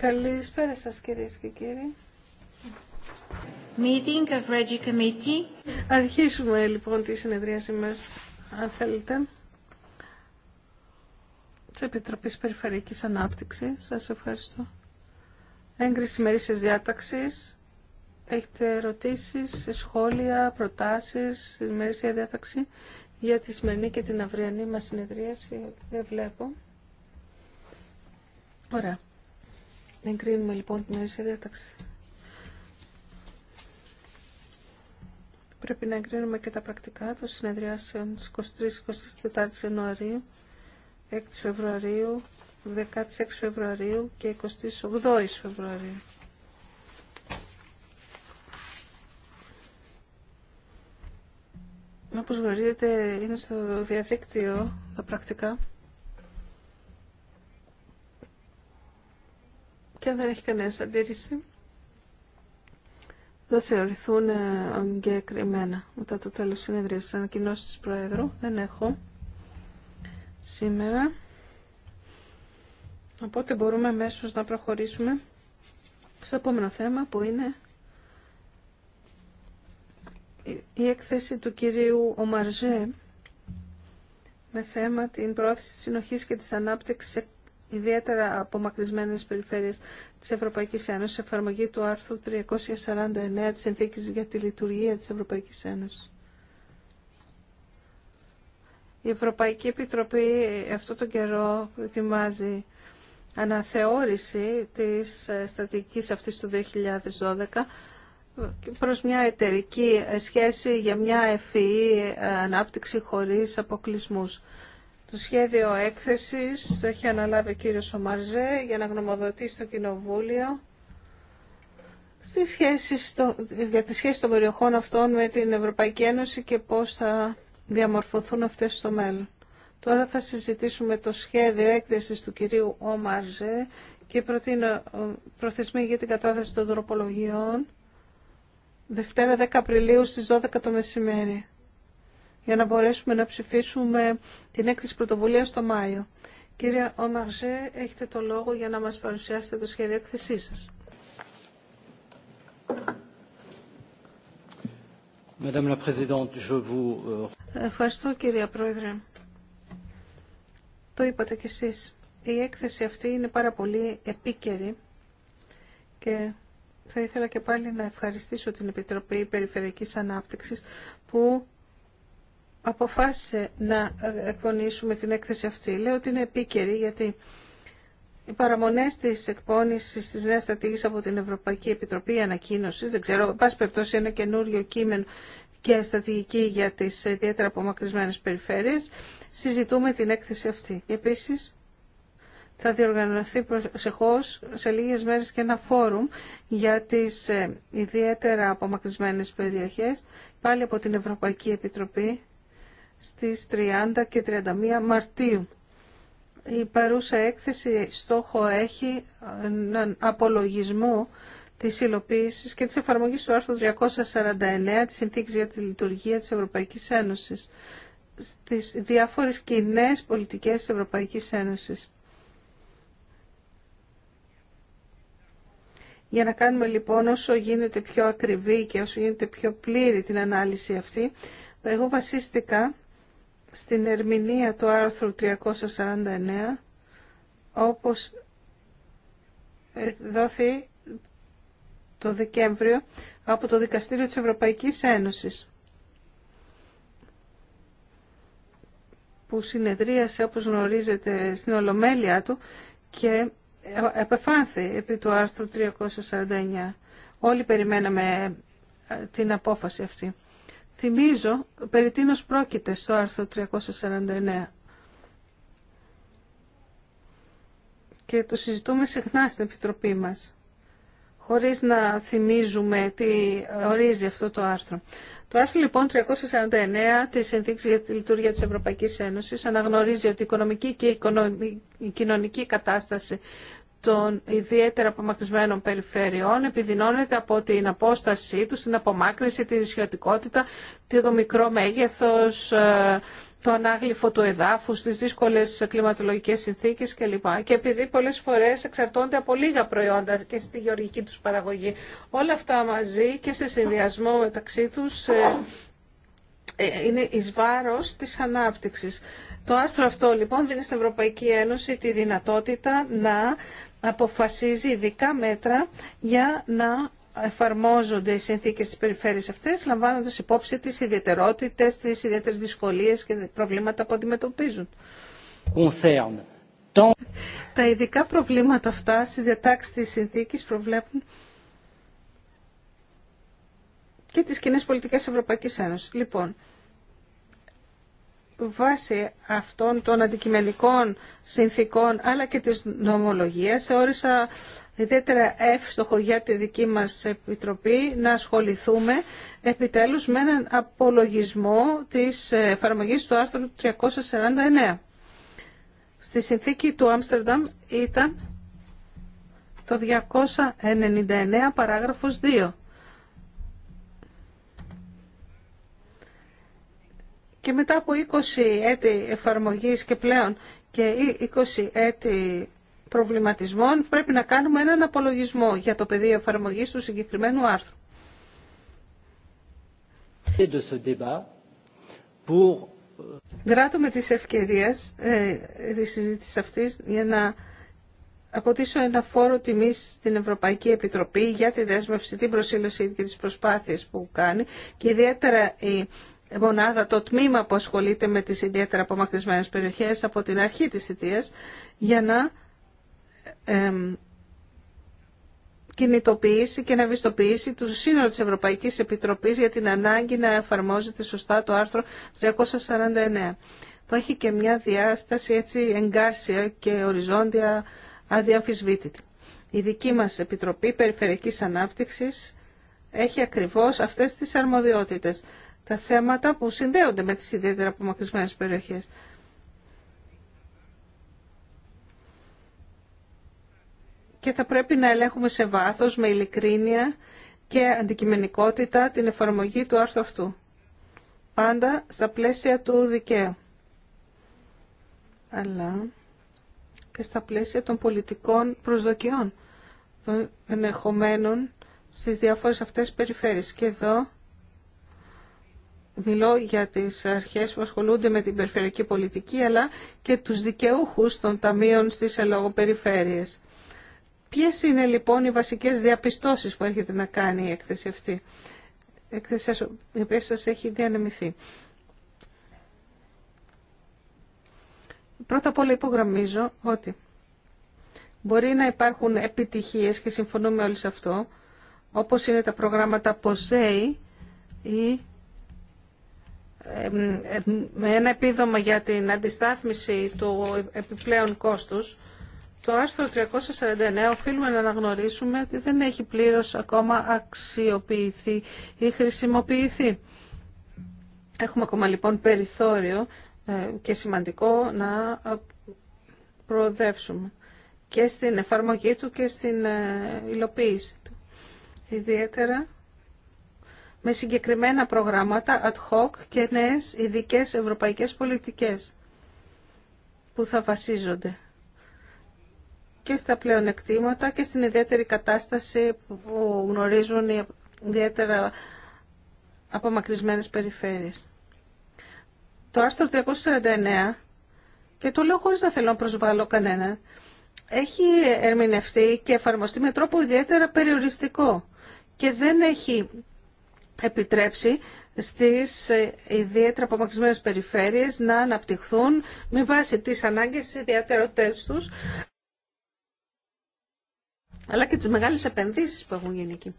Καλησπέρα σας κυρίες και κύριοι. Αρχίσουμε λοιπόν τη συνεδρίαση μας, αν θέλετε, της Επιτροπής Περιφερειακής Ανάπτυξης. Σας ευχαριστώ. Έγκριση μερίσια διάταξης. Έχετε ερωτήσεις, σχόλια, προτάσεις, μερίσια διάταξη για τη σημερινή και την αυριανή μας συνεδρίαση. Δεν βλέπω. Ωραία. Εγκρίνουμε λοιπόν την μερίσια διάταξη. Πρέπει να εγκρίνουμε και τα πρακτικά των συνεδριάσεων στις 23-24 Ιανουαρίου, 6 Φεβρουαρίου, 16 Φεβρουαρίου και 28 Φεβρουαρίου. Όπως γνωρίζετε είναι στο διαδίκτυο τα πρακτικά. Και αν δεν έχει κανένα αντίρρηση, δεν θεωρηθούν ε, εγκεκριμένα μετά το τέλος συνεδρίας. Ανακοινώσεις της Προέδρου δεν έχω σήμερα. Οπότε μπορούμε αμέσω να προχωρήσουμε στο επόμενο θέμα που είναι η έκθεση του κυρίου Ομαρζέ με θέμα την πρόθεση της συνοχής και της ανάπτυξης σε ιδιαίτερα απομακρυσμένες περιφέρειες της Ευρωπαϊκής Ένωσης, εφαρμογή του άρθρου 349 της Συνθήκης για τη Λειτουργία της Ευρωπαϊκής Ένωσης. Η Ευρωπαϊκή Επιτροπή αυτό τον καιρό ετοιμάζει αναθεώρηση της ε, στρατηγικής αυτής του 2012 προς μια εταιρική σχέση για μια ευφυή e ανάπτυξη χωρίς αποκλεισμούς. Το σχέδιο έκθεσης το έχει αναλάβει ο κύριος Ομαρζέ για να γνωμοδοτήσει το Κοινοβούλιο για τη σχέση των περιοχών αυτών με την Ευρωπαϊκή Ένωση και πώς θα διαμορφωθούν αυτές στο μέλλον. Τώρα θα συζητήσουμε το σχέδιο έκθεσης του κυρίου Ομαρζέ και προτείνω προθεσμή για την κατάθεση των τροπολογιών Δευτέρα 10 Απριλίου στις 12 το μεσημέρι για να μπορέσουμε να ψηφίσουμε την έκθεση πρωτοβουλία στο Μάιο. Κύριε Ομαρζέ, έχετε το λόγο για να μας παρουσιάσετε το σχέδιο έκθεσή σας. Euh, Ευχαριστώ κύριε Πρόεδρε. Το είπατε κι εσείς. Η έκθεση αυτή είναι πάρα πολύ επίκαιρη και θα ήθελα και πάλι να ευχαριστήσω την Επιτροπή Περιφερειακής Ανάπτυξης που αποφάσισε να εκπονήσουμε την έκθεση αυτή. Λέω ότι είναι επίκαιρη γιατί οι παραμονές της εκπόνησης της νέας στρατηγική από την Ευρωπαϊκή Επιτροπή Ανακοίνωση, δεν ξέρω, πάση περιπτώσει ένα καινούριο κείμενο και στρατηγική για τις ιδιαίτερα απομακρυσμένες περιφέρειες, συζητούμε την έκθεση αυτή. Επίσης, θα διοργανωθεί προσεχώς σε λίγες μέρες και ένα φόρουμ για τις ε, ιδιαίτερα απομακρυσμένες περιοχές, πάλι από την Ευρωπαϊκή Επιτροπή, στις 30 και 31 Μαρτίου. Η παρούσα έκθεση στόχο έχει έναν απολογισμό της υλοποίησης και της εφαρμογής του άρθρου 349 της Συνθήκης για τη Λειτουργία της Ευρωπαϊκής Ένωσης στις διάφορες κοινέ πολιτικές της Ευρωπαϊκής Ένωσης. Για να κάνουμε λοιπόν όσο γίνεται πιο ακριβή και όσο γίνεται πιο πλήρη την ανάλυση αυτή, εγώ βασίστηκα στην ερμηνεία του άρθρου 349, όπως ε, δόθη το Δεκέμβριο από το Δικαστήριο της Ευρωπαϊκής Ένωσης που συνεδρίασε όπως γνωρίζετε στην Ολομέλεια του και επεφάνθη επί του άρθρου 349. Όλοι περιμέναμε ε, την απόφαση αυτή. Θυμίζω περί τίνος πρόκειται στο άρθρο 349. Και το συζητούμε συχνά στην Επιτροπή μας, χωρίς να θυμίζουμε τι ε, ορίζει αυτό το άρθρο. Το άρθρο λοιπόν 349 της Συνθήκης για τη Λειτουργία της Ευρωπαϊκής Ένωσης αναγνωρίζει ότι η οικονομική και η κοινωνική κατάσταση των ιδιαίτερα απομακρυσμένων περιφερειών επιδεινώνεται από την απόστασή τους, την απομάκρυνση, την ισιωτικότητα, το μικρό μέγεθος, ε, το ανάγλυφο του εδάφους, τις δύσκολες κλιματολογικές συνθήκες κλπ. Και επειδή πολλές φορές εξαρτώνται από λίγα προϊόντα και στη γεωργική τους παραγωγή. Όλα αυτά μαζί και σε συνδυασμό μεταξύ τους ε, ε, είναι εις βάρος της ανάπτυξης. Το άρθρο αυτό λοιπόν δίνει στην Ευρωπαϊκή Ένωση τη δυνατότητα να αποφασίζει ειδικά μέτρα για να εφαρμόζονται οι συνθήκε τη περιφέρεια αυτές, λαμβάνοντας υπόψη τις ιδιαίτερότητε, τι ιδιαίτερε δυσκολίε και προβλήματα που αντιμετωπίζουν. Τα ειδικά προβλήματα αυτά στις διατάξεις της συνθήκης προβλέπουν και τις κοινέ πολιτικές Ευρωπαϊκής Ένωσης. Λοιπόν, βάσει αυτών των αντικειμενικών συνθήκων αλλά και της νομολογίας θεώρησα ιδιαίτερα εύστοχο για τη δική μας Επιτροπή να ασχοληθούμε επιτέλους με έναν απολογισμό της εφαρμογής του άρθρου 349. Στη συνθήκη του Άμστερνταμ ήταν το 299 παράγραφος 2 Και μετά από 20 έτη εφαρμογής και πλέον και 20 έτη προβληματισμών πρέπει να κάνουμε έναν απολογισμό για το πεδίο εφαρμογής του συγκεκριμένου άρθρου. Γράτουμε euh, τις ευκαιρίες ε, της συζήτησης αυτής για να αποτίσω ένα φόρο τιμής στην Ευρωπαϊκή Επιτροπή για τη δέσμευση, την προσήλωση και τις προσπάθειες που κάνει και ιδιαίτερα η μονάδα, το τμήμα που ασχολείται με τις ιδιαίτερα απομακρυσμένες περιοχές από την αρχή της θητείας για να κινητοποιήσει και να βιστοποιήσει το σύνολο της Ευρωπαϊκής Επιτροπής για την ανάγκη να εφαρμόζεται σωστά το άρθρο 349 που έχει και μια διάσταση έτσι εγκάρσια και οριζόντια αδιαμφισβήτητη. Η δική μας Επιτροπή Περιφερειακής Ανάπτυξης έχει ακριβώς αυτές τις αρμοδιότητες τα θέματα που συνδέονται με τις ιδιαίτερα απομακρυσμένες περιοχές. Και θα πρέπει να ελέγχουμε σε βάθος, με ειλικρίνεια και αντικειμενικότητα την εφαρμογή του άρθρου αυτού. Πάντα στα πλαίσια του δικαίου. Αλλά και στα πλαίσια των πολιτικών προσδοκιών των ενεχομένων στις διάφορες αυτές περιφέρειες. Και εδώ Μιλώ για τις αρχές που ασχολούνται με την περιφερειακή πολιτική αλλά και τους δικαιούχους των ταμείων στις ελόγω Ποιες είναι λοιπόν οι βασικές διαπιστώσεις που έχετε να κάνει η έκθεση αυτή, η οποία σας έχει διανεμηθεί. Πρώτα απ' όλα υπογραμμίζω ότι μπορεί να υπάρχουν επιτυχίες και συμφωνούμε όλοι σε αυτό, όπως είναι τα προγράμματα POSEI ή με ένα επίδομα για την αντιστάθμιση του επιπλέον κόστους, το άρθρο 349 οφείλουμε να αναγνωρίσουμε ότι δεν έχει πλήρως ακόμα αξιοποιηθεί ή χρησιμοποιηθεί. Έχουμε ακόμα λοιπόν περιθώριο ε, και σημαντικό να προοδεύσουμε και στην εφαρμογή του και στην ε, υλοποίηση του. Ιδιαίτερα με συγκεκριμένα προγράμματα ad hoc και νέες ειδικέ ευρωπαϊκές πολιτικές που θα βασίζονται και στα πλεονεκτήματα και στην ιδιαίτερη κατάσταση που γνωρίζουν οι ιδιαίτερα απομακρυσμένες περιφέρειες. Το άρθρο 349, και το λέω χωρίς να θέλω να προσβάλλω κανέναν, έχει ερμηνευτεί και εφαρμοστεί με τρόπο ιδιαίτερα περιοριστικό και δεν έχει επιτρέψει στις ιδιαίτερα απομακρυσμένες περιφέρειες να αναπτυχθούν με βάση τις ανάγκες της ιδιαίτερότητες τους αλλά και τις μεγάλες επενδύσεις που έχουν γίνει εκεί.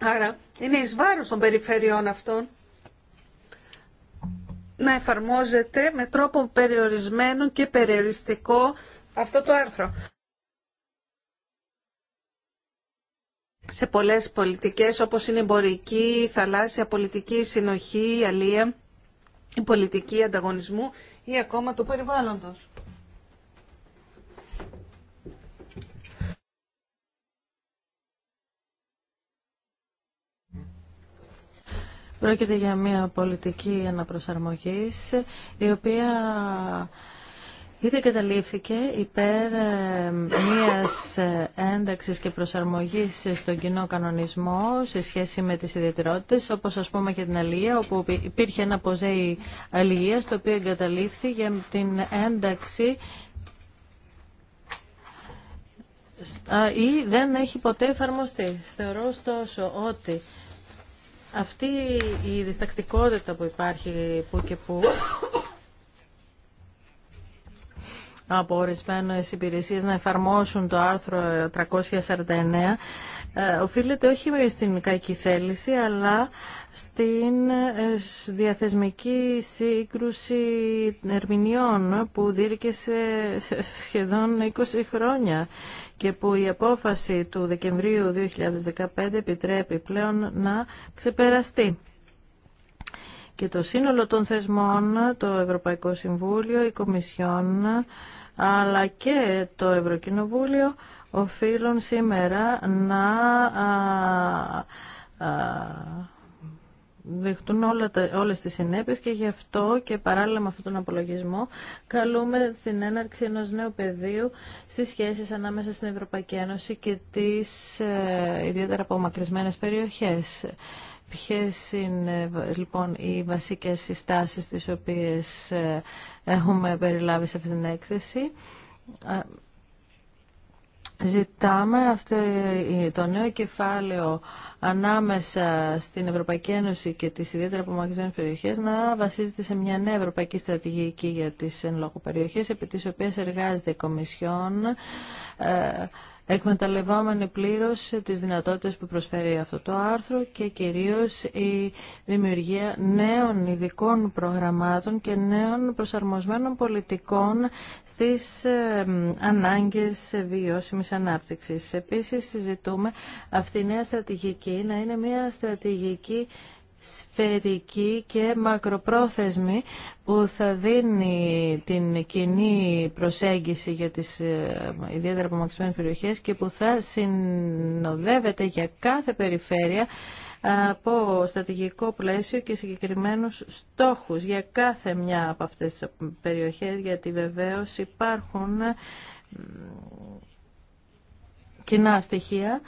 Άρα είναι εις βάρος των περιφερειών αυτών να εφαρμόζεται με τρόπο περιορισμένο και περιοριστικό αυτό το άρθρο. σε πολλές πολιτικές όπως είναι εμπορική, η θαλάσσια πολιτική, συνοχή, η αλία, η πολιτική ανταγωνισμού ή ακόμα το περιβάλλοντος. Πρόκειται για μια πολιτική αναπροσαρμογής η οποία ήδη καταλήφθηκε υπέρ ε, μιας ε, ένταξης και προσαρμογής στον κοινό κανονισμό σε σχέση με τις ιδιαιτερότητες, όπως ας πούμε και την αλληλεία, όπου υπήρχε ένα ποζέι αλληλείας, το οποίο εγκαταλήφθη για την ένταξη ή δεν έχει ποτέ εφαρμοστεί. Θεωρώ ωστόσο ότι αυτή η διστακτικότητα που υπάρχει που και που από ορισμένε υπηρεσίε να εφαρμόσουν το άρθρο 349 ε, οφείλεται όχι στην κακή θέληση αλλά στην ε, διαθεσμική σύγκρουση ερμηνεών που δίρκεσε σχεδόν 20 χρόνια και που η απόφαση του Δεκεμβρίου 2015 επιτρέπει πλέον να ξεπεραστεί και το σύνολο των θεσμών, το Ευρωπαϊκό Συμβούλιο, η Κομισιόν, αλλά και το Ευρωκοινοβούλιο οφείλουν σήμερα να δεχτούν όλα τα, όλες τις συνέπειες και γι' αυτό και παράλληλα με αυτόν τον απολογισμό καλούμε την έναρξη ενός νέου πεδίου στις σχέσεις ανάμεσα στην Ευρωπαϊκή Ένωση και τις ε, ιδιαίτερα απομακρυσμένες περιοχές. Ποιες είναι λοιπόν οι βασικές συστάσεις τις οποίες ε, έχουμε περιλάβει σε αυτήν την έκθεση. Ζητάμε αυτό ε, το νέο κεφάλαιο ανάμεσα στην Ευρωπαϊκή Ένωση και τις ιδιαίτερα απομακρυσμένες περιοχές να βασίζεται σε μια νέα ευρωπαϊκή στρατηγική για τις εν λόγω περιοχές επί της οποίας εργάζεται η Κομισιόν ε, εκμεταλλευόμενοι πλήρως τις δυνατότητες που προσφέρει αυτό το άρθρο και κυρίως η δημιουργία νέων ειδικών προγραμμάτων και νέων προσαρμοσμένων πολιτικών στις ε, ανάγκες βιώσιμης ανάπτυξης. Επίσης συζητούμε αυτή η νέα στρατηγική να είναι μια στρατηγική σφαιρική και μακροπρόθεσμη που θα δίνει την κοινή προσέγγιση για τις ε, ιδιαίτερα απομακρυσμένες περιοχές και που θα συνοδεύεται για κάθε περιφέρεια από στρατηγικό πλαίσιο και συγκεκριμένους στόχους για κάθε μια από αυτές τις περιοχές γιατί βεβαίως υπάρχουν κοινά στοιχεία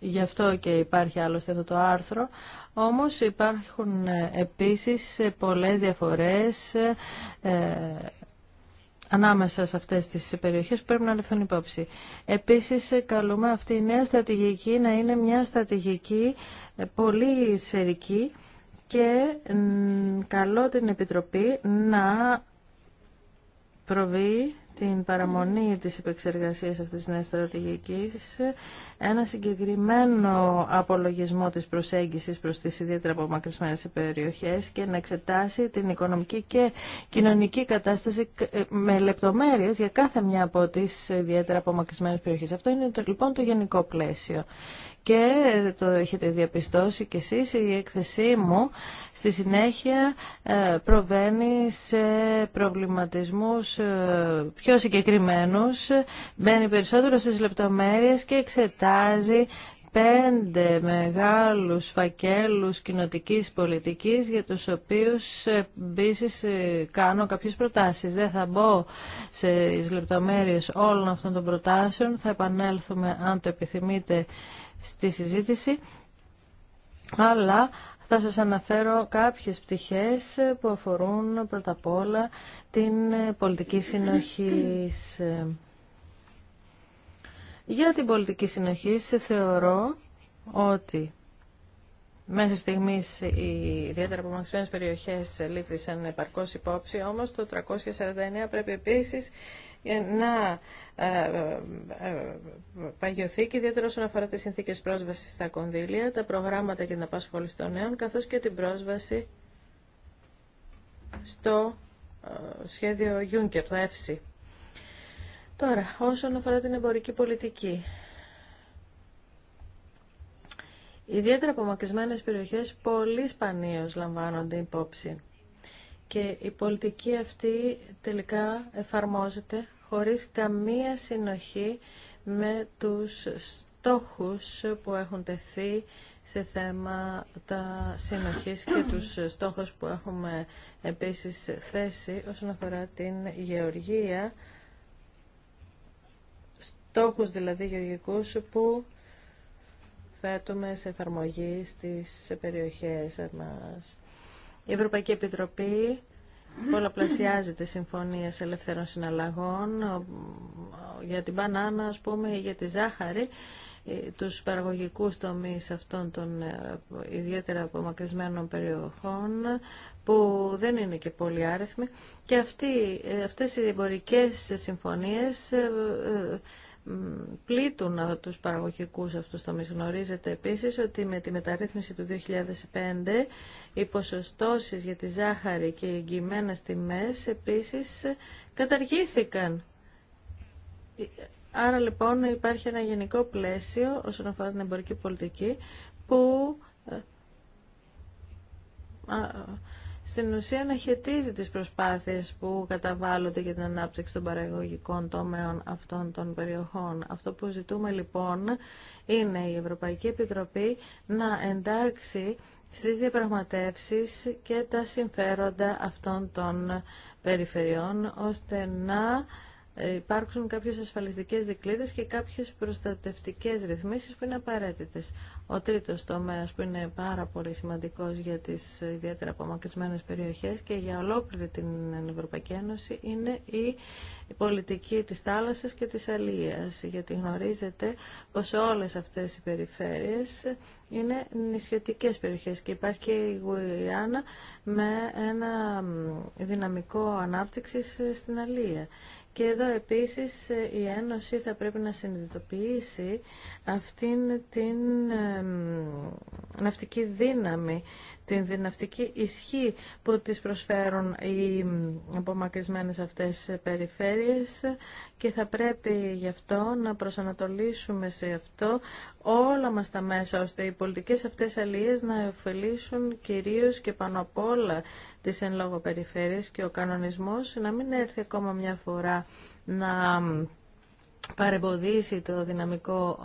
Γι' αυτό και υπάρχει άλλωστε αυτό το άρθρο. Όμως υπάρχουν ε, επίσης ε, πολλές διαφορές ε, ανάμεσα σε αυτές τις περιοχές που πρέπει να λεφθούν υπόψη. Επίσης, καλούμε αυτή η νέα στρατηγική να είναι μια στρατηγική πολύ σφαιρική και καλό την Επιτροπή να προβεί την παραμονή της επεξεργασίας αυτής της νέας στρατηγικής ένα συγκεκριμένο απολογισμό της προσέγγισης προς τις ιδιαίτερα απομακρυσμένες περιοχές και να εξετάσει την οικονομική και κοινωνική κατάσταση ε, με λεπτομέρειες για κάθε μια από τις ιδιαίτερα απομακρυσμένες περιοχές. Αυτό είναι το, λοιπόν το γενικό πλαίσιο και το έχετε διαπιστώσει κι εσείς η έκθεσή μου στη συνέχεια ε, προβαίνει σε προβληματισμούς ε, πιο συγκεκριμένους μπαίνει περισσότερο στις λεπτομέρειες και εξετάζει πέντε μεγάλους φακέλους κοινοτικής πολιτικής για τους οποίους ε, επίση κάνω κάποιες προτάσεις. Δεν θα μπω σε λεπτομέρειες όλων αυτών των προτάσεων. Θα επανέλθουμε αν το επιθυμείτε στη συζήτηση, αλλά θα σας αναφέρω κάποιες πτυχές που αφορούν πρώτα απ' όλα την πολιτική συνοχή. Για την πολιτική συνοχή θεωρώ ότι Μέχρι στιγμής οι ιδιαίτερα απομακρυσμένε περιοχές λήφθησαν επαρκώ υπόψη, όμως το 349 πρέπει επίσης ε, να ε, ε, παγιωθεί και ιδιαίτερα όσον αφορά τις συνθήκες πρόσβασης στα κονδύλια, τα προγράμματα για την απασχόληση των νέων, καθώς και την πρόσβαση στο σχέδιο Juncker, το ΕΦΣΥ. Τώρα, όσον αφορά την εμπορική πολιτική, ιδιαίτερα απομακρυσμένες περιοχές πολύ σπανίως λαμβάνονται υπόψη και η πολιτική αυτή τελικά εφαρμόζεται χωρίς καμία συνοχή με τους στόχους που έχουν τεθεί σε θέμα τα συνοχής και τους στόχους που έχουμε επίσης θέσει όσον αφορά την γεωργία, στόχους δηλαδή γεωργικούς που θέτουμε σε εφαρμογή στις περιοχές μας. Η Ευρωπαϊκή Επιτροπή πολλαπλασιάζεται συμφωνίες ελευθέρων συναλλαγών για την μπανάνα, ας πούμε, ή για τη ζάχαρη ε, τους παραγωγικούς τομείς αυτών των ε, ιδιαίτερα απομακρυσμένων περιοχών που δεν είναι και πολύ άριθμοι και αυτοί, ε, αυτές οι εμπορικέ συμφωνίες πλήττουν τους παραγωγικούς αυτούς τομείς. Γνωρίζετε επίσης ότι με τη μεταρρύθμιση του 2005 οι ποσοστώσεις για τη ζάχαρη και οι εγγυημένες τιμές επίσης καταργήθηκαν. Άρα λοιπόν υπάρχει ένα γενικό πλαίσιο όσον αφορά την εμπορική πολιτική που ε, στην ουσία να χαιτίζει τις προσπάθειες που καταβάλλονται για την ανάπτυξη των παραγωγικών τομέων αυτών των περιοχών. Αυτό που ζητούμε λοιπόν είναι η Ευρωπαϊκή Επιτροπή να εντάξει στις διαπραγματεύσεις και τα συμφέροντα αυτών των περιφερειών ώστε να ε, υπάρξουν κάποιες ασφαλιστικές δικλείδες και κάποιες προστατευτικές ρυθμίσεις που είναι απαραίτητες. Ο τρίτος τομέας που είναι πάρα πολύ σημαντικός για τις ιδιαίτερα απομακρυσμένες περιοχές και για ολόκληρη την Ευρωπαϊκή Ένωση είναι η πολιτική της θάλασσας και της αλίας, γιατί γνωρίζετε πως όλες αυτές οι περιφέρειες είναι νησιωτικές περιοχές και υπάρχει και η Γουιάννα με ένα δυναμικό ανάπτυξης στην αλία. Και εδώ επίσης ε, η Ένωση θα πρέπει να συνειδητοποιήσει αυτήν την ε, ναυτική δύναμη την δυναυτική ισχύ που τις προσφέρουν οι απομακρυσμένες αυτές περιφέρειες και θα πρέπει γι' αυτό να προσανατολίσουμε σε αυτό όλα μας τα μέσα ώστε οι πολιτικές αυτές αλλιές να ωφελήσουν κυρίως και πάνω απ' όλα τις εν λόγω περιφέρειες και ο κανονισμός να μην έρθει ακόμα μια φορά να παρεμποδίσει το, δυναμικό,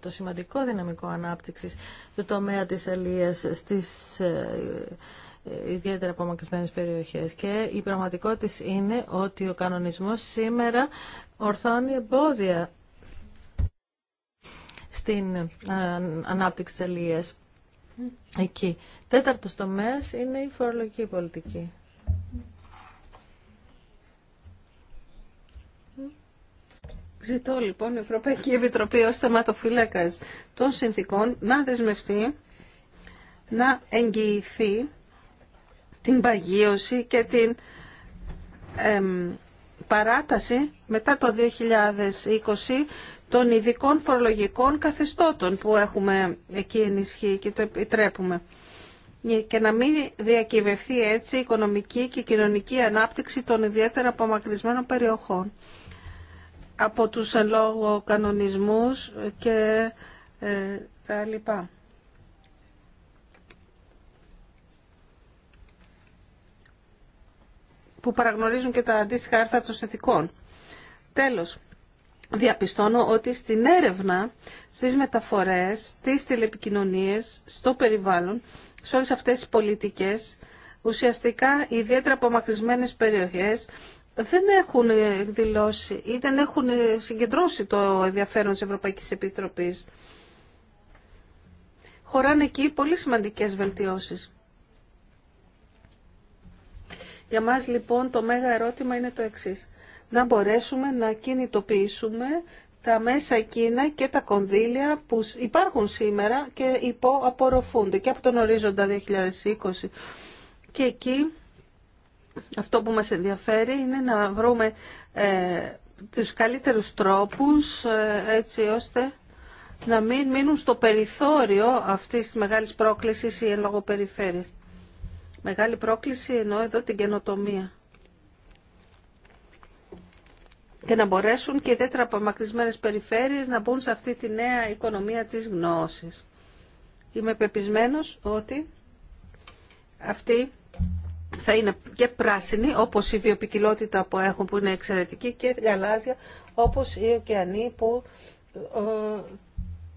το σημαντικό δυναμικό ανάπτυξης του τομέα της αλίας στις ε, ε, ιδιαίτερα απομακρυσμένες περιοχές και η πραγματικότητα είναι ότι ο κανονισμός σήμερα ορθώνει εμπόδια στην ε, ανάπτυξη της αλίας εκεί. Τέταρτος τομέας είναι η φορολογική πολιτική. Ζητώ λοιπόν η Ευρωπαϊκή Επιτροπή ως θεματοφύλακας των συνθήκων να δεσμευτεί, να εγγυηθεί την παγίωση και την παράταση μετά το 2020 των ειδικών φορολογικών καθεστώτων που έχουμε εκεί ενισχύει και το επιτρέπουμε και να μην διακυβευτεί έτσι η οικονομική και κοινωνική ανάπτυξη των ιδιαίτερα απομακρυσμένων περιοχών από τους εν λόγω κανονισμούς και ε, τα λοιπά. που παραγνωρίζουν και τα αντίστοιχα άρθρα των συνθηκών. Τέλος, διαπιστώνω ότι στην έρευνα, στις μεταφορές, στις τηλεπικοινωνίες, στο περιβάλλον, σε όλες αυτές τις πολιτικές, ουσιαστικά ιδιαίτερα απομακρυσμένες περιοχές, δεν έχουν εκδηλώσει ή δεν έχουν συγκεντρώσει το ενδιαφέρον της Ευρωπαϊκής Επιτροπής. Χωράνε εκεί πολύ σημαντικές βελτιώσεις. Για μας λοιπόν το μέγα ερώτημα είναι το εξής. Να μπορέσουμε να κινητοποιήσουμε τα μέσα εκείνα και τα κονδύλια που υπάρχουν σήμερα και υποαπορροφούνται και από τον ορίζοντα 2020. Και εκεί αυτό που μας ενδιαφέρει είναι να βρούμε ε, τους καλύτερους τρόπους ε, έτσι ώστε να μην μείνουν στο περιθώριο αυτής της μεγάλης πρόκλησης οι περιφέρειας. Μεγάλη πρόκληση εννοώ εδώ την καινοτομία. Και να μπορέσουν και οι τέτρα απομακρυσμένες περιφέρειες να μπουν σε αυτή τη νέα οικονομία της γνώσης. Είμαι πεπισμένος ότι αυτή θα είναι και πράσινη, όπως η βιοπικιλότητα που έχουν που είναι εξαιρετική και γαλάζια, όπως οι ωκεανοί που ε,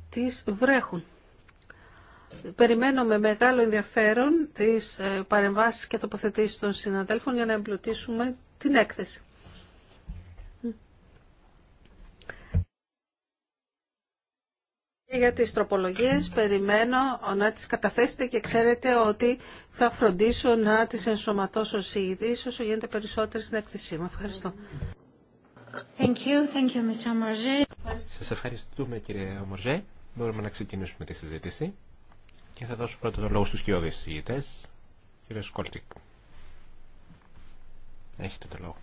τις βρέχουν. Περιμένω με μεγάλο ενδιαφέρον τις ε, παρεμβάσεις και τοποθετήσεις των συναδέλφων για να εμπλουτίσουμε την έκθεση. για τις τροπολογίες περιμένω να τις καταθέσετε και ξέρετε ότι θα φροντίσω να τις ενσωματώσω ειδήσεις όσο γίνεται περισσότερο στην έκθεσή μου. Ευχαριστώ. Thank you, thank you, Mr. Σας ευχαριστούμε κύριε Μορζέ. Μπορούμε να ξεκινήσουμε τη συζήτηση και θα δώσω πρώτα τον λόγο στους κοιόδες συζητητές. Κύριε Σκόλτικ, έχετε το λόγο.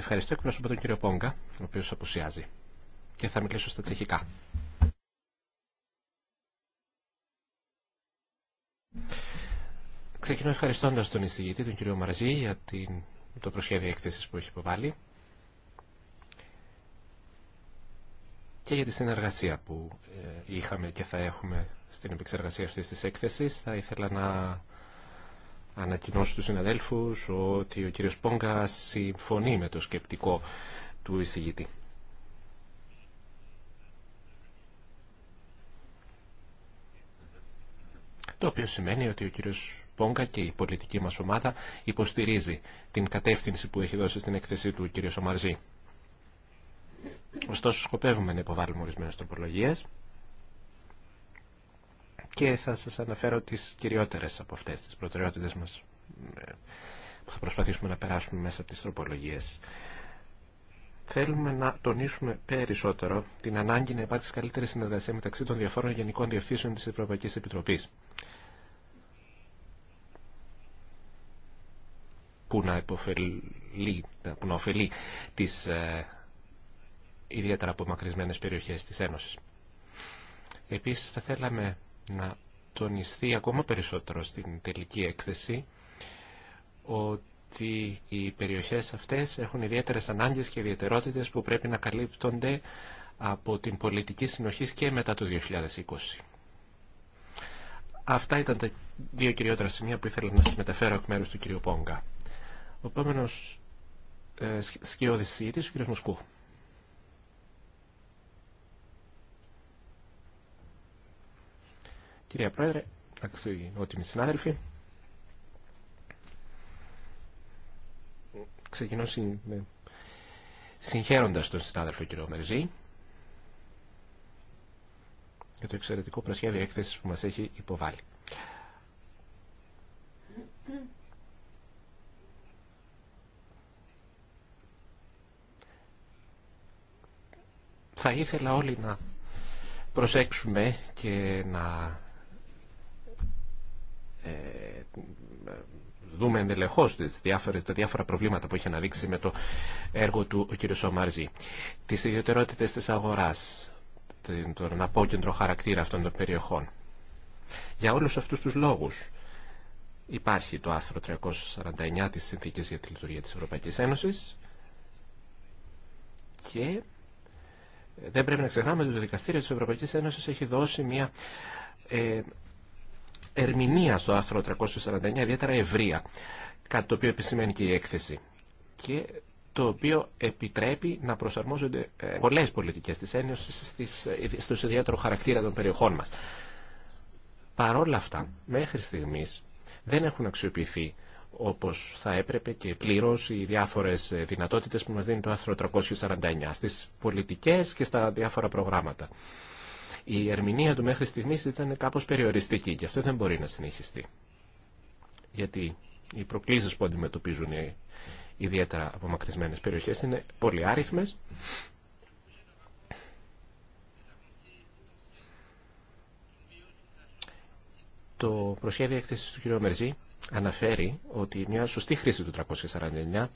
Ευχαριστώ εκπρόσωπο τον κύριο Πόγκα, ο οποίο απουσιάζει. Και θα μιλήσω στα τσεχικά. Ξεκινώ ευχαριστώντα τον εισηγητή, τον κύριο Μαρζή, για την, το προσχέδιο έκθεση που έχει υποβάλει και για τη συνεργασία που ε, είχαμε και θα έχουμε στην επεξεργασία αυτή τη έκθεση. Θα ήθελα να ανακοινώσει του συναδέλφου ότι ο κύριος Πόγκα συμφωνεί με το σκεπτικό του εισηγητή. Το οποίο σημαίνει ότι ο κύριος Πόγκα και η πολιτική μας ομάδα υποστηρίζει την κατεύθυνση που έχει δώσει στην εκθεσή του κύριος Ομαρζή. Ωστόσο σκοπεύουμε να υποβάλουμε ορισμένες τροπολογίες και θα σας αναφέρω τις κυριότερες από αυτές τις προτεραιότητες μας ε, που θα προσπαθήσουμε να περάσουμε μέσα από τις τροπολογίες. Θέλουμε να τονίσουμε περισσότερο την ανάγκη να υπάρξει καλύτερη συνεργασία μεταξύ των διαφόρων γενικών διευθύνσεων της Ευρωπαϊκής Επιτροπής που να, υποφελεί, που να ωφελεί τις ε, ιδιαίτερα απομακρυσμένες περιοχές της Ένωσης. Επίσης θα θέλαμε να τονιστεί ακόμα περισσότερο στην τελική έκθεση ότι οι περιοχές αυτές έχουν ιδιαίτερες ανάγκες και ιδιαιτερότητες που πρέπει να καλύπτονται από την πολιτική συνοχή και μετά το 2020. Αυτά ήταν τα δύο κυριότερα σημεία που ήθελα να σας μεταφέρω εκ μέρους του κ. Πόγκα. Ο επόμενος ε, σκιώδης ο κ. Μουσκού. Κυρία Πρόεδρε, αξιότιμοι συνάδελφοι, ξεκινώ συγχαίροντας τον συνάδελφο κύριο Μερζή για το εξαιρετικό προσχέδιο έκθεση που μας έχει υποβάλει. Θα ήθελα όλοι να προσέξουμε και να ε, δούμε ενδελεχώ τα διάφορα προβλήματα που έχει αναδείξει με το έργο του ο κ. Σομαρζή. Τι ιδιαιτερότητε τη αγορά, τον απόκεντρο χαρακτήρα αυτών των περιοχών. Για όλου αυτού του λόγου υπάρχει το άρθρο 349 της Συνθήκης για τη Λειτουργία της Ευρωπαϊκής Ένωσης και δεν πρέπει να ξεχνάμε ότι το Δικαστήριο της Ευρωπαϊκής Ένωσης έχει δώσει μια ε, ερμηνεία στο άρθρο 349 ιδιαίτερα ευρεία, κάτι το οποίο επισημαίνει και η έκθεση και το οποίο επιτρέπει να προσαρμόζονται ε, πολλέ πολιτικέ τη Ένωση ε, στο ιδιαίτερο χαρακτήρα των περιοχών μας. Παρόλα αυτά, μέχρι στιγμή δεν έχουν αξιοποιηθεί όπω θα έπρεπε και πλήρω οι διάφορε ε, δυνατότητες που μα δίνει το άρθρο 349 στι πολιτικέ και στα διάφορα προγράμματα η ερμηνεία του μέχρι στιγμής ήταν κάπως περιοριστική και αυτό δεν μπορεί να συνεχιστεί. Γιατί οι προκλήσεις που αντιμετωπίζουν οι ιδιαίτερα απομακρυσμένες περιοχές είναι πολύ άριθμες το προσχέδιο έκθεσης του κ. Μερζή αναφέρει ότι μια σωστή χρήση του 349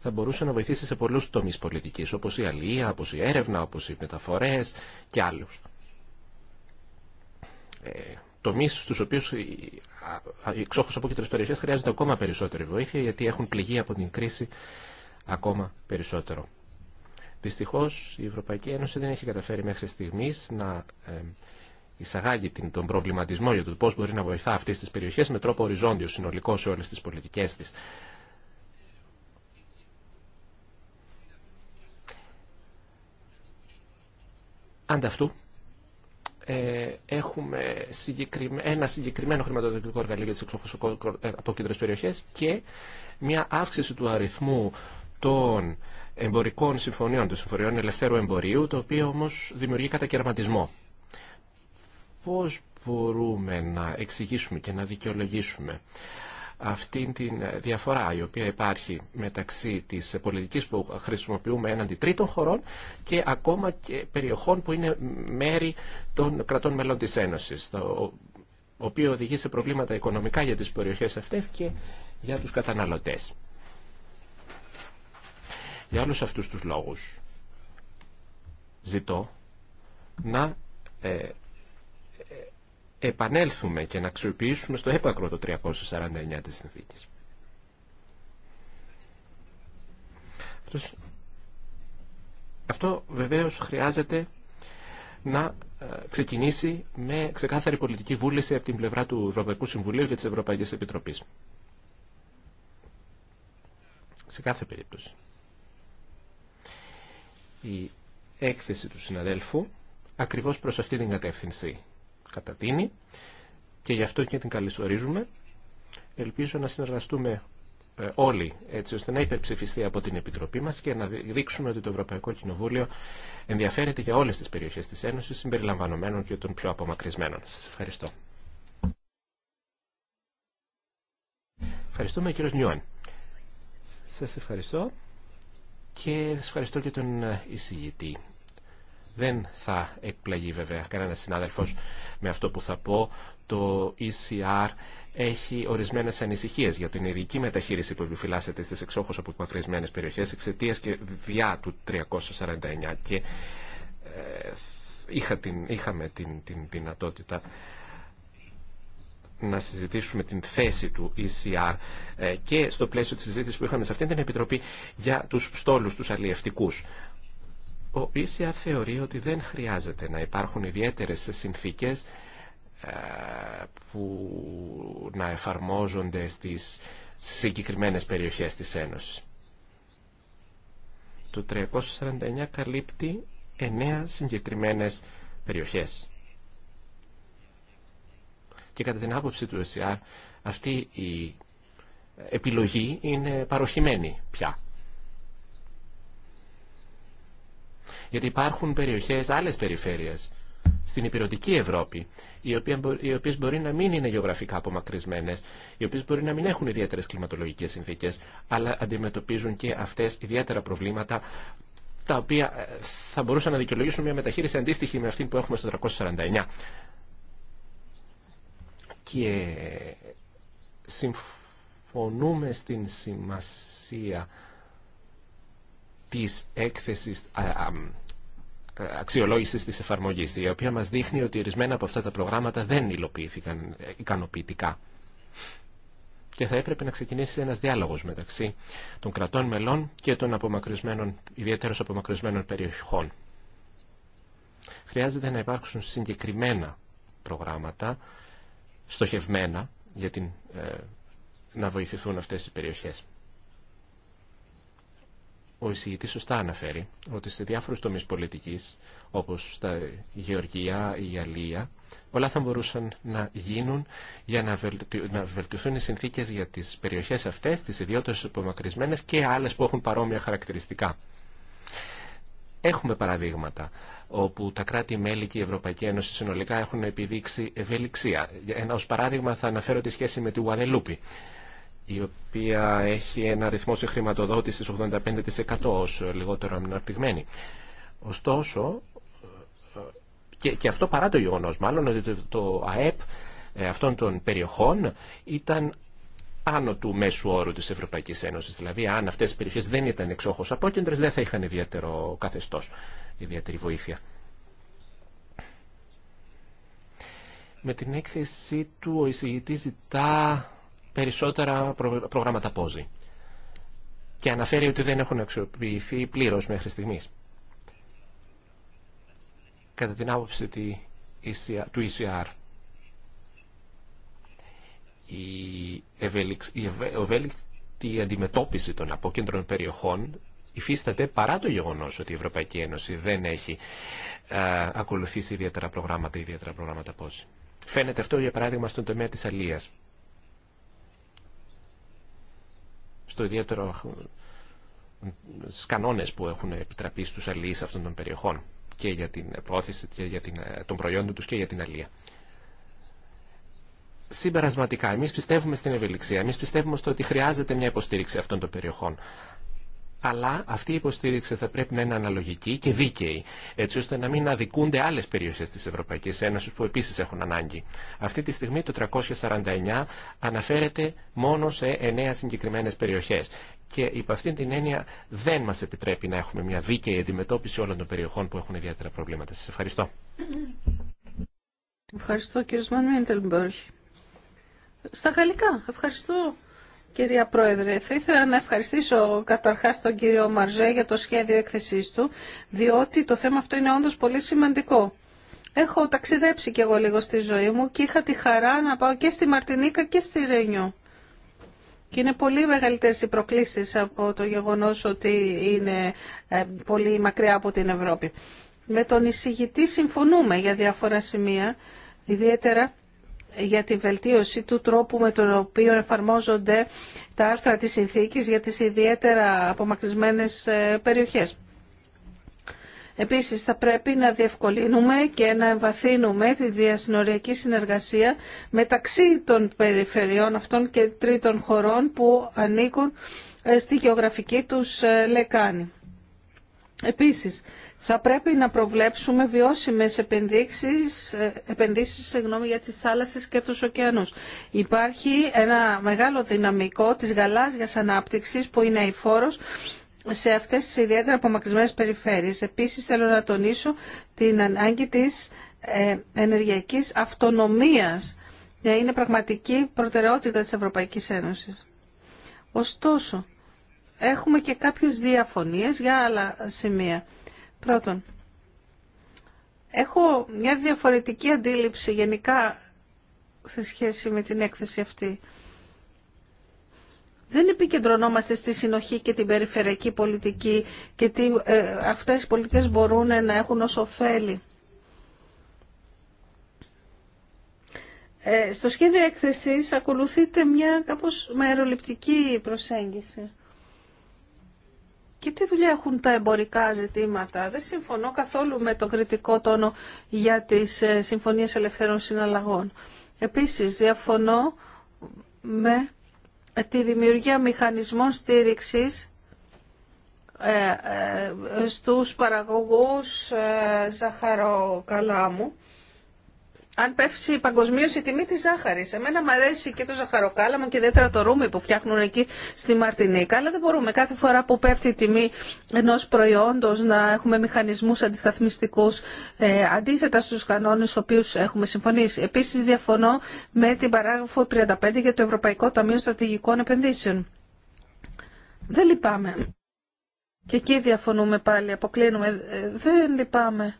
θα μπορούσε να βοηθήσει σε πολλούς τομείς πολιτικής, όπως η αλληλεία, όπως η έρευνα, όπως οι μεταφορές και άλλους τομεί στου οποίους οι από κεντρικέ περιοχές χρειάζονται ακόμα περισσότερη βοήθεια γιατί έχουν πληγεί από την κρίση ακόμα περισσότερο. Δυστυχώς η Ευρωπαϊκή Ένωση δεν έχει καταφέρει μέχρι στιγμής να ε, εισαγάγει τον προβληματισμό για το πώς μπορεί να βοηθά αυτές τις περιοχές με τρόπο οριζόντιο, συνολικό σε όλες τις πολιτικές της. Ανταυτού, ε, έχουμε ένα συγκεκριμένο χρηματοδοτικό εργαλείο για τις εξοχοσοκέντρες ε, περιοχές και μια αύξηση του αριθμού των εμπορικών συμφωνιών, των συμφωνιών ελευθέρου εμπορίου, το οποίο όμως δημιουργεί κατακαιρματισμό. Πώς μπορούμε να εξηγήσουμε και να δικαιολογήσουμε αυτήν τη ε, διαφορά η οποία υπάρχει μεταξύ της πολιτικής που χρησιμοποιούμε έναντι τρίτων χωρών και ακόμα και περιοχών που είναι μέρη των κρατών μελών της Ένωσης, το οποίο οδηγεί σε προβλήματα οικονομικά για τις περιοχές αυτές και για τους καταναλωτές. Για όλους αυτούς τους λόγους ζητώ να ε, επανέλθουμε και να αξιοποιήσουμε στο έπακρο το 349 της συνθήκης. Αυτό βεβαίως χρειάζεται να ε, ξεκινήσει με ξεκάθαρη πολιτική βούληση από την πλευρά του Ευρωπαϊκού Συμβουλίου και της Ευρωπαϊκής Επιτροπής. Σε κάθε περίπτωση. Η έκθεση του συναδέλφου ακριβώς προς αυτή την κατεύθυνση κατατείνει και γι' αυτό και την καλυσορίζουμε. Ελπίζω να συνεργαστούμε ε, όλοι έτσι ώστε να υπερψηφιστεί από την Επιτροπή μας και να δείξουμε ότι το Ευρωπαϊκό Κοινοβούλιο ενδιαφέρεται για όλες τις περιοχές της Ένωσης συμπεριλαμβανομένων και των πιο απομακρυσμένων. Σας ευχαριστώ. Ευχαριστούμε κύριο Νιούαν. Σας ευχαριστώ και σας ευχαριστώ και τον ε, εισηγητή δεν θα εκπλαγεί βέβαια κανένα συνάδελφος με αυτό που θα πω. Το ECR έχει ορισμένες ανησυχίες για την ειδική μεταχείριση που επιφυλάσσεται στις εξόχως αποκατρισμένες περιοχές εξαιτίας και διά του 349 και ε, είχα την, είχαμε την, την δυνατότητα να συζητήσουμε την θέση του ECR ε, και στο πλαίσιο της συζήτησης που είχαμε σε αυτήν την Επιτροπή για τους στόλους τους αλλιευτικούς. Ο Ίσια θεωρεί ότι δεν χρειάζεται να υπάρχουν ιδιαίτερες συνθήκες ε, που να εφαρμόζονται στις συγκεκριμένες περιοχές της Ένωσης. Το 349 καλύπτει εννέα συγκεκριμένες περιοχές. Και κατά την άποψη του ΕΣΙΑ αυτή η επιλογή είναι παροχημένη πια. Γιατί υπάρχουν περιοχές, άλλες περιφέρειες στην υπηρετική Ευρώπη, οι οποίες μπορεί να μην είναι γεωγραφικά απομακρυσμένες, οι οποίες μπορεί να μην έχουν ιδιαίτερες κλιματολογικές συνθήκες, αλλά αντιμετωπίζουν και αυτές ιδιαίτερα προβλήματα τα οποία ε, θα μπορούσαν να δικαιολογήσουν μια μεταχείριση αντίστοιχη με αυτή που έχουμε στο 349. Και συμφωνούμε στην σημασία της έκθεσης ε, αξιολόγησης της εφαρμογής, η οποία μας δείχνει ότι ορισμένα από αυτά τα προγράμματα δεν υλοποιήθηκαν ε, ικανοποιητικά. Και θα έπρεπε να ξεκινήσει ένας διάλογος μεταξύ των κρατών μελών και των απομακρυσμένων, ιδιαίτερως απομακρυσμένων περιοχών. Χρειάζεται να υπάρξουν συγκεκριμένα προγράμματα, στοχευμένα, για την, ε, να βοηθηθούν αυτές οι περιοχές ο εισηγητής σωστά αναφέρει ότι σε διάφορους τομείς πολιτικής, όπως τα γεωργία, η αλία, πολλά θα μπορούσαν να γίνουν για να βελτιωθούν οι συνθήκες για τις περιοχές αυτές, τις ιδιότητες απομακρυσμένε και άλλες που έχουν παρόμοια χαρακτηριστικά. Έχουμε παραδείγματα όπου τα κράτη-μέλη και η Ευρωπαϊκή Ένωση συνολικά έχουν επιδείξει ευελιξία. Ένα ως παράδειγμα θα αναφέρω τη σχέση με τη Γουαδελούπη η οποία έχει ένα αριθμό σε χρηματοδότησης 85% ως λιγότερο αναπτυγμένη. Ωστόσο, και, και αυτό παρά το γεγονό μάλλον ότι το, ΑΕΠ ε, αυτών των περιοχών ήταν άνω του μέσου όρου της Ευρωπαϊκής Ένωσης. Δηλαδή, αν αυτές οι περιοχές δεν ήταν εξόχως απόκεντρες, δεν θα είχαν ιδιαίτερο καθεστώς, ιδιαίτερη βοήθεια. Με την έκθεσή του, ο εισηγητής ζητά περισσότερα προγράμματα πόζη. Και αναφέρει ότι δεν έχουν αξιοποιηθεί πλήρω μέχρι στιγμή. Κατά την άποψη του ECR, η ευέλικτη αντιμετώπιση των απόκεντρων περιοχών υφίσταται παρά το γεγονός ότι η Ευρωπαϊκή Ένωση δεν έχει α, ε, ακολουθήσει ιδιαίτερα προγράμματα, ιδιαίτερα προγράμματα πόση. Φαίνεται αυτό για παράδειγμα στον τομέα της αλίας. στο ιδιαίτερο ε, στους κανόνες που έχουν επιτραπεί στους αλληλείς αυτών των περιοχών και για την πρόθεση και για την, ε, των προϊόντων τους και για την αλληλεία. Συμπερασματικά, εμείς πιστεύουμε στην ευελιξία, εμείς πιστεύουμε στο ότι χρειάζεται μια υποστήριξη αυτών των περιοχών αλλά αυτή η υποστήριξη θα πρέπει να είναι αναλογική και δίκαιη, έτσι ώστε να μην αδικούνται άλλε περιοχέ τη Ευρωπαϊκή Ένωση που επίση έχουν ανάγκη. Αυτή τη στιγμή το 349 αναφέρεται μόνο σε εννέα συγκεκριμένες περιοχές και υπ' αυτήν την έννοια δεν μα επιτρέπει να έχουμε μια δίκαιη αντιμετώπιση όλων των περιοχών που έχουν ιδιαίτερα προβλήματα. Σα ευχαριστώ. Ευχαριστώ κύριε Σμάν Στα γαλλικά, ευχαριστώ. Κυρία Πρόεδρε, θα ήθελα να ευχαριστήσω καταρχάς τον κύριο Μαρζέ για το σχέδιο έκθεσής του, διότι το θέμα αυτό είναι όντως πολύ σημαντικό. Έχω ταξιδέψει κι εγώ λίγο στη ζωή μου και είχα τη χαρά να πάω και στη Μαρτινίκα και στη Ρένιο. Και είναι πολύ μεγαλύτερες οι προκλήσεις από το γεγονός ότι είναι ε, πολύ μακριά από την Ευρώπη. Με τον εισηγητή συμφωνούμε για διάφορα σημεία, ιδιαίτερα για τη βελτίωση του τρόπου με τον οποίο εφαρμόζονται τα άρθρα της συνθήκης για τις ιδιαίτερα απομακρυσμένες ε, περιοχές. Επίσης θα πρέπει να διευκολύνουμε και να εμβαθύνουμε τη διασυνοριακή συνεργασία μεταξύ των περιφερειών αυτών και τρίτων χωρών που ανήκουν ε, στη γεωγραφική τους ε, λεκάνη. Επίσης, θα πρέπει να προβλέψουμε βιώσιμες επενδύσεις, ε, επενδύσεις συγγνώμη, για τις θάλασσες και τους ωκεανούς. Υπάρχει ένα μεγάλο δυναμικό της γαλάζιας ανάπτυξης που είναι η σε αυτές τις ιδιαίτερα απομακρυσμένες περιφέρειες. Επίσης θέλω να τονίσω την ανάγκη της ε, ενεργειακής αυτονομίας. Ε, είναι πραγματική προτεραιότητα της Ευρωπαϊκής Ένωσης. Ωστόσο, έχουμε και κάποιες διαφωνίες για άλλα σημεία. Πρώτον, έχω μια διαφορετική αντίληψη γενικά σε σχέση με την έκθεση αυτή. Δεν επικεντρωνόμαστε στη συνοχή και την περιφερειακή πολιτική και τι ε, αυτές οι πολιτικές μπορούν να έχουν ως ωφέλη. Ε, στο σχέδιο έκθεσης ακολουθείται μια κάπως μεροληπτική προσέγγιση. Και τι δουλειά έχουν τα εμπορικά ζητήματα. Δεν συμφωνώ καθόλου με τον κριτικό τόνο για τις ε, συμφωνίες ελευθερών συναλλαγών. Επίσης, διαφωνώ με τη δημιουργία μηχανισμών στήριξης ε, ε, στους παραγωγούς ζαχαροκαλάμου αν πέφτει παγκοσμίω η τιμή τη ζάχαρη. Εμένα μου αρέσει και το ζαχαροκάλαμο και ιδιαίτερα το ρούμι που φτιάχνουν εκεί στη Μαρτινίκα, αλλά δεν μπορούμε κάθε φορά που πέφτει η τιμή ενό προϊόντο να έχουμε μηχανισμού αντισταθμιστικού ε, αντίθετα στου κανόνε στου οποίου έχουμε συμφωνήσει. Επίση, διαφωνώ με την παράγραφο 35 για το Ευρωπαϊκό Ταμείο Στρατηγικών Επενδύσεων. Δεν λυπάμαι. Και εκεί διαφωνούμε πάλι, αποκλίνουμε. Ε, δεν λυπάμαι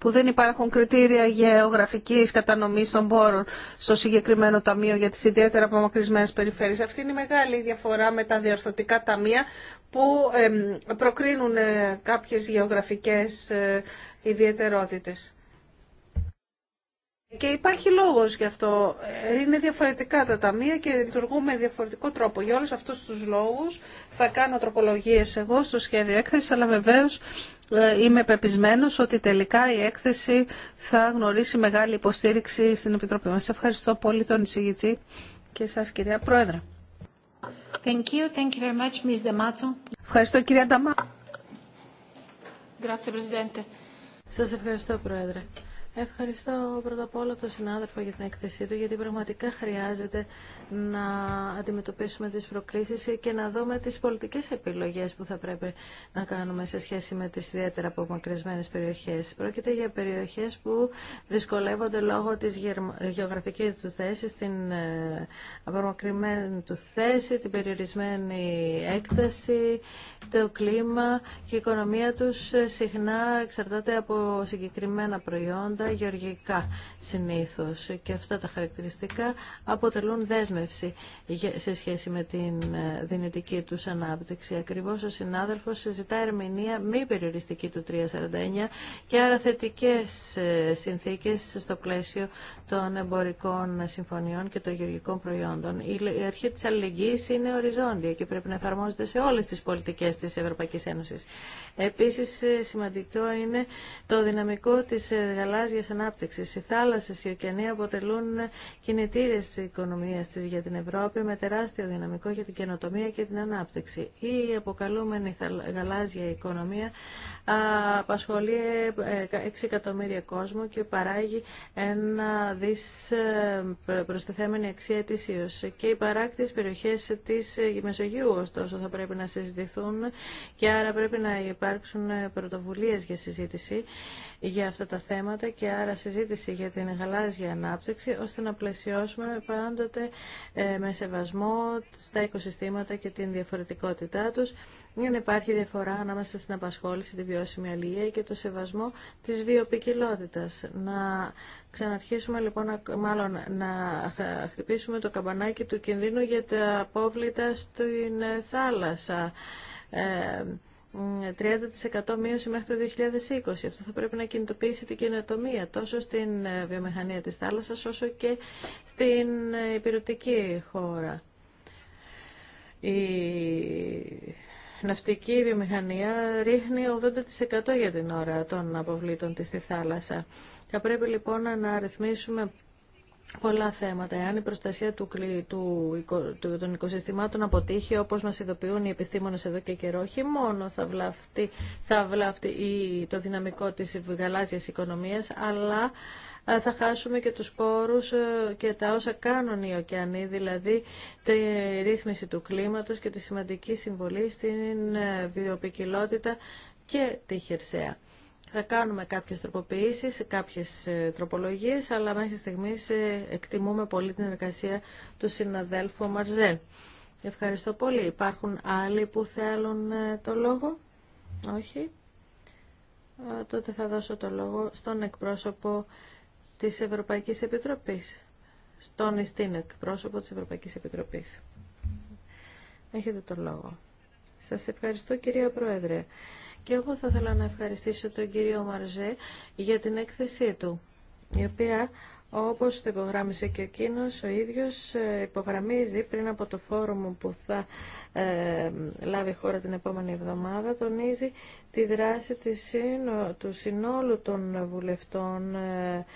που δεν υπάρχουν κριτήρια γεωγραφικής κατανομής των πόρων στο συγκεκριμένο ταμείο για τις ιδιαίτερα απομακρυσμένε περιφέρειες. Αυτή είναι η μεγάλη διαφορά με τα διορθωτικά ταμεία που προκρίνουν ε, κάποιες γεωγραφικές ε, ιδιαιτερότητες. Και υπάρχει λόγο γι' αυτό. Είναι διαφορετικά τα ταμεία και λειτουργούμε με διαφορετικό τρόπο. Για όλου αυτού, του λόγους θα κάνω τροπολογίε εγώ στο σχέδιο έκθεση, αλλά βεβαίω ε, είμαι πεπισμένο ότι τελικά η έκθεση θα γνωρίσει μεγάλη υποστήριξη στην Επιτροπή μα. Ευχαριστώ πολύ τον εισηγητή και σας κυρία Πρόεδρε. Thank you. Thank you very much, Ευχαριστώ κυρία Presidente. Σα ευχαριστώ Πρόεδρε. Ευχαριστώ πρώτα απ' όλα τον συνάδελφο για την έκθεσή του, γιατί πραγματικά χρειάζεται να αντιμετωπίσουμε τις προκλήσεις και να δούμε τις πολιτικές επιλογές που θα πρέπει να κάνουμε σε σχέση με τις ιδιαίτερα απομακρυσμένες περιοχές. Πρόκειται για περιοχές που δυσκολεύονται λόγω της γεωγραφικής του θέσης, την ε, απομακρυσμένη του θέση, την περιορισμένη έκταση, το κλίμα και η οικονομία τους ε, συχνά εξαρτάται από συγκεκριμένα προϊόντα, γεωργικά συνήθως. Και αυτά τα χαρακτηριστικά αποτελούν δέσμευση σε σχέση με την ε, δυνητική του ανάπτυξη. Ακριβώ ο συνάδελφο συζητά ερμηνεία μη περιοριστική του 349 και άρα θετικέ ε, συνθήκε στο πλαίσιο των εμπορικών συμφωνιών και των γεωργικών προϊόντων. Η αρχή τη αλληλεγγύη είναι οριζόντια και πρέπει να εφαρμόζεται σε όλε τι πολιτικέ τη Ευρωπαϊκή Ένωση. Επίση ε, σημαντικό είναι το δυναμικό τη γαλάζια ανάπτυξη. Οι θάλασσε οι ωκεανοί αποτελούν κινητήρες της τη τη για την Ευρώπη με τεράστιο δυναμικό για την καινοτομία και την ανάπτυξη. Η αποκαλούμενη γαλάζια οικονομία απασχολεί 6 ε, εκατομμύρια κόσμο και παράγει ένα δις ε, προστιθέμενη αξία ετησίως. Και οι παράκτης περιοχές της ε, Μεσογείου ωστόσο θα πρέπει να συζητηθούν και άρα πρέπει να υπάρξουν πρωτοβουλίες για συζήτηση για αυτά τα θέματα και άρα συζήτηση για την γαλάζια ανάπτυξη ώστε να πλαισιώσουμε πάντοτε ε, με σεβασμό στα οικοσυστήματα και την διαφορετικότητά του, για να υπάρχει διαφορά ανάμεσα στην απασχόληση, τη βιώσιμη αλληλεία και το σεβασμό της βιοπικιλότητας. Να ξαναρχίσουμε λοιπόν, μάλλον να χτυπήσουμε το καμπανάκι του κινδύνου για τα απόβλητα στην ε, θάλασσα. Ε, 30% μείωση μέχρι το 2020. Αυτό θα πρέπει να κινητοποιήσει την καινοτομία τόσο στην ε, βιομηχανία της θάλασσας όσο και στην ε, υπηρετική χώρα. Η ναυτική βιομηχανία ρίχνει 80% για την ώρα των αποβλήτων της στη θάλασσα. Θα πρέπει λοιπόν να ρυθμίσουμε πολλά θέματα. Εάν η προστασία του, του, του, των οικοσυστημάτων αποτύχει, όπως μας ειδοποιούν οι επιστήμονες εδώ και καιρό, όχι μόνο θα βλαφτεί, θα βλαφτεί η, το δυναμικό της γαλάζιας οικονομίας, αλλά ε, θα χάσουμε και τους πόρους ε, και τα όσα κάνουν οι ωκεανοί, δηλαδή τη ρύθμιση του κλίματος και τη σημαντική συμβολή στην ε, βιοπικιλότητα και τη χερσαία. Θα κάνουμε κάποιες τροποποιήσεις, κάποιες ε, τροπολογίες, αλλά μέχρι στιγμής ε, εκτιμούμε πολύ την εργασία του συναδέλφου Μαρζέ. Ευχαριστώ πολύ. Υπάρχουν άλλοι που θέλουν ε, το λόγο. Όχι. Τότε θα δώσω το λόγο στον εκπρόσωπο της Ευρωπαϊκής Επιτροπής. Στον Ιστίν εκπρόσωπο της Ευρωπαϊκής Επιτροπής. Έχετε το λόγο. Σας ευχαριστώ κυρία Πρόεδρε. Και εγώ θα ήθελα να ευχαριστήσω τον κύριο Μαρζέ για την έκθεσή του, η οποία όπως το υπογράμμισε και ο ο ίδιος ε, υπογραμμίζει πριν από το φόρουμ που θα ε, λάβει χώρα την επόμενη εβδομάδα, τονίζει τη δράση της, του συνόλου των βουλευτών ε,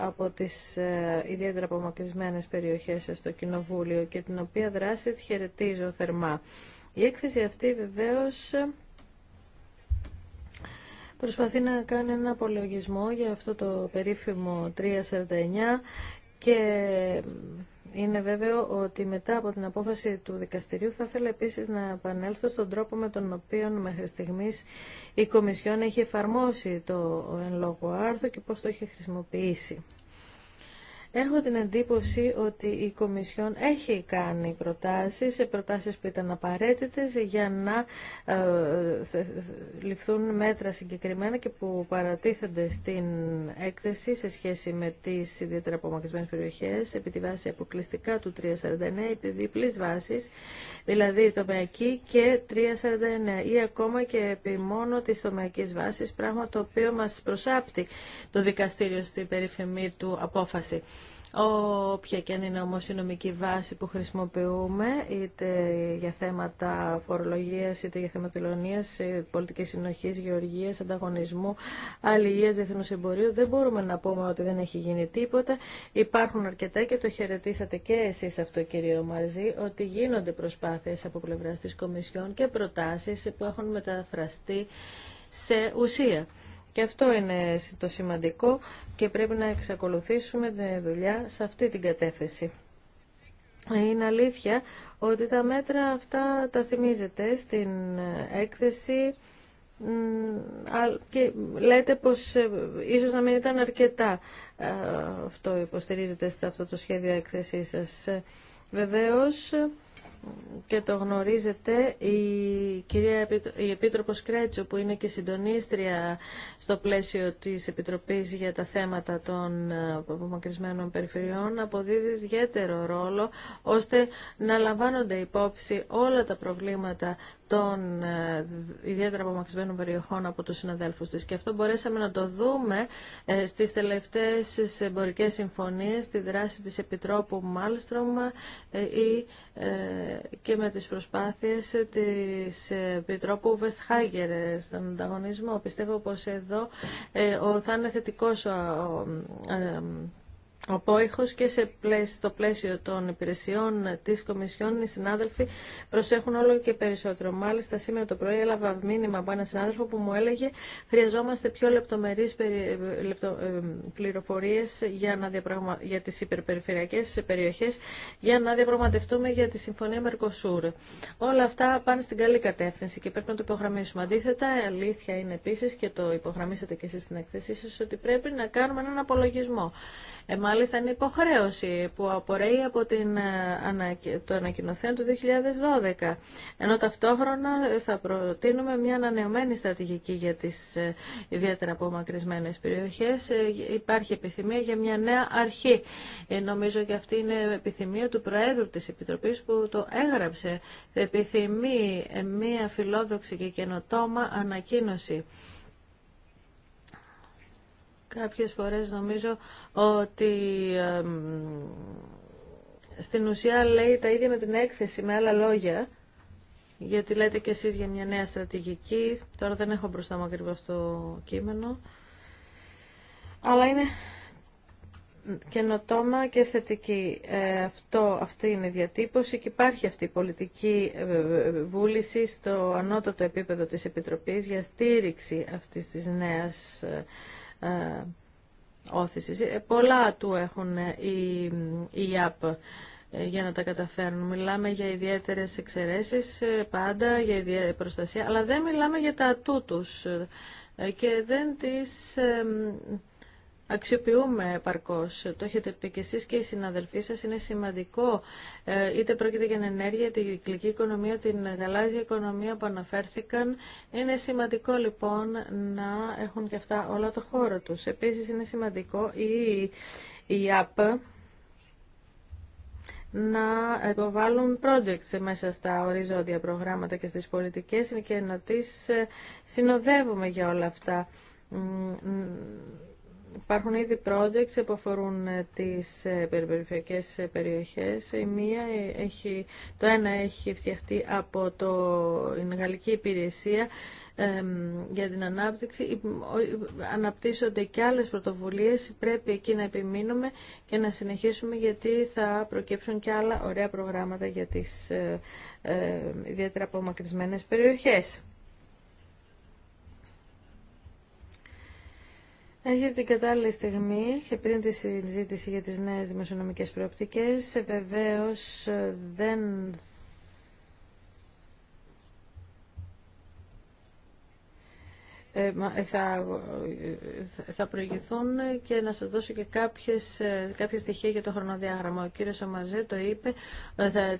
από τις ιδιαίτερα απομακρυσμένες περιοχές στο Κοινοβούλιο και την οποία δράση χαιρετίζω θερμά. Η έκθεση αυτή βεβαίως προσπαθεί να κάνει ένα απολογισμό για αυτό το περίφημο 349 και είναι βέβαιο ότι μετά από την απόφαση του δικαστηρίου θα ήθελα επίσης να επανέλθω στον τρόπο με τον οποίο μέχρι στιγμής η Κομισιόν έχει εφαρμόσει το εν λόγω άρθρο και πώς το έχει χρησιμοποιήσει. Έχω την εντύπωση ότι η Κομισιόν έχει κάνει προτάσεις, προτάσεις που ήταν απαραίτητες για να ε, ληφθούν μέτρα συγκεκριμένα και που παρατίθενται στην έκθεση σε σχέση με τις ιδιαίτερα απομακρυσμένες περιοχές επί τη βάση αποκλειστικά του 349 επί διπλής βάσης, δηλαδή τομεακή και 349 ή ακόμα και επί μόνο της τομεακής βάσης, πράγμα το οποίο μας προσάπτει το δικαστήριο στην περιφημή του απόφαση. Όποια και αν είναι όμως η νομική βάση που χρησιμοποιούμε, είτε για θέματα φορολογίας, είτε για θέματα τελωνίας, ε, πολιτικής συνοχής, γεωργίας, ανταγωνισμού, αλληλείας, διεθνούς εμπορίου, δεν μπορούμε να πούμε ότι δεν έχει γίνει τίποτα. Υπάρχουν αρκετά και το χαιρετήσατε και εσείς αυτό κυρίο Μαρζή, ότι γίνονται προσπάθειες από πλευρά της Κομισιόν και προτάσεις που έχουν μεταφραστεί σε ουσία. Και αυτό είναι το σημαντικό και πρέπει να εξακολουθήσουμε τη δουλειά σε αυτή την κατεύθυνση. Είναι αλήθεια ότι τα μέτρα αυτά τα θυμίζετε στην ε, έκθεση και λέτε πως ε, ίσως να μην ήταν αρκετά ε, αυτό υποστηρίζετε σε αυτό το σχέδιο έκθεσης σας. Βεβαίως και το γνωρίζετε η κυρία η Επίτροπος Κρέτσο που είναι και συντονίστρια στο πλαίσιο της Επιτροπής για τα θέματα των ε, απομακρυσμένων περιφερειών αποδίδει ιδιαίτερο ρόλο ώστε να λαμβάνονται υπόψη όλα τα προβλήματα των ε, ιδιαίτερα απομακρυσμένων περιοχών από τους συναδέλφους της. Και αυτό μπορέσαμε να το δούμε ε, στις τελευταίες εμπορικές συμφωνίες, στη δράση της Επιτρόπου Μάλστρομ ε, ή και με τις προσπάθειες της Επιτρόπου Βεστχάγερ στον ανταγωνισμό. Πιστεύω πως εδώ θα είναι θετικός ο απόϊχος και σε πλαίσιο, στο πλαίσιο των υπηρεσιών της Κομισιόν οι συνάδελφοι προσέχουν όλο και περισσότερο. Μάλιστα σήμερα το πρωί έλαβα μήνυμα από έναν συνάδελφο που μου έλεγε χρειαζόμαστε πιο λεπτομερείς περι... λεπτο... Ε, πληροφορίες για, να διαπραγμα... για τις υπερπεριφερειακές περιοχές για να διαπραγματευτούμε για τη Συμφωνία Μερκοσούρ. Όλα αυτά πάνε στην καλή κατεύθυνση και πρέπει να το υπογραμμίσουμε. Αντίθετα, αλήθεια είναι επίσης και το υπογραμμίσατε και εσείς στην εκθεσή σας ότι πρέπει να κάνουμε έναν απολογισμό μάλιστα είναι υποχρέωση που απορρέει από την, ε, το ανακοινωθέν του 2012. Ενώ ταυτόχρονα θα προτείνουμε μια ανανεωμένη στρατηγική για τις ε, ιδιαίτερα απομακρυσμένες περιοχές. Ε, υπάρχει επιθυμία για μια νέα αρχή. Νομίζω και αυτή είναι επιθυμία του Προέδρου της Επιτροπής που το έγραψε. Επιθυμεί μια φιλόδοξη και καινοτόμα ανακοίνωση. Κάποιες φορές νομίζω ότι στην ουσία λέει τα ίδια με την έκθεση, με άλλα λόγια, γιατί λέτε κι εσείς για μια νέα στρατηγική. Τώρα δεν έχω μπροστά μου ακριβώ το κείμενο. Αλλά είναι καινοτόμα και θετική. Ε, αυτό, αυτή είναι η διατύπωση και υπάρχει αυτή η πολιτική ε, βούληση στο ανώτατο επίπεδο της Επιτροπής για στήριξη αυτής της νέας ε, ε, όθησης. Ε, πολλά του έχουν ε, οι, οι για να τα καταφέρουν. Μιλάμε για ιδιαίτερες εξαιρέσεις πάντα, για ιδιαίτερη προστασία, αλλά δεν μιλάμε για τα ατού τους και δεν τις αξιοποιούμε παρκώς. Το έχετε πει και εσείς και οι συναδελφοί σας. Είναι σημαντικό, ε, είτε πρόκειται για την ενέργεια, την κυκλική οικονομία, την γαλάζια οικονομία που αναφέρθηκαν. Είναι σημαντικό λοιπόν να έχουν και αυτά όλα το χώρο τους. Επίσης είναι σημαντικό η, η ΑΠ να υποβάλουν projects μέσα στα οριζόντια προγράμματα και στις πολιτικές και να τις ε, συνοδεύουμε για όλα αυτά Υπάρχουν ήδη projects που αφορούν ε, τις ε, περιφερειακές ε, περιοχές. Η μία έχει, το ένα έχει φτιαχτεί από το, την Γαλλική Υπηρεσία για την ανάπτυξη. Αναπτύσσονται και άλλες πρωτοβουλίες. Πρέπει εκεί να επιμείνουμε και να συνεχίσουμε γιατί θα προκύψουν και άλλα ωραία προγράμματα για τις ιδιαίτερα απομακρυσμένες περιοχές. Έρχεται την κατάλληλη στιγμή και πριν τη συζήτηση για τις νέες δημοσιονομικές προοπτικές, ε, βεβαίως ε, δεν Ε, ε, θα, ε, θα προηγηθούν και να σας δώσω και κάποιες, κάποια στοιχεία για το χρονοδιάγραμμα. Ο κύριος Σομαζέ το είπε,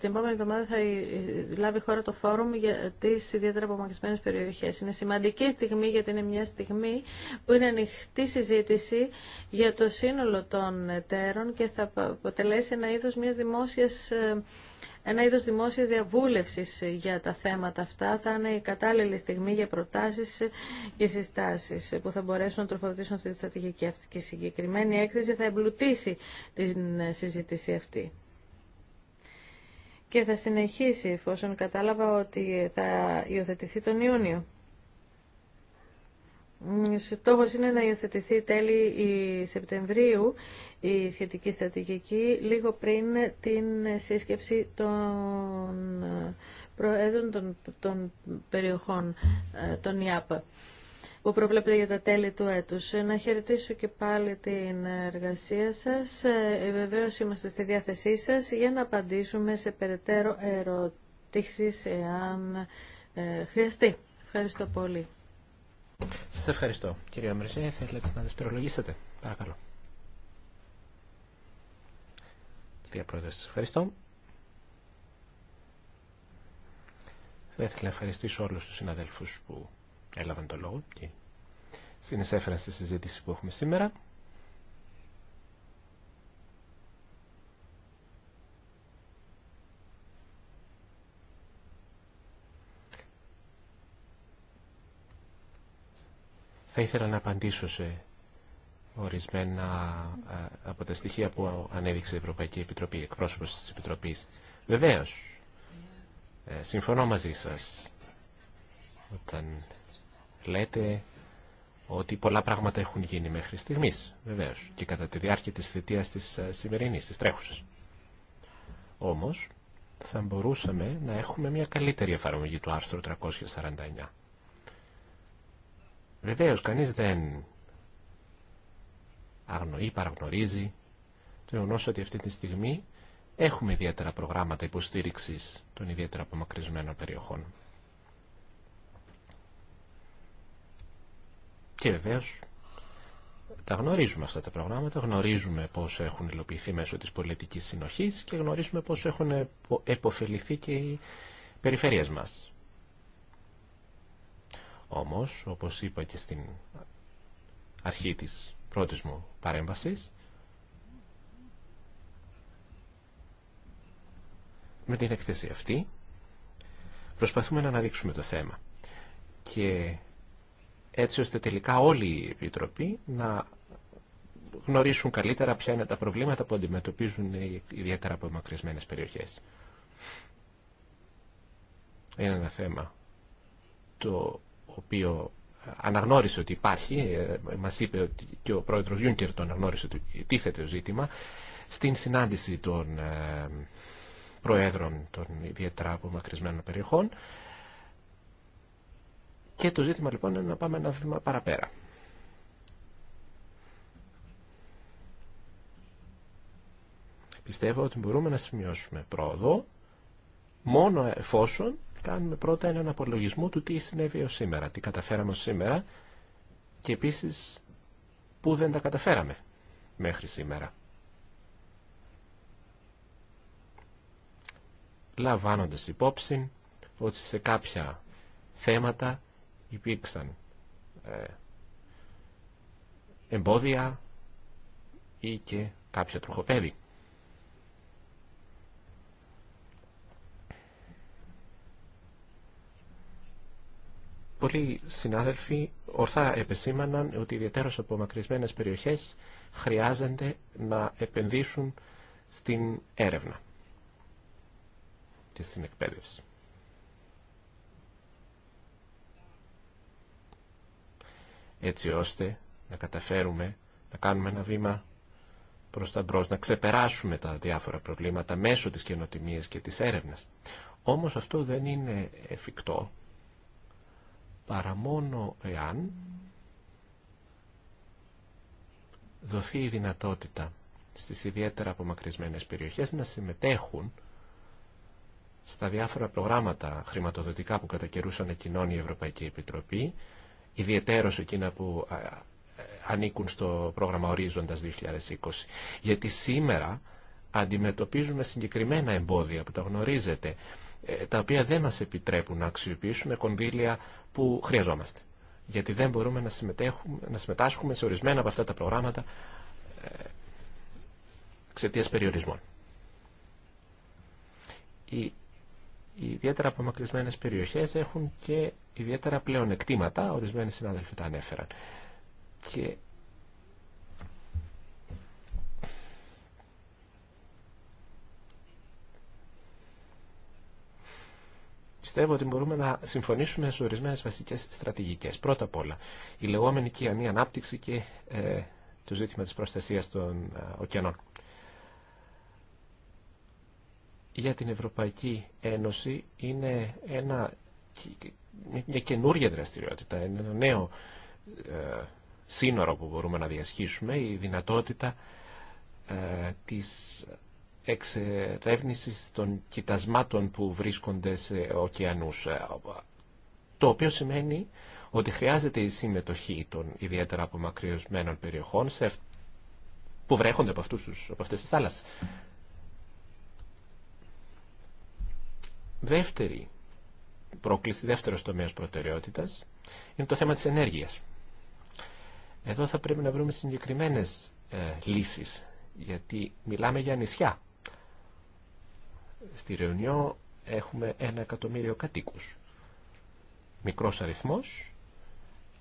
την επόμενη εβδομάδα θα λάβει χώρα το φόρουμ για τις ιδιαίτερα απομακρυσμένες περιοχές. Είναι σημαντική στιγμή γιατί είναι μια στιγμή που είναι ανοιχτή συζήτηση για το σύνολο των εταίρων και θα αποτελέσει ένα είδος μιας δημόσιας ένα είδος δημόσιας διαβούλευσης για τα θέματα αυτά. Θα είναι η κατάλληλη στιγμή για προτάσεις και συστάσεις που θα μπορέσουν να τροφοδοτήσουν αυτή τη στρατηγική. Αυτή και η συγκεκριμένη έκθεση θα εμπλουτίσει τη συζήτηση αυτή. Και θα συνεχίσει εφόσον κατάλαβα ότι θα υιοθετηθεί τον Ιούνιο. Στόχο είναι να υιοθετηθεί τέλη Σεπτεμβρίου η σχετική στρατηγική, λίγο πριν την σύσκεψη των προέδρων των, των περιοχών ε, των ΙΑΠ που προβλέπεται για τα τέλη του έτους. Να χαιρετήσω και πάλι την εργασία σας. Ε, βεβαίως είμαστε στη διάθεσή σας για να απαντήσουμε σε περαιτέρω ερωτήσεις εάν ε, χρειαστεί. Ευχαριστώ πολύ. Σας ευχαριστώ. Κύριε Θα θέλετε να δευτερολογήσετε. Παρακαλώ. Κυρία Πρόεδρε, σα ευχαριστώ. Θα ήθελα να ευχαριστήσω όλους τους συναδέλφου που έλαβαν το λόγο και συνεισέφεραν στη συζήτηση που έχουμε σήμερα. Θα ήθελα να απαντήσω σε ορισμένα ε, από τα στοιχεία που ανέδειξε η Ευρωπαϊκή Επιτροπή, εκπρόσωπος της Επιτροπής. Βεβαίως, ε, συμφωνώ μαζί σας όταν λέτε ότι πολλά πράγματα έχουν γίνει μέχρι στιγμής, βεβαίως, και κατά τη διάρκεια της θητείας της ε, σημερινής, της τρέχουσας. Όμως, θα μπορούσαμε να έχουμε μια καλύτερη εφαρμογή του άρθρου 349. Βεβαίως, κανείς δεν αγνοεί, παραγνωρίζει το γεγονό ότι αυτή τη στιγμή έχουμε ιδιαίτερα προγράμματα υποστήριξης των ιδιαίτερα απομακρυσμένων περιοχών. Και βεβαίω τα γνωρίζουμε αυτά τα προγράμματα, γνωρίζουμε πόσο έχουν υλοποιηθεί μέσω της πολιτικής συνοχής και γνωρίζουμε πόσο έχουν επωφεληθεί και οι περιφέρειες μας. Όμως, όπως είπα και στην αρχή της πρώτης μου παρέμβασης, με την έκθεση αυτή προσπαθούμε να αναδείξουμε το θέμα και έτσι ώστε τελικά όλοι οι επιτροποί να γνωρίσουν καλύτερα ποια είναι τα προβλήματα που αντιμετωπίζουν οι ιδιαίτερα απομακρυσμένες περιοχές. Είναι ένα θέμα το οποίο ε, αναγνώρισε ότι υπάρχει, ε, μας είπε ότι και ο πρόεδρος Γιούνκερ το αναγνώρισε ότι τίθεται το ζήτημα, στην συνάντηση των ε, προέδρων των ιδιαίτερα απομακρυσμένων περιοχών και το ζήτημα λοιπόν είναι να πάμε ένα βήμα παραπέρα. Πιστεύω ότι μπορούμε να σημειώσουμε πρόοδο μόνο εφόσον κάνουμε πρώτα έναν απολογισμό του τι συνέβη ως σήμερα, τι καταφέραμε ως σήμερα και επίσης που δεν τα καταφέραμε μέχρι σήμερα. Λαμβάνοντας υπόψη ότι σε κάποια θέματα υπήρξαν ε, εμπόδια ή και κάποια τροχοπέδη. Πολλοί συνάδελφοι ορθά επεσήμαναν ότι ιδιαίτερως απομακρυσμένες περιοχές χρειάζεται να επενδύσουν στην έρευνα και στην εκπαίδευση. Έτσι ώστε να καταφέρουμε να κάνουμε ένα βήμα προς τα μπρος, να ξεπεράσουμε τα διάφορα προβλήματα μέσω της καινοτιμίας και της έρευνας. Όμως αυτό δεν είναι εφικτό παρά μόνο εάν δοθεί η δυνατότητα στις ιδιαίτερα απομακρυσμένες περιοχές να συμμετέχουν στα διάφορα προγράμματα χρηματοδοτικά που κατά καιρούς η Ευρωπαϊκή Επιτροπή, ιδιαιτέρως εκείνα που ανήκουν στο πρόγραμμα Ορίζοντας 2020. Γιατί σήμερα αντιμετωπίζουμε συγκεκριμένα εμπόδια που τα γνωρίζετε. Ε, τα οποία δεν μας επιτρέπουν να αξιοποιήσουμε κονδύλια που χρειαζόμαστε. Γιατί δεν μπορούμε να, συμμετέχουμε, να συμμετάσχουμε σε ορισμένα από αυτά τα προγράμματα ε, εξαιτία περιορισμών. Οι ιδιαίτερα απομακρυσμένες περιοχές έχουν και ιδιαίτερα πλέον εκτήματα, ορισμένοι συνάδελφοι τα ανέφεραν. Και πιστεύω ότι μπορούμε να συμφωνήσουμε σε ορισμένε βασικέ στρατηγικέ. Πρώτα απ' όλα, η λεγόμενη κοινή ανάπτυξη και ε, το ζήτημα τη προστασία των ε, ωκεανών. Για την Ευρωπαϊκή Ένωση είναι ένα, μια καινούργια δραστηριότητα, είναι ένα νέο ε, σύνορο που μπορούμε να διασχίσουμε, η δυνατότητα της εξερεύνησης των κοιτασμάτων που βρίσκονται σε ωκεανούς, ε, το οποίο σημαίνει ότι χρειάζεται η συμμετοχή των ιδιαίτερα απομακρυσμένων περιοχών σε, που βρέχονται από, αυτούς τους, από αυτές τις θάλασσες. Δεύτερη πρόκληση, δεύτερος τομέας προτεραιότητας είναι το θέμα της ενέργειας. Εδώ θα πρέπει να βρούμε συγκεκριμένες ε, λύσεις, γιατί μιλάμε για νησιά Στη Ρεωνιό έχουμε ένα εκατομμύριο κατοίκους. Μικρός αριθμός,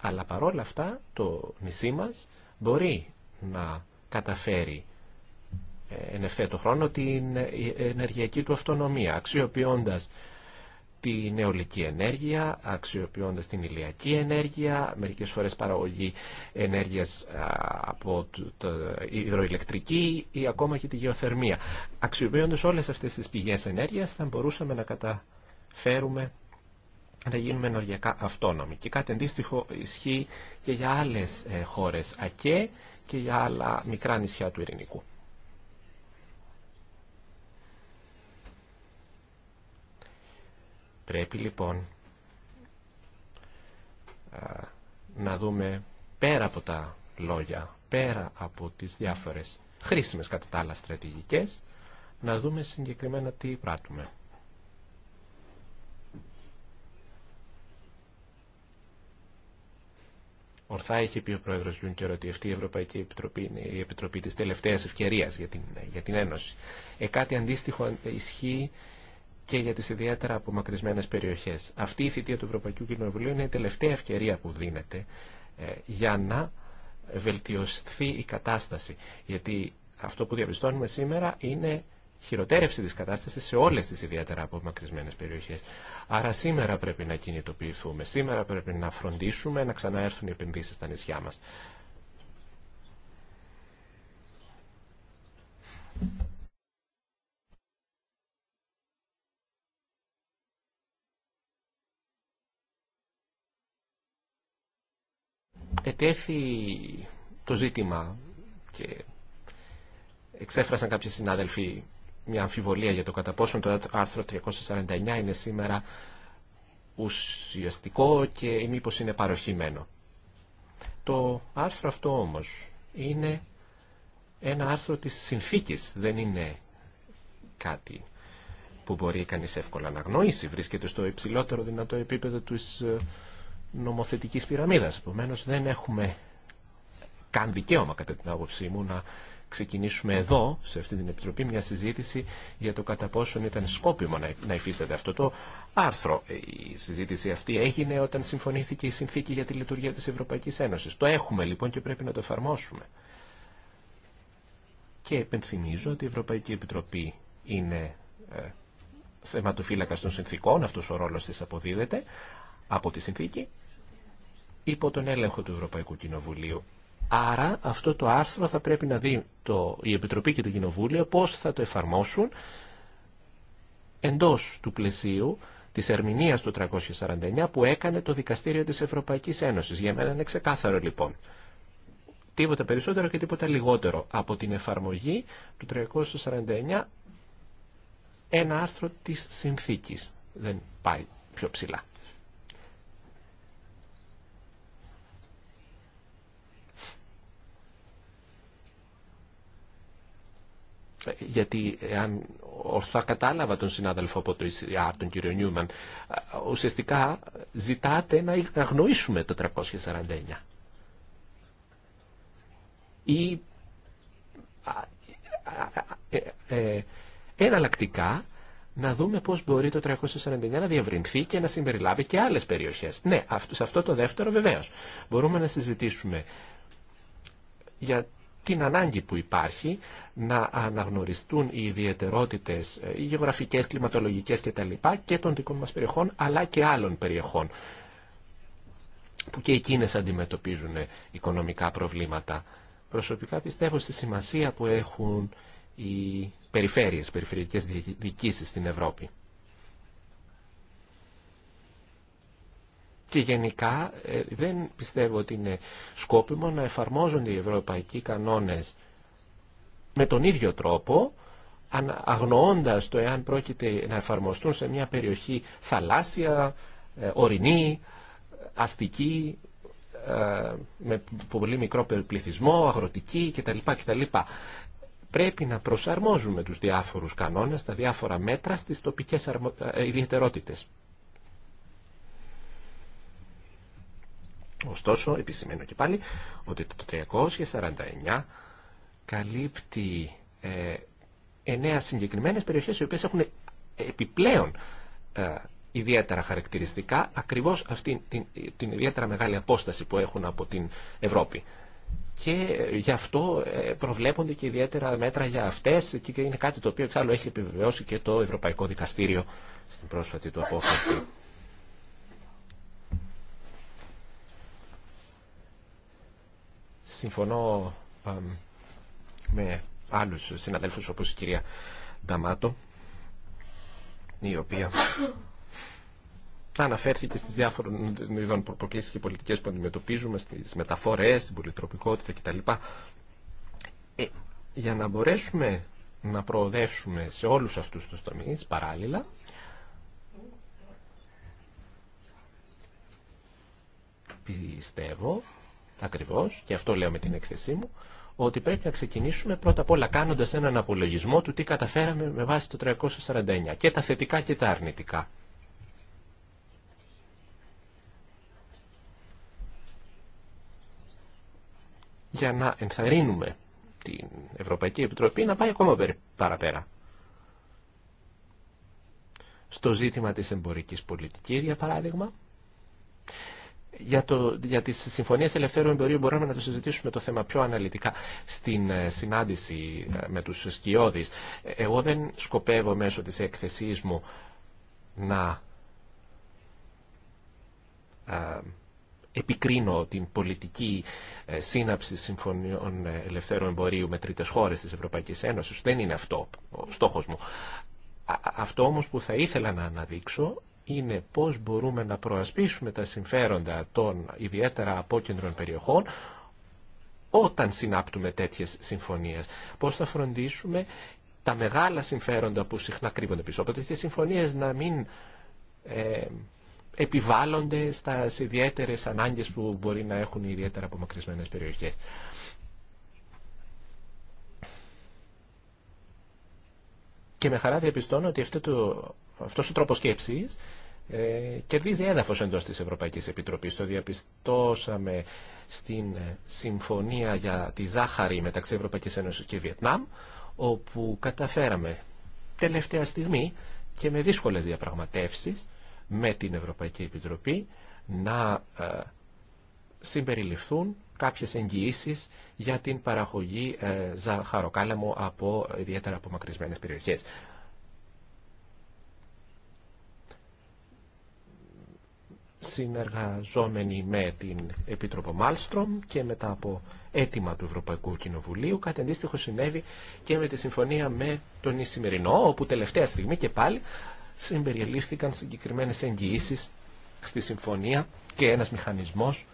αλλά παρόλα αυτά το νησί μας μπορεί να καταφέρει ε, εν ευθέτω χρόνο την ε, ενεργειακή του αυτονομία, αξιοποιώντας τη νεολική ενέργεια, αξιοποιώντας την ηλιακή ενέργεια, μερικές φορές παραγωγή ενέργειας από το υδροηλεκτρική ή ακόμα και τη γεωθερμία. Αξιοποιώντας όλες αυτές τις πηγές ενέργειας θα μπορούσαμε να καταφέρουμε να γίνουμε ενεργειακά αυτόνομοι. Και κάτι αντίστοιχο ισχύει και για άλλες ε, χώρες ΑΚΕ και για άλλα μικρά νησιά του Ειρηνικού. Πρέπει λοιπόν να δούμε πέρα από τα λόγια, πέρα από τις διάφορες χρήσιμες κατά τα άλλα στρατηγικές, να δούμε συγκεκριμένα τι πράττουμε. Ορθά έχει πει ο Πρόεδρος Γιούνκερ ότι αυτή η Ευρωπαϊκή Επιτροπή είναι η Επιτροπή της τελευταίας ευκαιρίας για την, για την Ένωση. Ε, κάτι αντίστοιχο ισχύει και για τις ιδιαίτερα απομακρυσμένες περιοχές. Αυτή η θητεία του Ευρωπαϊκού Κοινοβουλίου είναι η τελευταία ευκαιρία που δίνεται ε, για να βελτιωθεί η κατάσταση. Γιατί αυτό που διαπιστώνουμε σήμερα είναι χειροτέρευση της κατάστασης σε όλες τις ιδιαίτερα απομακρυσμένες περιοχές. Άρα σήμερα πρέπει να κινητοποιηθούμε, σήμερα πρέπει να φροντίσουμε να ξαναέρθουν οι επενδύσεις στα νησιά μας. ετέθη το ζήτημα και εξέφρασαν κάποιοι συνάδελφοι μια αμφιβολία για το κατά πόσον το άρθρο 349 είναι σήμερα ουσιαστικό και μήπω είναι παροχημένο. Το άρθρο αυτό όμως είναι ένα άρθρο της συνθήκης, δεν είναι κάτι που μπορεί κανείς εύκολα να γνωρίσει. Βρίσκεται στο υψηλότερο δυνατό επίπεδο της ε, νομοθετικής πυραμίδας. Επομένω δεν έχουμε καν δικαίωμα κατά την άποψή μου να ξεκινήσουμε εδώ, σε αυτή την Επιτροπή, μια συζήτηση για το κατά πόσον ήταν σκόπιμο να υφίσταται αυτό το άρθρο. Η συζήτηση αυτή έγινε όταν συμφωνήθηκε η συνθήκη για τη λειτουργία της Ευρωπαϊκής Ένωσης. Το έχουμε λοιπόν και πρέπει να το εφαρμόσουμε. Και επενθυμίζω ότι η Ευρωπαϊκή Επιτροπή είναι ε, θεματοφύλακα των συνθήκων, αυτός ο ρόλος της αποδίδεται, από τη συνθήκη υπό τον έλεγχο του Ευρωπαϊκού Κοινοβουλίου. Άρα αυτό το άρθρο θα πρέπει να δει το, η Επιτροπή και το Κοινοβούλιο πώς θα το εφαρμόσουν εντός του πλαισίου της ερμηνείας του 349 που έκανε το Δικαστήριο της Ευρωπαϊκής Ένωσης. Για μένα είναι ξεκάθαρο λοιπόν. Τίποτα περισσότερο και τίποτα λιγότερο από την εφαρμογή του 349 ένα άρθρο της συνθήκης. Δεν πάει πιο ψηλά. γιατί αν ορθά κατάλαβα τον συνάδελφο από το ECR, τον κύριο Νιούμαν, ουσιαστικά ζητάτε να αγνοήσουμε το 349. Ή ε, ε, ε, εναλλακτικά να δούμε πώς μπορεί το 349 να διευρυνθεί και να συμπεριλάβει και άλλες περιοχές. Ναι, σε αυτό το δεύτερο βεβαίως. Μπορούμε να συζητήσουμε για την ανάγκη που υπάρχει να αναγνωριστούν οι ιδιαιτερότητες, ε, οι γεωγραφικές, κλιματολογικές κτλ. και των δικών μας περιοχών, αλλά και άλλων περιοχών, που και εκείνες αντιμετωπίζουν ε, οικονομικά προβλήματα. Προσωπικά πιστεύω στη σημασία που έχουν οι περιφέρειες, περιφερειακές διοικήσεις στην Ευρώπη. Και γενικά ε, δεν πιστεύω ότι είναι σκόπιμο να εφαρμόζονται οι ευρωπαϊκοί κανόνες με τον ίδιο τρόπο, αγνοώντας το εάν πρόκειται να εφαρμοστούν σε μια περιοχή θαλάσσια, ε, ορεινή, αστική, ε, με πολύ μικρό πληθυσμό, αγροτική κτλ. κτλ. Πρέπει να προσαρμόζουμε τους διάφορους κανόνες, τα διάφορα μέτρα στις τοπικές ιδιαιτερότητες. Ωστόσο, επισημαίνω και πάλι ότι το 349 καλύπτει ε, εννέα συγκεκριμένες περιοχές οι οποίες έχουν επιπλέον ε, ιδιαίτερα χαρακτηριστικά ακριβώς αυτή την, την ιδιαίτερα μεγάλη απόσταση που έχουν από την Ευρώπη. Και γι' αυτό ε, προβλέπονται και ιδιαίτερα μέτρα για αυτές και είναι κάτι το οποίο εξάλλου έχει επιβεβαιώσει και το Ευρωπαϊκό Δικαστήριο στην πρόσφατη του απόφαση. Συμφωνώ με άλλους συναδέλφους όπως η κυρία Νταμάτο η οποία αναφέρθηκε στις διάφορων ειδών προκλήσεις και πολιτικές που αντιμετωπίζουμε, στις μεταφορές, στην πολυτροπικότητα κτλ. Ε, για να μπορέσουμε να προοδεύσουμε σε όλους αυτούς τους τομείς παράλληλα, πιστεύω Ακριβώ, και αυτό λέω με την έκθεσή μου, ότι πρέπει να ξεκινήσουμε πρώτα απ' όλα κάνοντα έναν απολογισμό του τι καταφέραμε με βάση το 349 και τα θετικά και τα αρνητικά. για να ενθαρρύνουμε την Ευρωπαϊκή Επιτροπή να πάει ακόμα παραπέρα. Στο ζήτημα της εμπορικής πολιτικής, για παράδειγμα, για, το, για τις συμφωνίες ελευθέρου εμπορίου μπορούμε να το συζητήσουμε το θέμα πιο αναλυτικά στην ε, συνάντηση ε, με τους σκιώδεις. Εγώ δεν σκοπεύω μέσω της έκθεσής μου να ε, επικρίνω την πολιτική σύναψη συμφωνιών ελευθέρου εμπορίου με τρίτες χώρες της Ευρωπαϊκής Ένωσης. Δεν είναι αυτό ο στόχος μου. Αυτό όμως που θα ήθελα να αναδείξω είναι πώς μπορούμε να προασπίσουμε τα συμφέροντα των ιδιαίτερα απόκεντρων περιοχών όταν συνάπτουμε τέτοιες συμφωνίες. Πώς θα φροντίσουμε τα μεγάλα συμφέροντα που συχνά κρύβονται πίσω από τέτοιες συμφωνίες να μην ε, επιβάλλονται στα ιδιαίτερες ανάγκες που μπορεί να έχουν οι ιδιαίτερα απομακρυσμένες περιοχές. και με χαρά διαπιστώνω ότι αυτό αυτός ο τρόπος σκέψης ε, κερδίζει έδαφο εντό τη Ευρωπαϊκή Επιτροπή. Το διαπιστώσαμε στην ε, συμφωνία για τη ζάχαρη μεταξύ Ευρωπαϊκή Ένωση και Βιετνάμ, όπου καταφέραμε τελευταία στιγμή και με δύσκολε διαπραγματεύσει με την Ευρωπαϊκή Επιτροπή να ε, συμπεριληφθούν κάποιες εγγυήσει για την παραγωγή ε, ζαχαροκάλαμου από ιδιαίτερα απομακρυσμένες περιοχές. συνεργαζόμενοι με την Επίτροπο Μάλστρομ και μετά από αίτημα του Ευρωπαϊκού Κοινοβουλίου. Κάτι αντίστοιχο συνέβη και με τη συμφωνία με τον Ισημερινό, όπου τελευταία στιγμή και πάλι συμπεριελήφθηκαν συγκεκριμένες εγγυήσεις στη συμφωνία και ένας μηχανισμός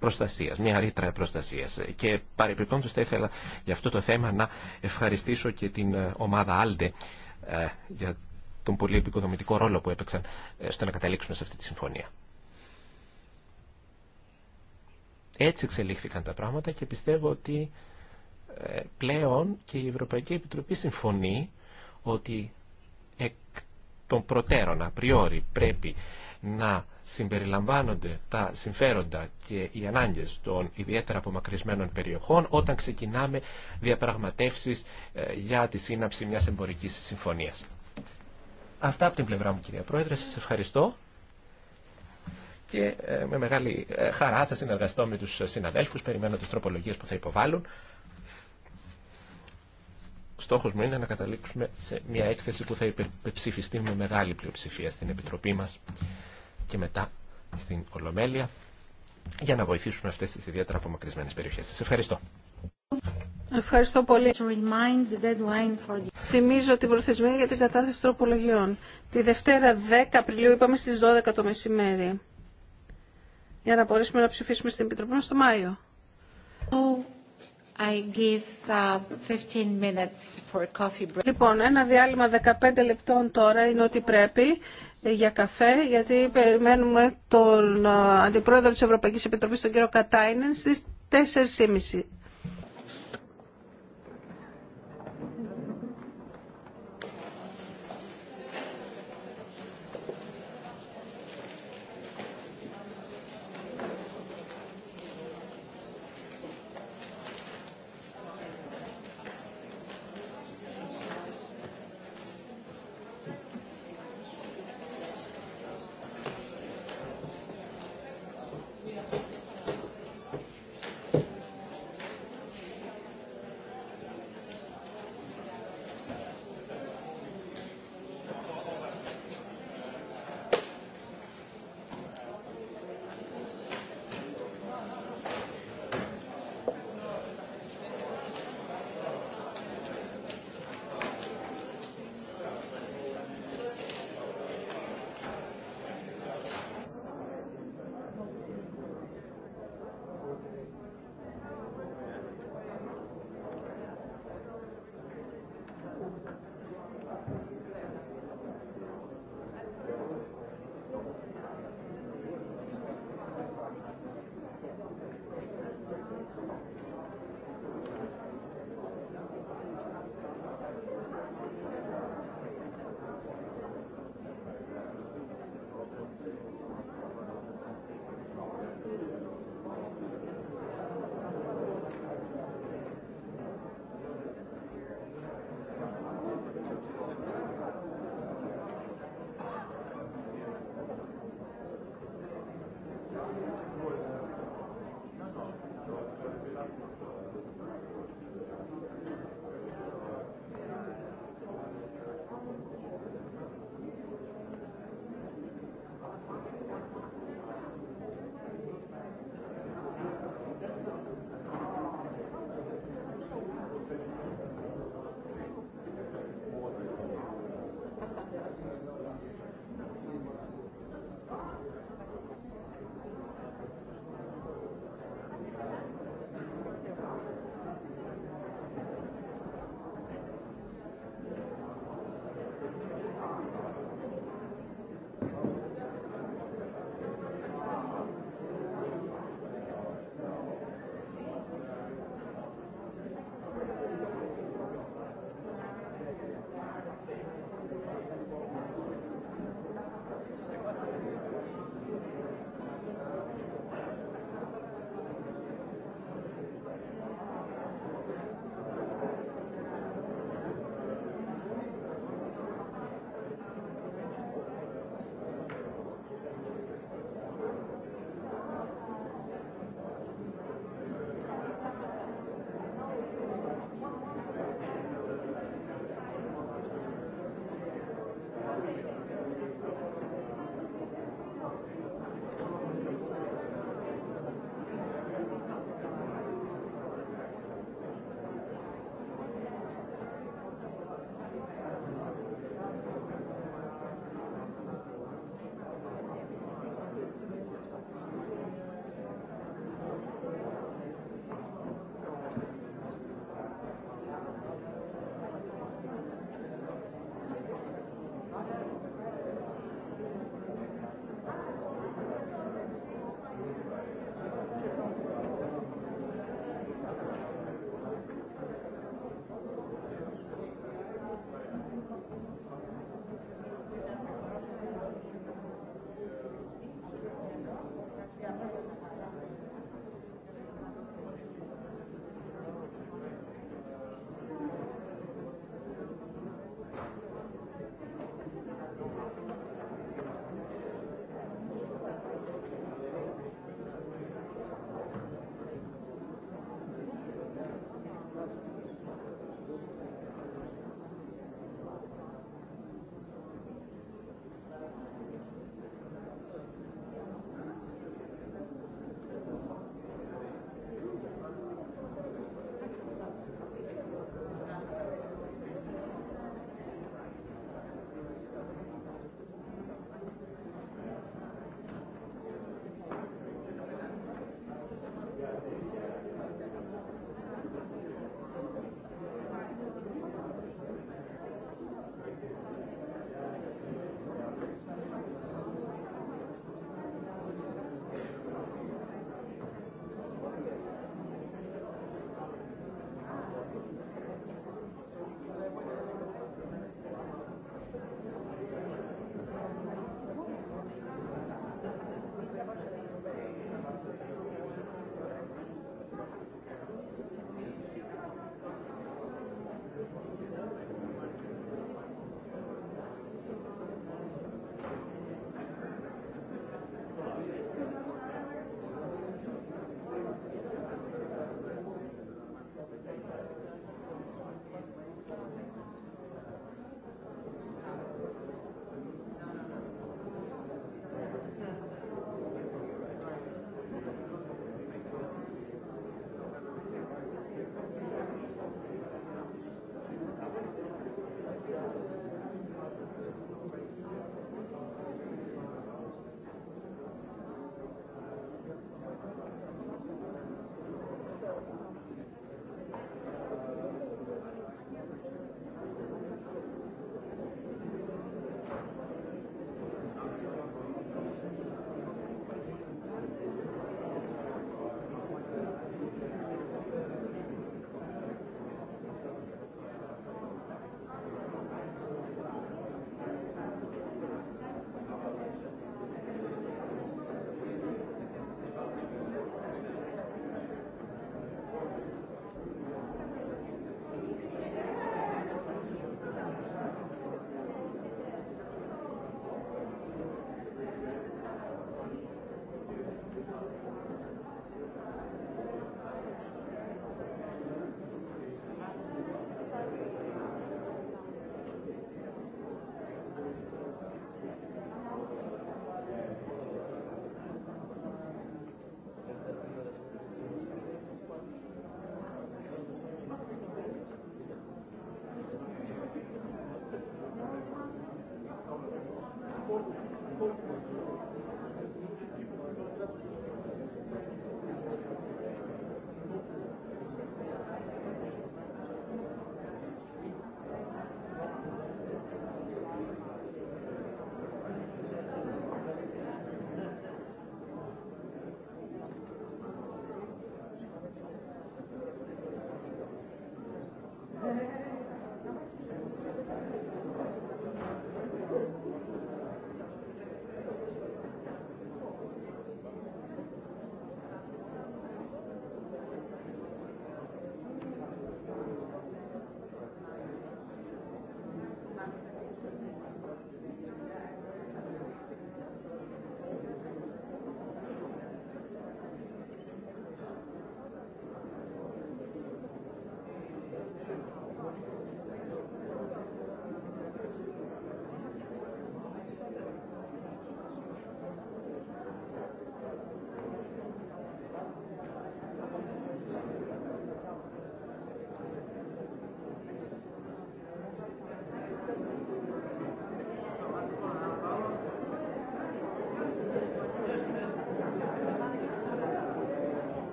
προστασία, μια ρήτρα προστασία. Και παρεπιπτόντω θα ήθελα για αυτό το θέμα να ευχαριστήσω και την ε, ομάδα Άλντε ε, για τον πολύ επικοδομητικό ρόλο που έπαιξαν ε, στο να καταλήξουμε σε αυτή τη συμφωνία. Έτσι εξελίχθηκαν τα πράγματα και πιστεύω ότι πλέον και η Ευρωπαϊκή Επιτροπή συμφωνεί ότι εκ των προτέρων απριόρι πρέπει να συμπεριλαμβάνονται τα συμφέροντα και οι ανάγκες των ιδιαίτερα απομακρυσμένων περιοχών όταν ξεκινάμε διαπραγματεύσεις ε, για τη σύναψη μιας εμπορικής συμφωνίας. Αυτά από την πλευρά μου κυρία Πρόεδρε, σας ευχαριστώ και ε, με μεγάλη ε, χαρά θα συνεργαστώ με τους συναδέλφους, περιμένω τις τροπολογίες που θα υποβάλουν στόχος μου είναι να καταλήξουμε σε μια έκθεση που θα υπερψηφιστεί με μεγάλη πλειοψηφία στην Επιτροπή μας και μετά στην Ολομέλεια για να βοηθήσουμε αυτές τις ιδιαίτερα απομακρυσμένες περιοχές. Σας ευχαριστώ. Ευχαριστώ πολύ. Θυμίζω την προθεσμία για την κατάθεση τροπολογιών. Τη Δευτέρα 10 Απριλίου είπαμε στις 12 το μεσημέρι. Για να μπορέσουμε να ψηφίσουμε στην Επιτροπή μας το Μάιο. Oh. Uh, λοιπόν, ένα διάλειμμα 15 λεπτών τώρα είναι ότι πρέπει για καφέ, γιατί περιμένουμε τον ε, Αντιπρόεδρο της Ευρωπαϊκής Επιτροπής, τον κύριο Κατάινεν, στις 4.30.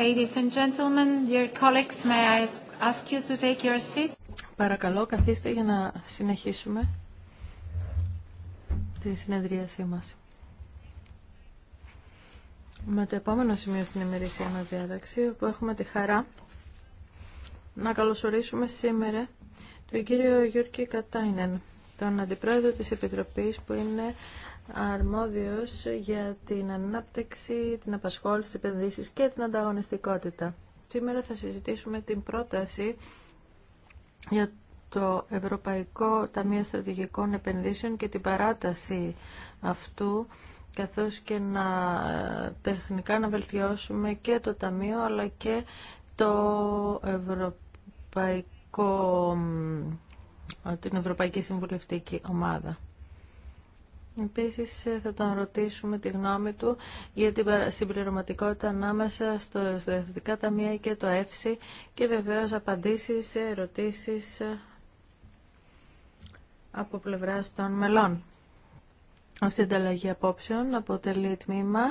Ladies and gentlemen, dear colleagues, may I ask you to take your seat. Παρακαλώ, καθίστε για να συνεχίσουμε τη συνεδρίασή μας. Με το επόμενο σημείο στην ημερήσια μας διάταξη, όπου έχουμε τη χαρά να καλωσορίσουμε σήμερα τον κύριο Γιούρκη Κατάινεν, τον Αντιπρόεδρο της Επιτροπής που είναι αρμόδιος για την ανάπτυξη, την απασχόληση, τις επενδύσεις και την ανταγωνιστικότητα. Σήμερα θα συζητήσουμε την πρόταση για το Ευρωπαϊκό Ταμείο Στρατηγικών Επενδύσεων και την παράταση αυτού καθώς και να τεχνικά να βελτιώσουμε και το Ταμείο αλλά και το Ευρωπαϊκό, την Ευρωπαϊκή Συμβουλευτική Ομάδα. Επίσης ε, θα τον ρωτήσουμε τη γνώμη του για την συμπληρωματικότητα ανάμεσα στο τα Ταμεία και το ΕΦΣΥ και βεβαίως απαντήσεις σε ερωτήσεις ε, από πλευράς των μελών. Αυτή η ανταλλαγή απόψεων αποτελεί τμήμα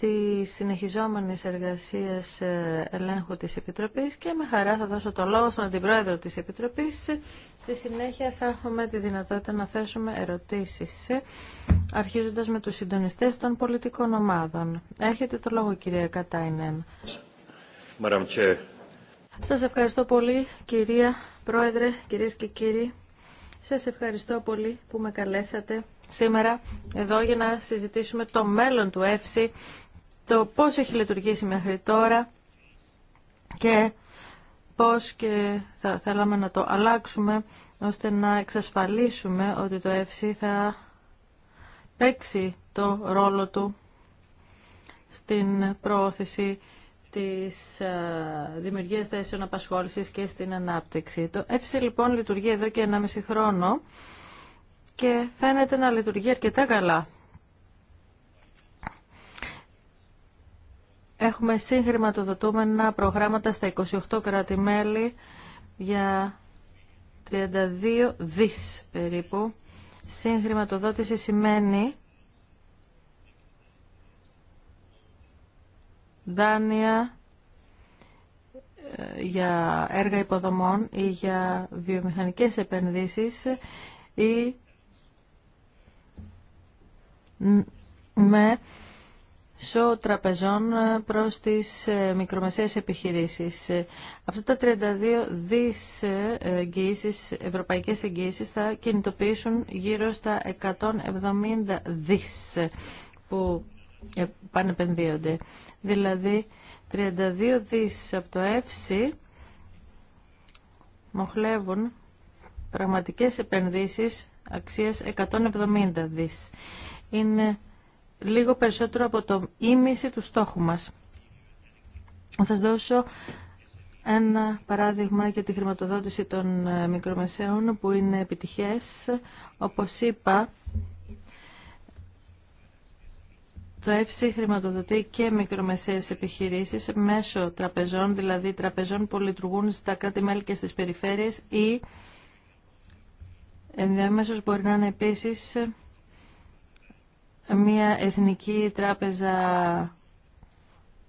τη συνεχιζόμενη εργασία ε, ελέγχου τη Επιτροπής και με χαρά θα δώσω το λόγο στον Αντιπρόεδρο της Επιτροπής. Στη συνέχεια θα έχουμε τη δυνατότητα να θέσουμε ερωτήσεις, ε, αρχίζοντας με τους συντονιστέ των πολιτικών ομάδων. Έχετε το λόγο κυρία Κατάινεν. Σας ευχαριστώ πολύ κυρία Πρόεδρε, κυρίε και κύριοι. Σα ευχαριστώ πολύ που με καλέσατε σήμερα εδώ για να συζητήσουμε το μέλλον του ΕΦΣΥ το πώς έχει λειτουργήσει μέχρι τώρα και πώς και θα θέλαμε να το αλλάξουμε ώστε να εξασφαλίσουμε ότι το ΕΦΣΥ θα παίξει το ρόλο του στην προώθηση της ε, δημιουργίας θέσεων απασχόλησης και στην ανάπτυξη. Το ΕΦΣΥ λοιπόν λειτουργεί εδώ και 1,5 χρόνο και φαίνεται να λειτουργεί αρκετά καλά. Έχουμε συγχρηματοδοτούμενα προγράμματα στα 28 κράτη-μέλη για 32 δις περίπου. Συγχρηματοδότηση σημαίνει δάνεια ε, για έργα υποδομών ή για βιομηχανικές επενδύσεις ή με σο τραπεζών ε, προς τις ε, μικρομεσαίες επιχειρήσεις. Ε, αυτά τα 32 δις εγγύησεις, ευρωπαϊκές εγγύησεις θα κινητοποιήσουν γύρω στα 170 δις που πανεπενδύονται. Δηλαδή 32 δις από το ΕΦΣΥ μοχλεύουν πραγματικές επενδύσεις αξίας 170 δις. Είναι λίγο περισσότερο από το ίμιση του στόχου μας. Θα σας δώσω ένα παράδειγμα για τη χρηματοδότηση των ε, μικρομεσαίων που είναι επιτυχές. Όπως είπα, το ΕΦΣΥ χρηματοδοτεί και μικρομεσαίες επιχειρήσεις μέσω τραπεζών, δηλαδή τραπεζών που λειτουργούν στα κράτη-μέλη και στις περιφέρειες ή ενδιαμέσως μπορεί να είναι επίσης μια εθνική τράπεζα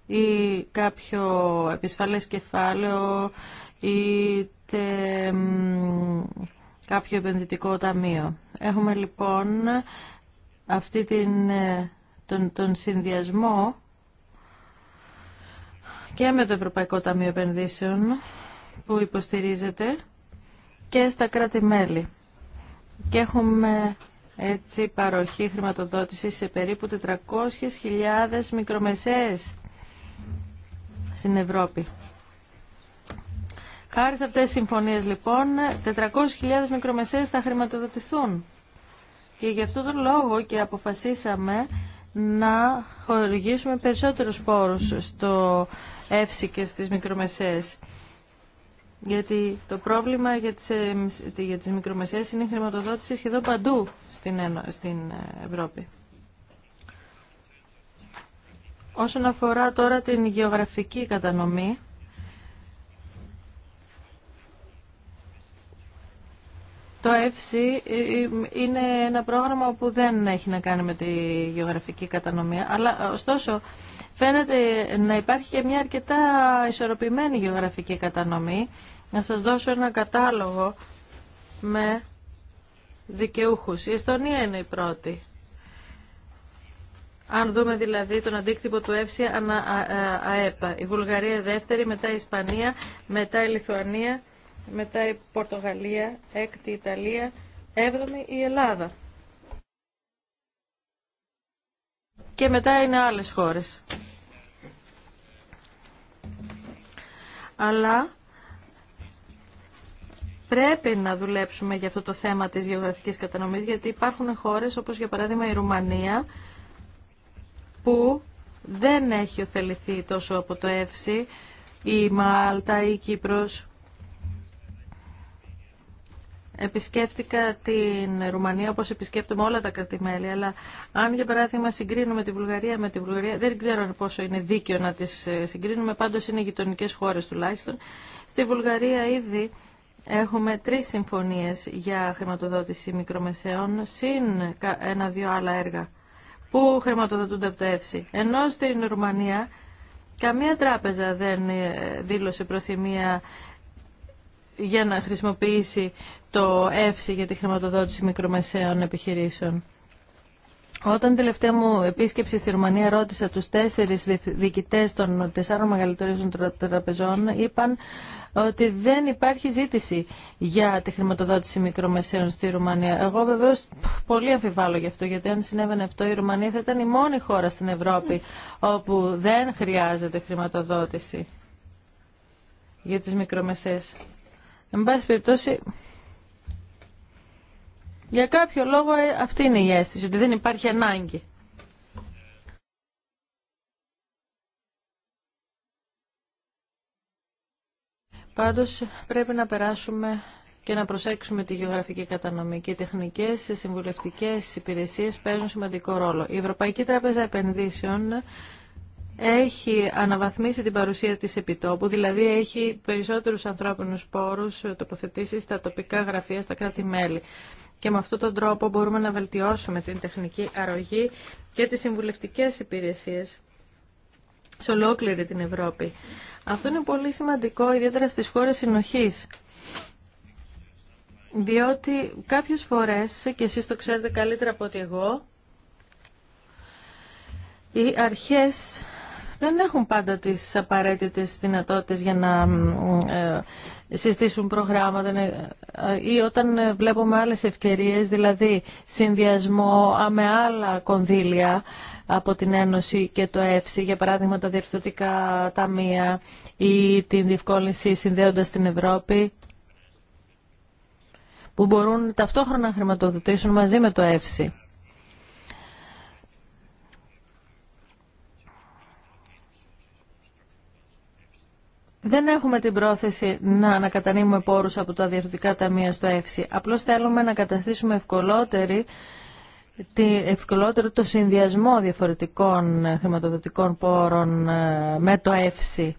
ή κάποιο επισφαλές κεφάλαιο ή κάποιο επενδυτικό ταμείο. Έχουμε λοιπόν αυτή την, ε, τον, τον συνδυασμό και με το Ευρωπαϊκό Ταμείο Επενδύσεων που υποστηρίζεται και στα κράτη-μέλη. Και έχουμε έτσι παροχή χρηματοδότηση σε περίπου 400.000 μικρομεσαίες στην Ευρώπη. Χάρη σε αυτές τις συμφωνίες λοιπόν, 400.000 μικρομεσαίες θα χρηματοδοτηθούν. Και γι' αυτό τον λόγο και αποφασίσαμε να χορηγήσουμε περισσότερους πόρους στο ΕΦΣΙ και στις μικρομεσαίες. Γιατί το πρόβλημα για τις, για τις μικρομεσαίες είναι η χρηματοδότηση σχεδόν παντού στην, στην ε, Ευρώπη. Όσον αφορά τώρα την γεωγραφική κατανομή, Το ΕΦΣΙ ε, είναι ένα πρόγραμμα που δεν έχει να κάνει με τη γεωγραφική κατανομία. Αλλά ε, ωστόσο φαίνεται να υπάρχει και μια αρκετά ισορροπημένη γεωγραφική κατανομή. Να σας δώσω ένα κατάλογο με δικαιούχους. Η Εστονία είναι η πρώτη. Αν δούμε δηλαδή τον αντίκτυπο του ΕΦΣΙ ΑΕΠΑ. Η Βουλγαρία δεύτερη, μετά η Ισπανία, μετά η Λιθουανία μετά η Πορτογαλία, έκτη η Ιταλία, έβδομη η Ελλάδα. Και μετά είναι άλλες χώρες. Αλλά πρέπει να δουλέψουμε για αυτό το θέμα της γεωγραφικής κατανομής, γιατί υπάρχουν χώρες όπως για παράδειγμα η Ρουμανία, που δεν έχει ωφεληθεί τόσο από το Εύση... η Μάλτα, η Κύπρος, Επισκέφτηκα την Ρουμανία όπως επισκέπτομαι όλα τα κρατημέλη, αλλά αν για παράδειγμα συγκρίνουμε τη Βουλγαρία με τη Βουλγαρία, δεν ξέρω πόσο είναι δίκαιο να τις ε, συγκρίνουμε, πάντως είναι γειτονικέ χώρες τουλάχιστον. Στη Βουλγαρία ήδη έχουμε τρεις συμφωνίες για χρηματοδότηση μικρομεσαίων, συν ένα-δύο άλλα έργα που χρηματοδοτούνται από το ΕΦΣΥ. Ενώ στην Ρουμανία καμία τράπεζα δεν ε, δήλωσε προθυμία για να χρησιμοποιήσει το εύση για τη χρηματοδότηση μικρομεσαίων επιχειρήσεων. Όταν τελευταία μου επίσκεψη στη Ρουμανία ρώτησα τους τέσσερις διοικητές των τεσσάρων μεγαλύτερων τραπεζών, είπαν ότι δεν υπάρχει ζήτηση για τη χρηματοδότηση μικρομεσαίων στη Ρουμανία. Εγώ βεβαίως πολύ αμφιβάλλω γι' αυτό, γιατί αν συνέβαινε αυτό η Ρουμανία θα ήταν η μόνη χώρα στην Ευρώπη όπου δεν χρειάζεται χρηματοδότηση για τις μικρομεσαίες. Εν πάση περιπτώσει, για κάποιο λόγο ε, αυτή είναι η αίσθηση, ότι δεν υπάρχει ανάγκη. Πάντως πρέπει να περάσουμε και να προσέξουμε τη γεωγραφική κατανομή και οι τεχνικές συμβουλευτικές υπηρεσίες παίζουν σημαντικό ρόλο. Η Ευρωπαϊκή Τράπεζα Επενδύσεων έχει αναβαθμίσει την παρουσία της επιτόπου, δηλαδή έχει περισσότερους ανθρώπινους πόρους τοποθετήσει στα τοπικά γραφεία, στα κράτη-μέλη και με αυτόν τον τρόπο μπορούμε να βελτιώσουμε την τεχνική αρρωγή και τις συμβουλευτικές υπηρεσίες σε ολόκληρη την Ευρώπη. Αυτό είναι πολύ σημαντικό, ιδιαίτερα στις χώρες συνοχής. Διότι κάποιες φορές, και εσείς το ξέρετε καλύτερα από ότι εγώ, οι αρχές δεν έχουν πάντα τις απαραίτητες δυνατότητες για να ε, συστήσουν προγράμματα ναι, ε, ή όταν ε, βλέπουμε άλλες ευκαιρίες, δηλαδή συνδυασμό με άλλα κονδύλια από την Ένωση και το ΕΦΣΥ, για παράδειγμα τα διευθυντικά ταμεία ή την διευκόλυνση συνδέοντας την Ευρώπη, που μπορούν ταυτόχρονα να χρηματοδοτήσουν μαζί με το ΕΦΣΥ. Δεν έχουμε την πρόθεση να ανακατανύμουμε πόρους από τα διαφορετικά ταμεία στο ΕΦΣΙ. Απλώς θέλουμε να καταστήσουμε ευκολότερη ευκολότερο το συνδυασμό διαφορετικών χρηματοδοτικών πόρων ε, με το ΕΦΣΙ.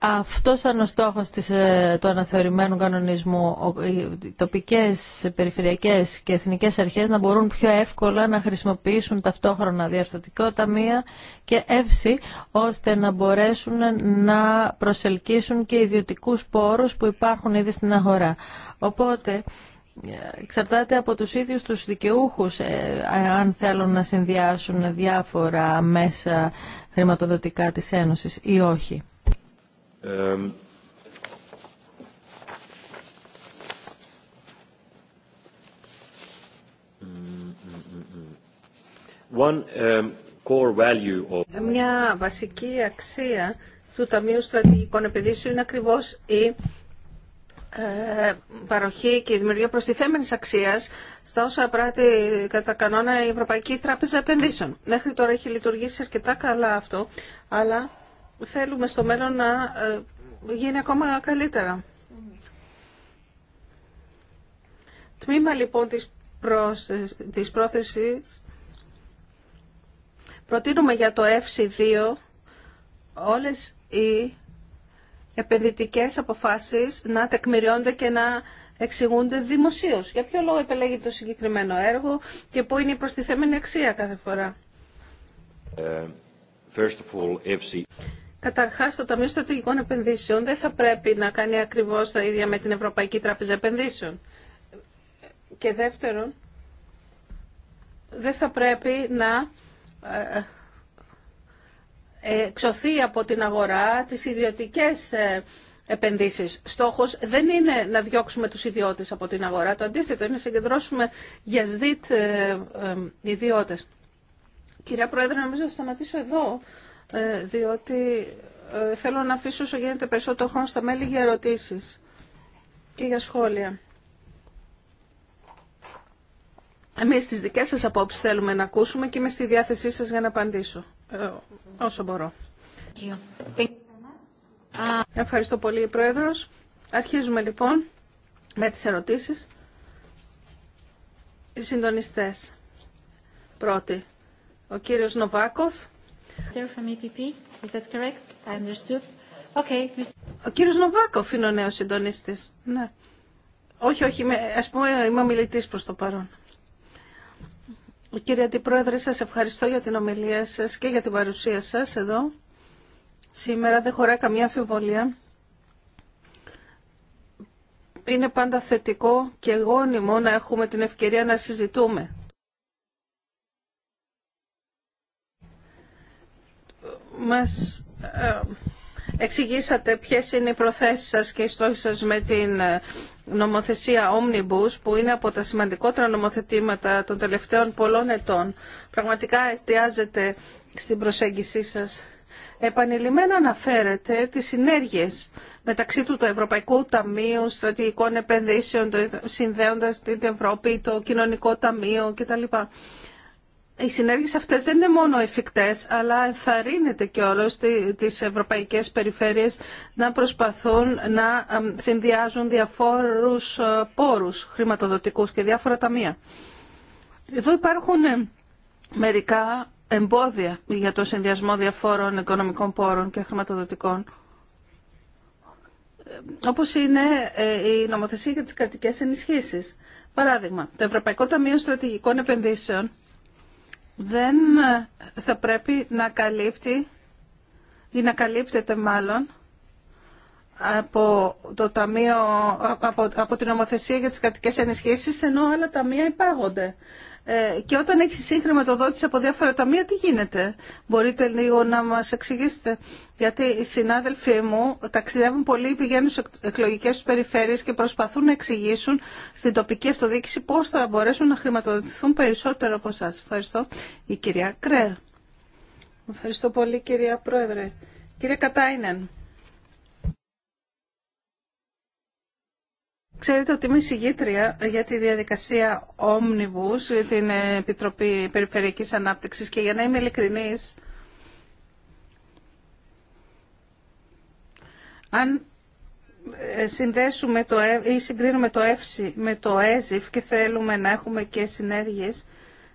Αυτό ήταν ο στόχο ε, του αναθεωρημένου κανονισμού. Οι τοπικέ, περιφερειακέ και εθνικέ αρχέ να μπορούν πιο εύκολα να χρησιμοποιήσουν ταυτόχρονα διαρθωτικό ταμείο και εύση, ώστε να μπορέσουν να προσελκύσουν και ιδιωτικού πόρου που υπάρχουν ήδη στην αγορά. Οπότε, εξαρτάται από τους ίδιους τους δικαιούχους ε, αν θέλουν να συνδυάσουν διάφορα μέσα χρηματοδοτικά της Ένωσης ή όχι. Μια βασική αξία του Ταμείου Στρατηγικών Επενδύσεων είναι ακριβώς η ε, παροχή και η δημιουργία προστιθέμενης αξίας στα όσα πράττει κατά κανόνα η Ευρωπαϊκή Τράπεζα Επενδύσεων. Μέχρι τώρα έχει λειτουργήσει αρκετά καλά αυτό, αλλά θέλουμε στο μέλλον να ε, γίνει ακόμα καλύτερα. Τμήμα λοιπόν της, πρόθεσης, της προτείνουμε για το FC2 όλες οι επενδυτικές αποφάσεις να τεκμηριώνται και να εξηγούνται δημοσίως. Για ποιο λόγο επελέγει το συγκεκριμένο έργο και πού είναι η προστιθέμενη αξία κάθε φορά. Ε, first of all, FC. Καταρχά, το Ταμείο Στρατηγικών Επενδύσεων δεν θα πρέπει να κάνει ακριβώ τα ίδια με την Ευρωπαϊκή Τράπεζα Επενδύσεων. Και δεύτερον, δεν θα πρέπει να ε, ε, εξωθεί από την αγορά τις ιδιωτικές ε, επενδύσεις. Στόχος δεν είναι να διώξουμε τους ιδιώτες από την αγορά. Το αντίθετο είναι να συγκεντρώσουμε για σδίτ ιδιώτες. Κυρία Πρόεδρε, νομίζω θα σταματήσω εδώ ε, διότι ε, θέλω να αφήσω όσο γίνεται περισσότερο χρόνο στα μέλη για ερωτήσεις και για σχόλια. Εμείς τις δικές σας απόψεις θέλουμε να ακούσουμε και είμαι στη διάθεσή σας για να απαντήσω ε, όσο μπορώ. Ευχαριστώ πολύ, Πρόεδρος. Αρχίζουμε λοιπόν με τις ερωτήσεις. Οι συντονιστές. Πρώτη, ο κύριος Νοβάκοφ ο κύριος Νοβάκοφ είναι ο νέος συντονίστης. Ναι. Όχι, όχι, ας πούμε είμαι μιλητής προς το παρόν. Κύριε Αντιπρόεδρε, σας ευχαριστώ για την ομιλία σας και για την παρουσία σας εδώ. Σήμερα δεν χωρά καμία αμφιβολία. Είναι πάντα θετικό και γόνιμο να έχουμε την ευκαιρία να συζητούμε μας ε, εξηγήσατε ποιες είναι οι προθέσεις σας και οι στόχοι σας με την ε, νομοθεσία Omnibus που είναι από τα σημαντικότερα νομοθετήματα των τελευταίων πολλών ετών. Πραγματικά εστιάζεται στην προσέγγισή σας. Επανειλημμένα αναφέρετε τις συνέργειες μεταξύ του το Ευρωπαϊκού Ταμείου Στρατηγικών Επενδύσεων, συνδέοντας την Ευρώπη, το Κοινωνικό Ταμείο κτλ οι συνέργειες αυτές δεν είναι μόνο εφικτές, αλλά ενθαρρύνεται και όλό τις ευρωπαϊκές περιφέρειες να προσπαθούν να συνδυάζουν διαφόρους ε, πόρους χρηματοδοτικούς και διάφορα ταμεία. Εδώ υπάρχουν ε, μερικά εμπόδια για το συνδυασμό διαφόρων οικονομικών πόρων και χρηματοδοτικών ε, όπως είναι η νομοθεσία για τις κρατικές ενισχύσεις. Παράδειγμα, το Ευρωπαϊκό Ταμείο Στρατηγικών Επενδύσεων δεν ε, θα πρέπει να καλύπτει ή να καλύπτεται μάλλον από, το ταμείο, από, από την νομοθεσία για τις κρατικές ενισχύσεις ενώ άλλα ταμεία υπάγονται. Ε, και όταν έχει συγχρηματοδότηση από διάφορα ταμεία, τι γίνεται. Μπορείτε λίγο να μας εξηγήσετε. Γιατί οι συνάδελφοί μου ταξιδεύουν πολύ, πηγαίνουν σε εκλογικέ του περιφέρειες και προσπαθούν να εξηγήσουν στην τοπική αυτοδιοίκηση πώς θα μπορέσουν να χρηματοδοτηθούν περισσότερο από εσά. Ευχαριστώ. Η κυρία Κρέα. Ευχαριστώ πολύ κυρία Πρόεδρε. Κύριε Κατάινεν. Ξέρετε ότι είμαι συγγήτρια για τη διαδικασία Omnibus, την Επιτροπή Περιφερειακής Ανάπτυξης και για να είμαι ειλικρινής, αν ε, συνδέσουμε το, ε- ή συγκρίνουμε το ΕΦΣΙ με το ΕΖΙΦ και θέλουμε να έχουμε και συνέργειες,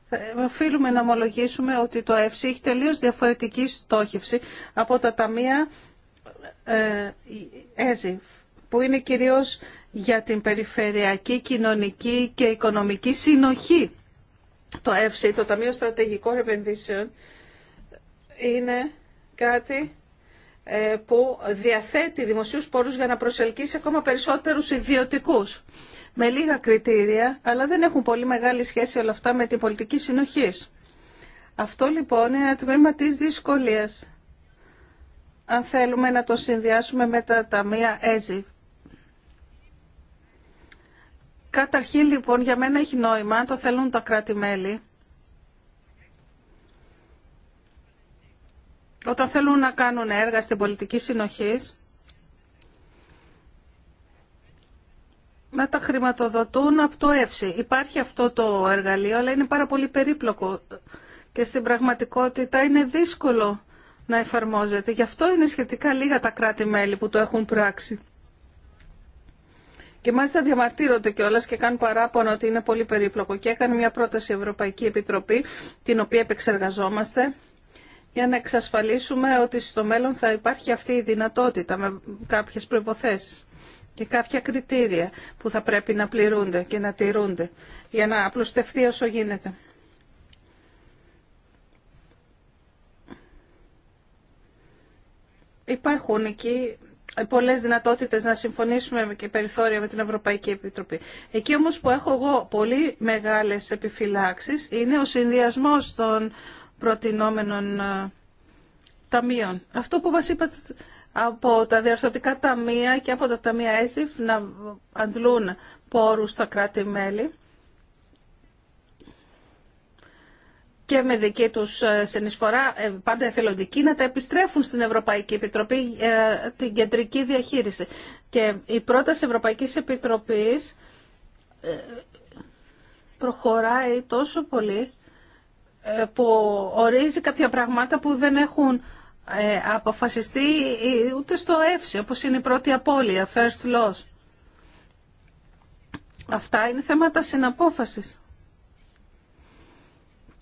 ε, οφείλουμε να ομολογήσουμε ότι το ΕΦΣΙ έχει τελείως διαφορετική στόχευση από τα ταμεία ΕΖΙΦ που είναι κυρίως για την περιφερειακή, κοινωνική και οικονομική συνοχή. Το ΕΦΣΙ, το Ταμείο Στρατηγικών Επενδύσεων, είναι κάτι ε, που διαθέτει δημοσίους πόρους για να προσελκύσει ακόμα περισσότερους ιδιωτικούς με λίγα κριτήρια, αλλά δεν έχουν πολύ μεγάλη σχέση όλα αυτά με την πολιτική συνοχή. Αυτό λοιπόν είναι ένα τμήμα της δυσκολίας, αν θέλουμε να το συνδυάσουμε με τα ταμεία έζη. Καταρχήν λοιπόν για μένα έχει νόημα, το θέλουν τα κράτη-μέλη. Όταν θέλουν να κάνουν έργα στην πολιτική συνοχή, να τα χρηματοδοτούν από το ΕΦΣΥ. Υπάρχει αυτό το εργαλείο, αλλά είναι πάρα πολύ περίπλοκο και στην πραγματικότητα είναι δύσκολο να εφαρμόζεται. Γι' αυτό είναι σχετικά λίγα τα κράτη-μέλη που το έχουν πράξει. Και μάλιστα διαμαρτύρονται κιόλα και κάνουν παράπονο ότι είναι πολύ περίπλοκο. Και έκανε μια πρόταση η Ευρωπαϊκή Επιτροπή, την οποία επεξεργαζόμαστε, για να εξασφαλίσουμε ότι στο μέλλον θα υπάρχει αυτή η δυνατότητα με κάποιε προποθέσει και κάποια κριτήρια που θα πρέπει να πληρούνται και να τηρούνται για να απλουστευτεί όσο γίνεται. Υπάρχουν εκεί πολλές δυνατότητες να συμφωνήσουμε και περιθώρια με την Ευρωπαϊκή Επιτροπή. Εκεί όμως που έχω εγώ πολύ μεγάλες επιφυλάξεις είναι ο συνδυασμός των προτινόμενων ε, ταμείων. Αυτό που μας είπατε από τα διαρθρωτικά ταμεία και από τα ταμεία ΕΣΥΦ να αντλούν πόρους στα κράτη-μέλη και με δική του ε, συνεισφορά, ε, πάντα εθελοντική, να τα επιστρέφουν στην Ευρωπαϊκή Επιτροπή για ε, την κεντρική διαχείριση. Και η πρόταση Ευρωπαϊκής Επιτροπής προχωράει τόσο πολύ που ορίζει κάποια πραγμάτα που δεν έχουν αποφασιστεί ούτε στο ΕΦΣΙ, όπως είναι η πρώτη απώλεια, first loss. Αυτά είναι θέματα συναπόφασης.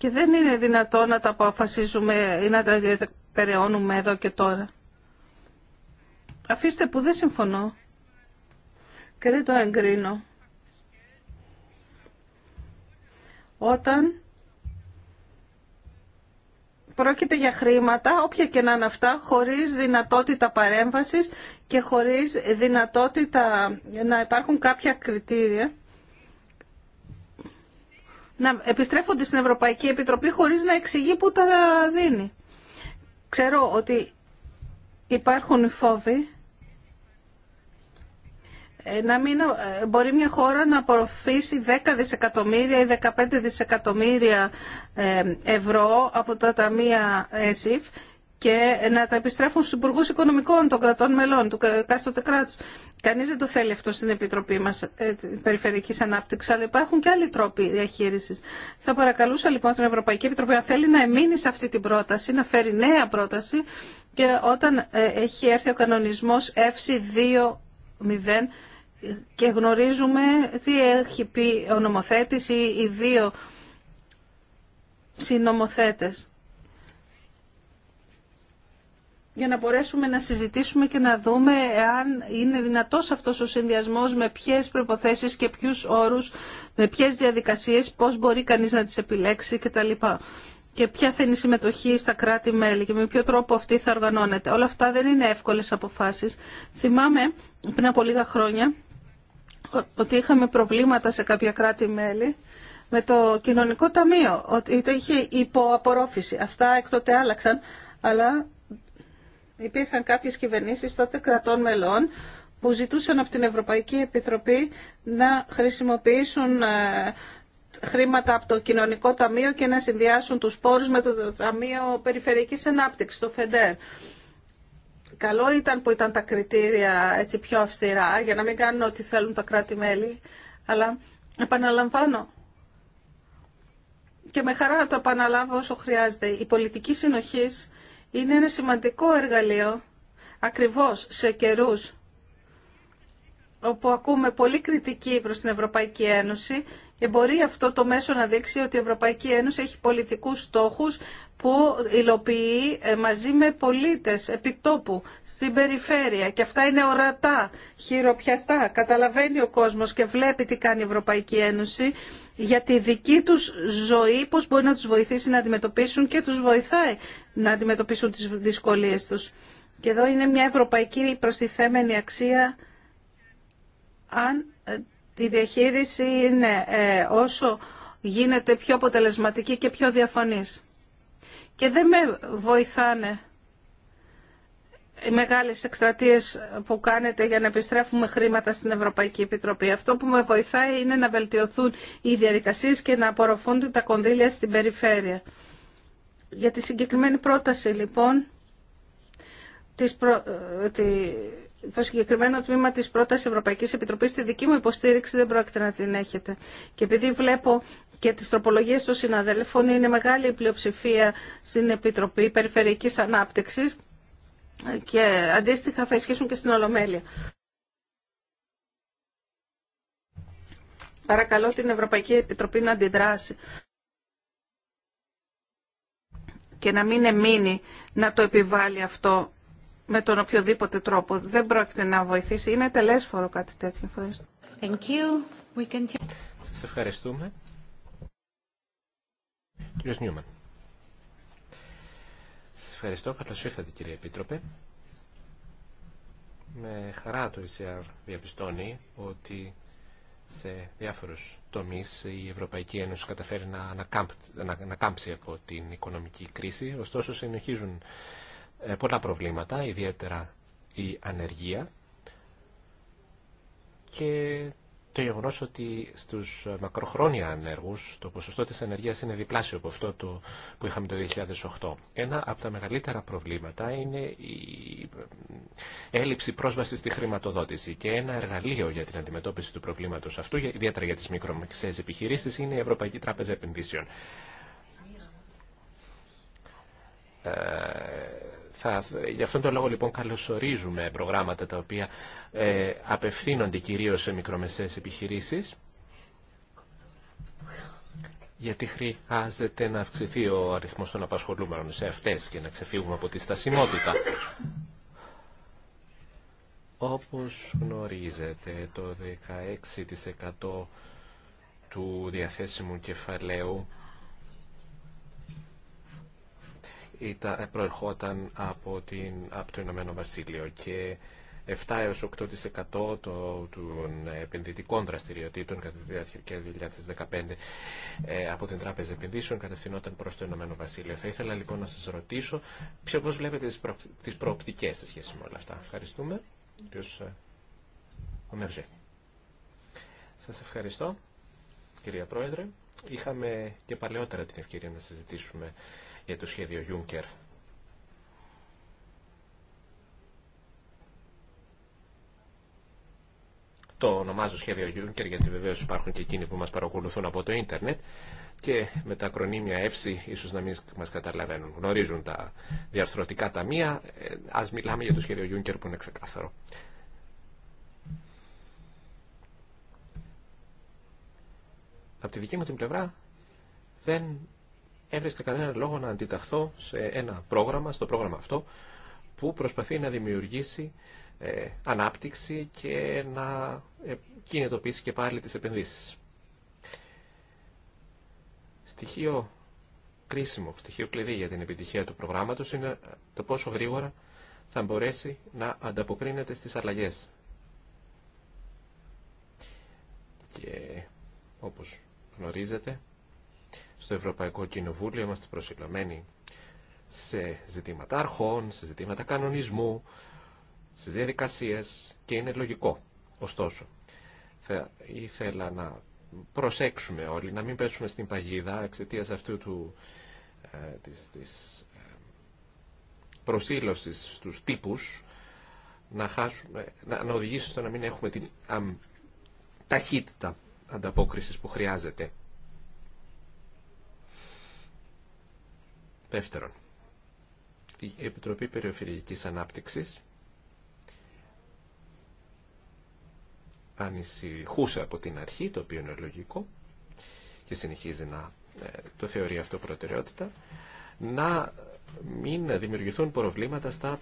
Και δεν είναι δυνατό να τα αποφασίζουμε ή να τα περαιώνουμε εδώ και τώρα. Αφήστε που δεν συμφωνώ και δεν το εγκρίνω. Όταν πρόκειται για χρήματα, όποια και να είναι αυτά, χωρίς δυνατότητα παρέμβασης και χωρίς δυνατότητα να υπάρχουν κάποια κριτήρια να επιστρέφονται στην Ευρωπαϊκή Επιτροπή χωρίς να εξηγεί που τα δίνει. Ξέρω ότι υπάρχουν φόβοι ε, να μην ε, μπορεί μια χώρα να απορροφήσει 10 δισεκατομμύρια ή 15 δισεκατομμύρια ε, ευρώ από τα ταμεία ΕΣΥΦ και να τα επιστρέφουν στους υπουργού οικονομικών των κρατών μελών, του κάστοτε κράτους. Κανείς δεν το θέλει αυτό στην Επιτροπή μας ε, Περιφερειακής Ανάπτυξης, αλλά υπάρχουν και άλλοι τρόποι διαχείρισης. Θα παρακαλούσα λοιπόν την Ευρωπαϊκή Επιτροπή, αν θέλει να εμείνει σε αυτή την πρόταση, να φέρει νέα πρόταση και όταν ε, έχει έρθει ο κανονισμός fc 2.0, και γνωρίζουμε τι έχει πει ο νομοθέτης ή οι δύο συνομοθέτες για να μπορέσουμε να συζητήσουμε και να δούμε αν είναι δυνατός αυτός ο συνδυασμός με ποιες προϋποθέσεις και ποιους όρους, με ποιες διαδικασίες, πώς μπορεί κανείς να τις επιλέξει κτλ. Και ποια θα είναι η συμμετοχή στα κράτη-μέλη και με ποιο τρόπο αυτή θα οργανώνεται. Όλα αυτά δεν είναι εύκολες αποφάσεις. Θυμάμαι πριν από λίγα χρόνια ότι είχαμε προβλήματα σε κάποια κράτη-μέλη με το κοινωνικό ταμείο, ότι το είχε υποαπορρόφηση. Αυτά έκτοτε άλλαξαν, αλλά υπήρχαν κάποιες κυβερνήσεις τότε κρατών μελών που ζητούσαν από την Ευρωπαϊκή Επιτροπή να χρησιμοποιήσουν ε, χρήματα από το Κοινωνικό Ταμείο και να συνδυάσουν τους πόρους με το Ταμείο Περιφερειακής Ανάπτυξης, το ΦΕΝΤΕΡ. Καλό ήταν που ήταν τα κριτήρια έτσι πιο αυστηρά για να μην κάνουν ό,τι θέλουν τα κράτη-μέλη, αλλά επαναλαμβάνω και με χαρά να το επαναλάβω όσο χρειάζεται. Η πολιτική συνοχής είναι ένα σημαντικό εργαλείο ακριβώς σε καιρούς όπου ακούμε πολύ κριτική προς την Ευρωπαϊκή Ένωση και μπορεί αυτό το μέσο να δείξει ότι η Ευρωπαϊκή Ένωση έχει πολιτικούς στόχους που υλοποιεί ε, μαζί με πολίτες επιτόπου στην περιφέρεια και αυτά είναι ορατά, χειροπιαστά. Καταλαβαίνει ο κόσμος και βλέπει τι κάνει η Ευρωπαϊκή Ένωση για τη δική τους ζωή, πώς μπορεί να τους βοηθήσει να αντιμετωπίσουν και τους βοηθάει να αντιμετωπίσουν τις δυσκολίες τους. Και εδώ είναι μια ευρωπαϊκή προστιθέμενη αξία αν τη ε, διαχείριση είναι ε, όσο γίνεται πιο αποτελεσματική και πιο διαφανής. Και δεν με βοηθάνε οι μεγάλες εκστρατείες που κάνετε για να επιστρέφουμε χρήματα στην Ευρωπαϊκή Επιτροπή. Αυτό που με βοηθάει είναι να βελτιωθούν οι διαδικασίες και να απορροφούνται τα κονδύλια στην περιφέρεια. Για τη συγκεκριμένη πρόταση λοιπόν, της προ... Ε, το συγκεκριμένο τμήμα της πρότασης Ευρωπαϊκής Επιτροπής, στη δική μου υποστήριξη δεν πρόκειται να την έχετε. Και επειδή βλέπω και τις τροπολογίες των συναδέλφων, είναι μεγάλη η πλειοψηφία στην Επιτροπή Περιφερειακής Ανάπτυξης, και αντίστοιχα θα ισχύσουν και στην Ολομέλεια. Παρακαλώ την Ευρωπαϊκή Επιτροπή να αντιδράσει και να μην εμείνει να το επιβάλλει αυτό με τον οποιοδήποτε τρόπο. Δεν πρόκειται να βοηθήσει. Είναι τελέσφορο κάτι τέτοιο. Thank you. Σας ευχαριστούμε. Κύριος Νιούμαν. Ευχαριστώ. Καλώς ήρθατε κύριε Επίτροπε. Με χαρά το ECR διαπιστώνει ότι σε διάφορους τομείς η Ευρωπαϊκή Ένωση καταφέρει να ανακάμψει από την οικονομική κρίση, ωστόσο συνεχίζουν ε, πολλά προβλήματα, ιδιαίτερα η ανεργία και το γεγονό ότι στου ε, μακροχρόνια ανέργου το ποσοστό τη ανεργία είναι διπλάσιο από αυτό το, που είχαμε το 2008. Ένα από τα μεγαλύτερα προβλήματα είναι η ε, έλλειψη πρόσβαση στη χρηματοδότηση. Και ένα εργαλείο για την αντιμετώπιση του προβλήματο αυτού, ιδιαίτερα για τι μικρομεσαίε επιχειρήσει, είναι η Ευρωπαϊκή Τράπεζα Επενδύσεων. Ε, θα, γι' αυτόν τον λόγο λοιπόν καλωσορίζουμε προγράμματα τα οποία ε, απευθύνονται κυρίως σε μικρομεσαίες επιχειρήσεις γιατί χρειάζεται να αυξηθεί ο αριθμός των απασχολούμενων σε αυτές και να ξεφύγουμε από τη στασιμότητα. Όπως γνωρίζετε, το 16% του διαθέσιμου κεφαλαίου ήταν, προερχόταν από, την, από το Ηνωμένο Βασίλειο και 7 έως 8% των επενδυτικών δραστηριοτήτων κατά τη διάρκεια του 2015 ε, από την Τράπεζα Επενδύσεων κατευθυνόταν προς το Ηνωμένο Βασίλειο. Θα ήθελα λοιπόν να σας ρωτήσω ποιο, πώς βλέπετε τις, προ, τις προοπτικές σε σχέση με όλα αυτά. Ευχαριστούμε. Ε, σας ευχαριστώ, κυρία Πρόεδρε. Είχαμε και παλαιότερα την ευκαιρία να συζητήσουμε για το σχέδιο Juncker. Το ονομάζω σχέδιο Juncker γιατί βεβαίως υπάρχουν και εκείνοι που μας παρακολουθούν από το ίντερνετ και με τα κρονίμια ΕΦΣΙ ίσως να μην μας καταλαβαίνουν. Γνωρίζουν τα διαρθρωτικά ταμεία. Ε, ας μιλάμε για το σχέδιο Juncker που είναι ξεκάθαρο. Από τη δική μου την πλευρά δεν έβρισκα κανένα λόγο να αντιταχθώ σε ένα πρόγραμμα, στο πρόγραμμα αυτό, που προσπαθεί να δημιουργήσει ε, ανάπτυξη και να ε, κινητοποιήσει και πάλι τις επενδύσεις. Στοιχείο κρίσιμο, στοιχείο κλειδί για την επιτυχία του προγράμματος είναι το πόσο γρήγορα θα μπορέσει να ανταποκρίνεται στις αλλαγές. Και όπως γνωρίζετε, στο Ευρωπαϊκό Κοινοβούλιο είμαστε προσυλλομένοι σε ζητήματα αρχών, σε ζητήματα κανονισμού, σε διαδικασίες και είναι λογικό. Ωστόσο, θα ήθελα να προσέξουμε όλοι, να μην πέσουμε στην παγίδα εξαιτία αυτού του, ε, της, της ε, στους τύπους να, χάσουμε, να, να οδηγήσει στο να μην έχουμε την ταχύτητα ανταπόκρισης που χρειάζεται Δεύτερον, η Επιτροπή Περιοφυρικής Ανάπτυξης ανησυχούσε από την αρχή, το οποίο είναι λογικό και συνεχίζει να ε, το θεωρεί αυτό προτεραιότητα, να μην δημιουργηθούν προβλήματα στα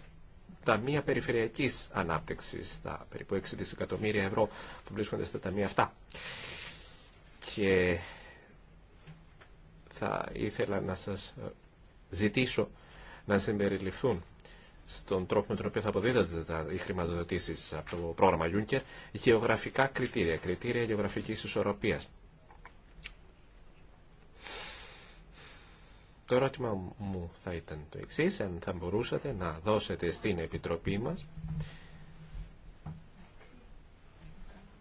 ταμεία περιφερειακής ανάπτυξης, τα περίπου 6 δισεκατομμύρια ευρώ που βρίσκονται στα ταμεία αυτά. Και θα ήθελα να σας ζητήσω να συμπεριληφθούν στον τρόπο με τον οποίο θα αποδίδονται οι χρηματοδοτήσει από το πρόγραμμα Juncker γεωγραφικά κριτήρια, κριτήρια γεωγραφική ισορροπία. Το ερώτημα μου θα ήταν το εξή, αν θα μπορούσατε να δώσετε στην Επιτροπή μας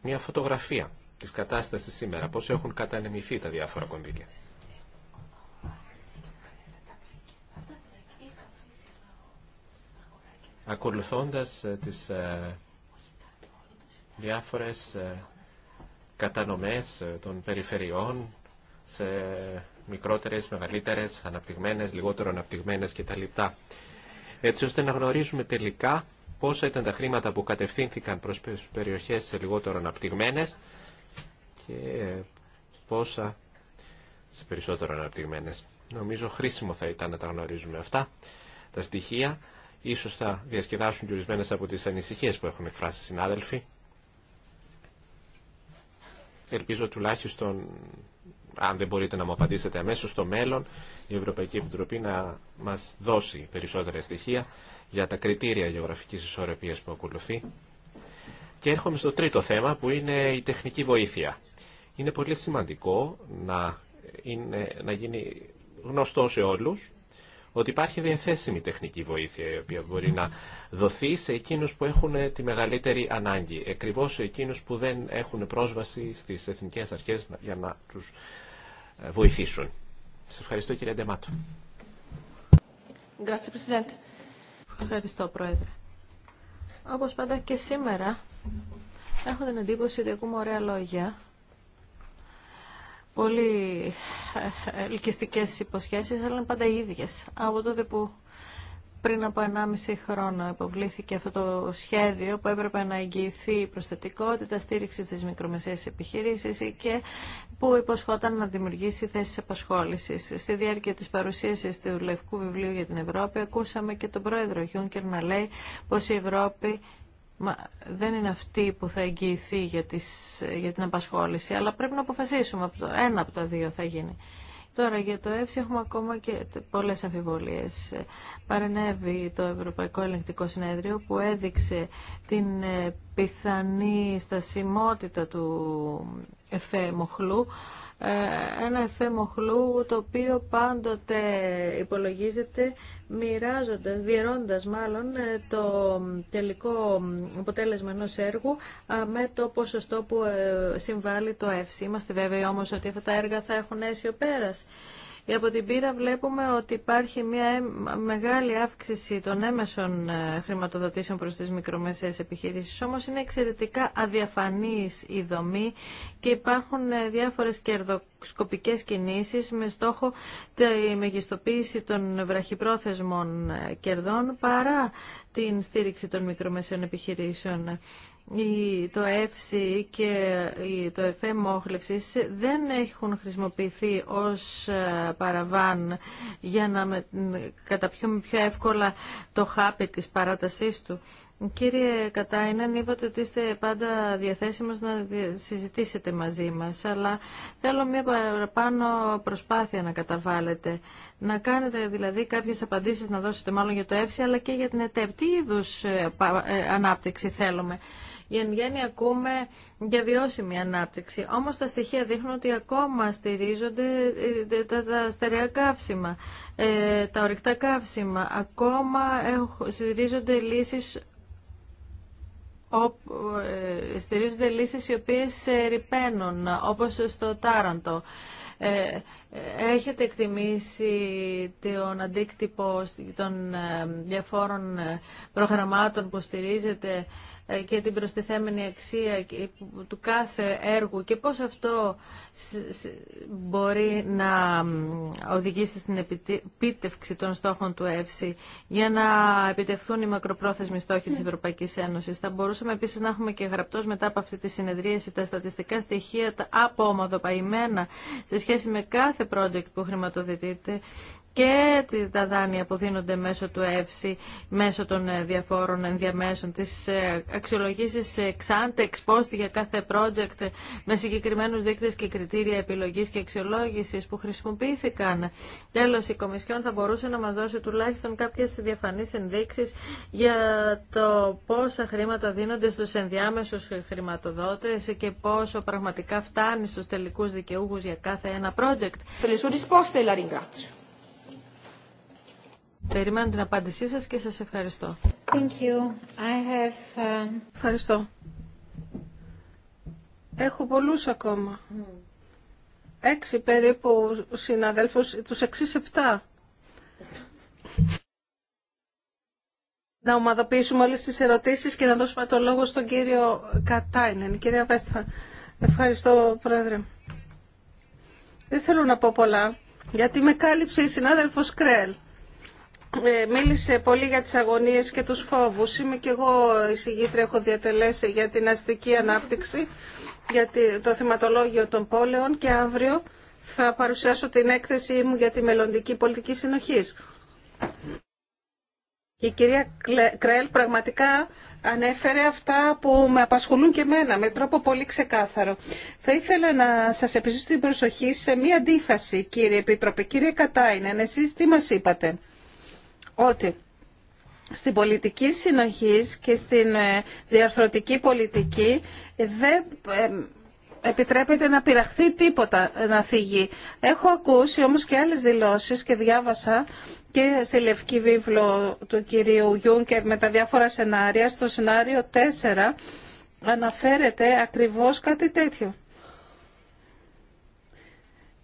μια φωτογραφία της κατάστασης σήμερα, πώς έχουν κατανεμηθεί τα διάφορα κονδύλια. ακολουθώντας ε, τις ε, διάφορες ε, κατανομές των περιφερειών σε μικρότερες, μεγαλύτερες, αναπτυγμένες, λιγότερο αναπτυγμένες κτλ. Έτσι ώστε να γνωρίζουμε τελικά πόσα ήταν τα χρήματα που κατευθύνθηκαν προς περιοχές σε λιγότερο αναπτυγμένες και πόσα σε περισσότερο αναπτυγμένες. Νομίζω χρήσιμο θα ήταν να τα γνωρίζουμε αυτά, τα στοιχεία, Ίσως θα διασκεδάσουν και ορισμένε από τις ανησυχίες που έχουν εκφράσει οι συνάδελφοι. Ελπίζω τουλάχιστον, αν δεν μπορείτε να μου απαντήσετε αμέσως, στο μέλλον η Ευρωπαϊκή Επιτροπή να μας δώσει περισσότερα στοιχεία για τα κριτήρια γεωγραφικής ισορροπίας που ακολουθεί. Και έρχομαι στο τρίτο θέμα που είναι η τεχνική βοήθεια. Είναι πολύ σημαντικό να, είναι, να γίνει γνωστό σε όλους ότι υπάρχει διαθέσιμη τεχνική βοήθεια η οποία μπορεί να δοθεί σε εκείνους που έχουν τη μεγαλύτερη ανάγκη, Εκριβώς σε εκείνους που δεν έχουν πρόσβαση στις εθνικές αρχές για να τους ε, βοηθήσουν. Σας ευχαριστώ κύριε Ντεμάτου. Ευχαριστώ Πρόεδρε. Όπως πάντα και σήμερα έχω την εντύπωση ότι ακούμε ωραία λόγια πολύ ε, ελκυστικές υποσχέσεις, αλλά είναι πάντα οι ίδιες. Από τότε που πριν από 1,5 χρόνο υποβλήθηκε αυτό το σχέδιο που έπρεπε να εγγυηθεί η προσθετικότητα, στήριξη στις μικρομεσαίες επιχειρήσεις και που υποσχόταν να δημιουργήσει θέσεις απασχόλησης. Στη διάρκεια της παρουσίασης του Λευκού Βιβλίου για την Ευρώπη ακούσαμε και τον πρόεδρο Γιούνκερ να λέει πως η Ευρώπη Μα δεν είναι αυτή που θα εγγυηθεί για, τις, για την απασχόληση, αλλά πρέπει να αποφασίσουμε. Από ένα από τα δύο θα γίνει. Τώρα για το ΕΦΣΙ έχουμε ακόμα και πολλές αμφιβολίες. Παρενέβη το Ευρωπαϊκό Ελεγκτικό Συνέδριο που έδειξε την ε, πιθανή στασιμότητα του εφέ μοχλού ε, ένα εφέ μοχλού το οποίο πάντοτε υπολογίζεται μοιράζοντας, διαιρώντας μάλλον ε, το τελικό αποτέλεσμα ενός έργου ε, με το ποσοστό που συμβάλλει το εύση. Είμαστε βέβαιοι όμως ότι αυτά τα έργα θα έχουν αίσιο πέρας. Από την πύρα βλέπουμε ότι υπάρχει μια ε, μεγάλη αύξηση των έμεσων ε, χρηματοδοτήσεων προς τις μικρομεσαίες επιχειρήσεις. Όμως είναι εξαιρετικά αδιαφανής η δομή και υπάρχουν ε, διάφορες κερδοσκοπικές κινήσεις με στόχο τη μεγιστοποίηση των βραχυπρόθεσμων κερδών παρά την στήριξη των μικρομεσαίων επιχειρήσεων το ΕΦΣΙ και το ΕΦΕ μόχλευσης δεν έχουν χρησιμοποιηθεί ως ε, παραβάν για να καταπιούμε πιο εύκολα το χάπι της παράτασής του. Κύριε Κατάιναν, είπατε ότι είστε πάντα διαθέσιμος να συζητήσετε μαζί μας, αλλά θέλω μια παραπάνω προσπάθεια να καταβάλλετε. Να κάνετε δηλαδή κάποιες απαντήσεις να δώσετε μάλλον για το ΕΦΣΙ, αλλά και για την ΕΤΕΠ. E Τι είδους ε, ε, ανάπτυξη θέλουμε. Εν γέννη ακούμε για βιώσιμη ανάπτυξη. Όμως τα στοιχεία δείχνουν ότι ακόμα στηρίζονται ε, τα, τα στερεά καύσιμα, ε, τα ορυκτά καύσιμα. Ακόμα στηρίζονται λύσεις ε, στηρίζονται λύσεις οι οποίες ρηπαίνουν, όπως στο Τάραντο. Έχετε εκτιμήσει τον αντίκτυπο των διαφόρων προγραμμάτων που στηρίζετε ε, και την προστιθέμενη αξία του κάθε έργου και πώς αυτό μπορεί να οδηγήσει στην επίτευξη των στόχων του ΕΦΣΥ για να επιτευχθούν οι μακροπρόθεσμοι στόχοι της Ευρωπαϊκής Ένωσης. Θα μπορούσαμε επίσης να έχουμε και γραπτός μετά από αυτή τη συνεδρίαση τα στατιστικά στοιχεία τα απομαδοπαϊμένα σε σχέση με κάθε project που χρηματοδοτείται και τα δάνεια που δίνονται μέσω του ΕΦΣΥ, μέσω των ε, διαφόρων ενδιαμέσων, τις ε, αξιολογήσεις ε, εξάντε, εξπόστη για κάθε project με συγκεκριμένους δείκτες και κριτήρια επιλογής και αξιολόγησης που χρησιμοποιήθηκαν. Τέλος, η Κομισιόν θα μπορούσε να μας δώσει τουλάχιστον κάποιες διαφανείς ενδείξεις για το πόσα χρήματα δίνονται στους ενδιάμεσους χρηματοδότες και πόσο πραγματικά φτάνει στους τελικούς δικαιούχους για κάθε ένα project. Περιμένω την απάντησή σας και σας ευχαριστώ. Thank you. I have... Uh, ευχαριστώ. Έχω πολλούς ακόμα. Έξι περίπου συναδέλφους, τους εξής επτά. να ομαδοποιήσουμε όλες τις ερωτήσεις και να δώσουμε το λόγο στον κύριο Κατάινεν. Κυρία Βέστιφα, ευχαριστώ πρόεδρε. Δεν θέλω να πω πολλά, γιατί με κάλυψε η συνάδελφος Κρέλ. Ε, μίλησε πολύ για τις αγωνίες και τους φόβους. Είμαι και εγώ εισηγήτρια, έχω διατελέσει για την αστική ανάπτυξη, για το θεματολόγιο των πόλεων και αύριο θα παρουσιάσω την έκθεσή μου για τη μελλοντική πολιτική συνοχή. Η κυρία Κρέλ πραγματικά ανέφερε αυτά που με απασχολούν και μένα με τρόπο πολύ ξεκάθαρο. Θα ήθελα να σας επιζήσω την προσοχή σε μία αντίφαση, κύριε Επίτροπε. Κύριε Κατάινεν, εσείς τι μας είπατε ότι στην πολιτική συνοχής και στην ε, διαρθρωτική πολιτική ε, δεν ε, επιτρέπεται να πειραχθεί τίποτα να θίγει. Έχω ακούσει όμως και άλλες δηλώσεις και διάβασα και στη Λευκή Βίβλο του κυρίου Γιούνκερ με τα διάφορα σενάρια, στο σενάριο 4 αναφέρεται ακριβώς κάτι τέτοιο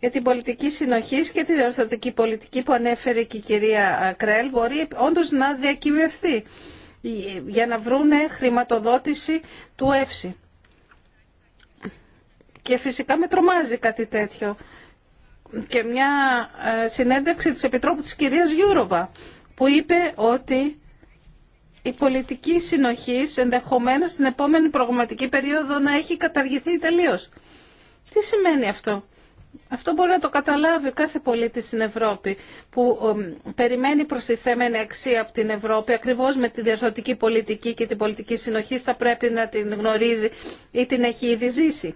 για την πολιτική συνοχή και την ορθωτική πολιτική που ανέφερε και η κυρία Κρέλ μπορεί όντω να διακυβευτεί για να βρούνε χρηματοδότηση του ΕΦΣΥ. Και φυσικά με τρομάζει κάτι τέτοιο. Και μια ε, συνέντευξη της Επιτρόπου της κυρίας Γιούροβα που είπε ότι η πολιτική συνοχής ενδεχομένως στην επόμενη προγραμματική περίοδο να έχει καταργηθεί τελείως. Τι σημαίνει αυτό. Αυτό μπορεί να το καταλάβει κάθε πολίτη στην Ευρώπη που περιμένει προστιθέμενη αξία από την Ευρώπη ακριβώς με τη διαρθρωτική πολιτική και την πολιτική συνοχή θα πρέπει να την γνωρίζει ή την έχει ήδη ζήσει.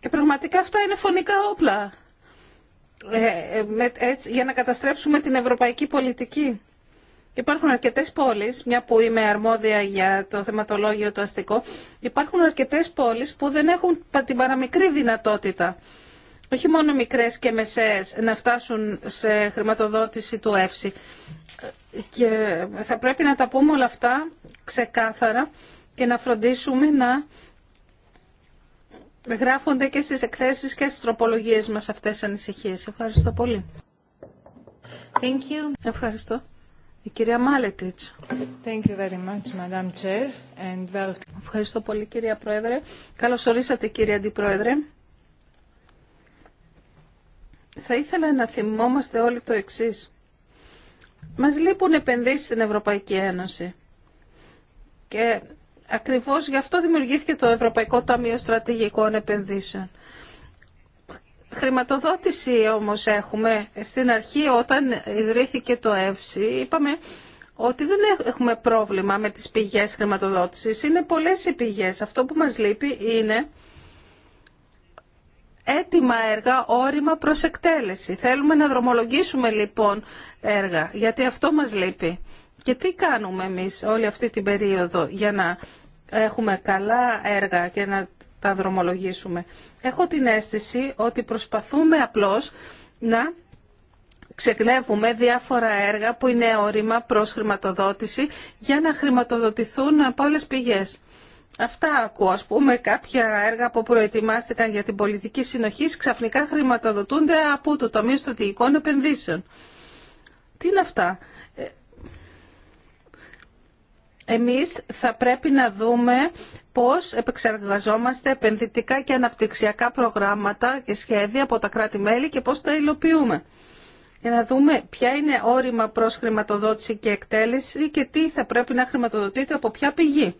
Και πραγματικά αυτά είναι φωνικά όπλα ε, ε, για να καταστρέψουμε την ευρωπαϊκή πολιτική. Υπάρχουν αρκετέ πόλεις, μια που είμαι αρμόδια για το θεματολόγιο το αστικό, υπάρχουν αρκετέ πόλεις που δεν έχουν την παραμικρή δυνατότητα, όχι μόνο μικρές και μεσαίες, να φτάσουν σε χρηματοδότηση του ΕΦΣΥ. Και θα πρέπει να τα πούμε όλα αυτά ξεκάθαρα και να φροντίσουμε να γράφονται και στις εκθέσεις και στις τροπολογίες μας αυτές τις ανησυχίες. Ευχαριστώ πολύ. Thank you. Ευχαριστώ. Η κυρία Μάλετιτς. Ευχαριστώ πολύ κυρία Πρόεδρε. Καλώς ορίσατε κύριε Αντιπρόεδρε. Θα ήθελα να θυμόμαστε όλοι το εξής. Μας λείπουν επενδύσεις στην Ευρωπαϊκή Ένωση. Και ακριβώς γι' αυτό δημιουργήθηκε το Ευρωπαϊκό Ταμείο Στρατηγικών Επενδύσεων. Χρηματοδότηση όμως έχουμε. Στην αρχή όταν ιδρύθηκε το ΕΦΣΥ είπαμε ότι δεν έχουμε πρόβλημα με τις πηγές χρηματοδότησης. Είναι πολλές οι πηγές. Αυτό που μας λείπει είναι έτοιμα έργα, όριμα προς εκτέλεση. Θέλουμε να δρομολογήσουμε λοιπόν έργα, γιατί αυτό μας λείπει. Και τι κάνουμε εμείς όλη αυτή την περίοδο για να έχουμε καλά έργα και να τα δρομολογήσουμε. Έχω την αίσθηση ότι προσπαθούμε απλώς να ξεκλέβουμε διάφορα έργα που είναι όριμα προς χρηματοδότηση για να χρηματοδοτηθούν από άλλες πηγές. Αυτά ακούω, ας πούμε, κάποια έργα που προετοιμάστηκαν για την πολιτική συνοχή ξαφνικά χρηματοδοτούνται από το τομείο Στρατηγικών Επενδύσεων. Τι είναι αυτά εμείς θα πρέπει να δούμε πώς επεξεργαζόμαστε επενδυτικά και αναπτυξιακά προγράμματα και σχέδια από τα κράτη-μέλη και πώς τα υλοποιούμε. Για να δούμε ποια είναι όριμα προς χρηματοδότηση και εκτέλεση και τι θα πρέπει να χρηματοδοτείται από ποια πηγή.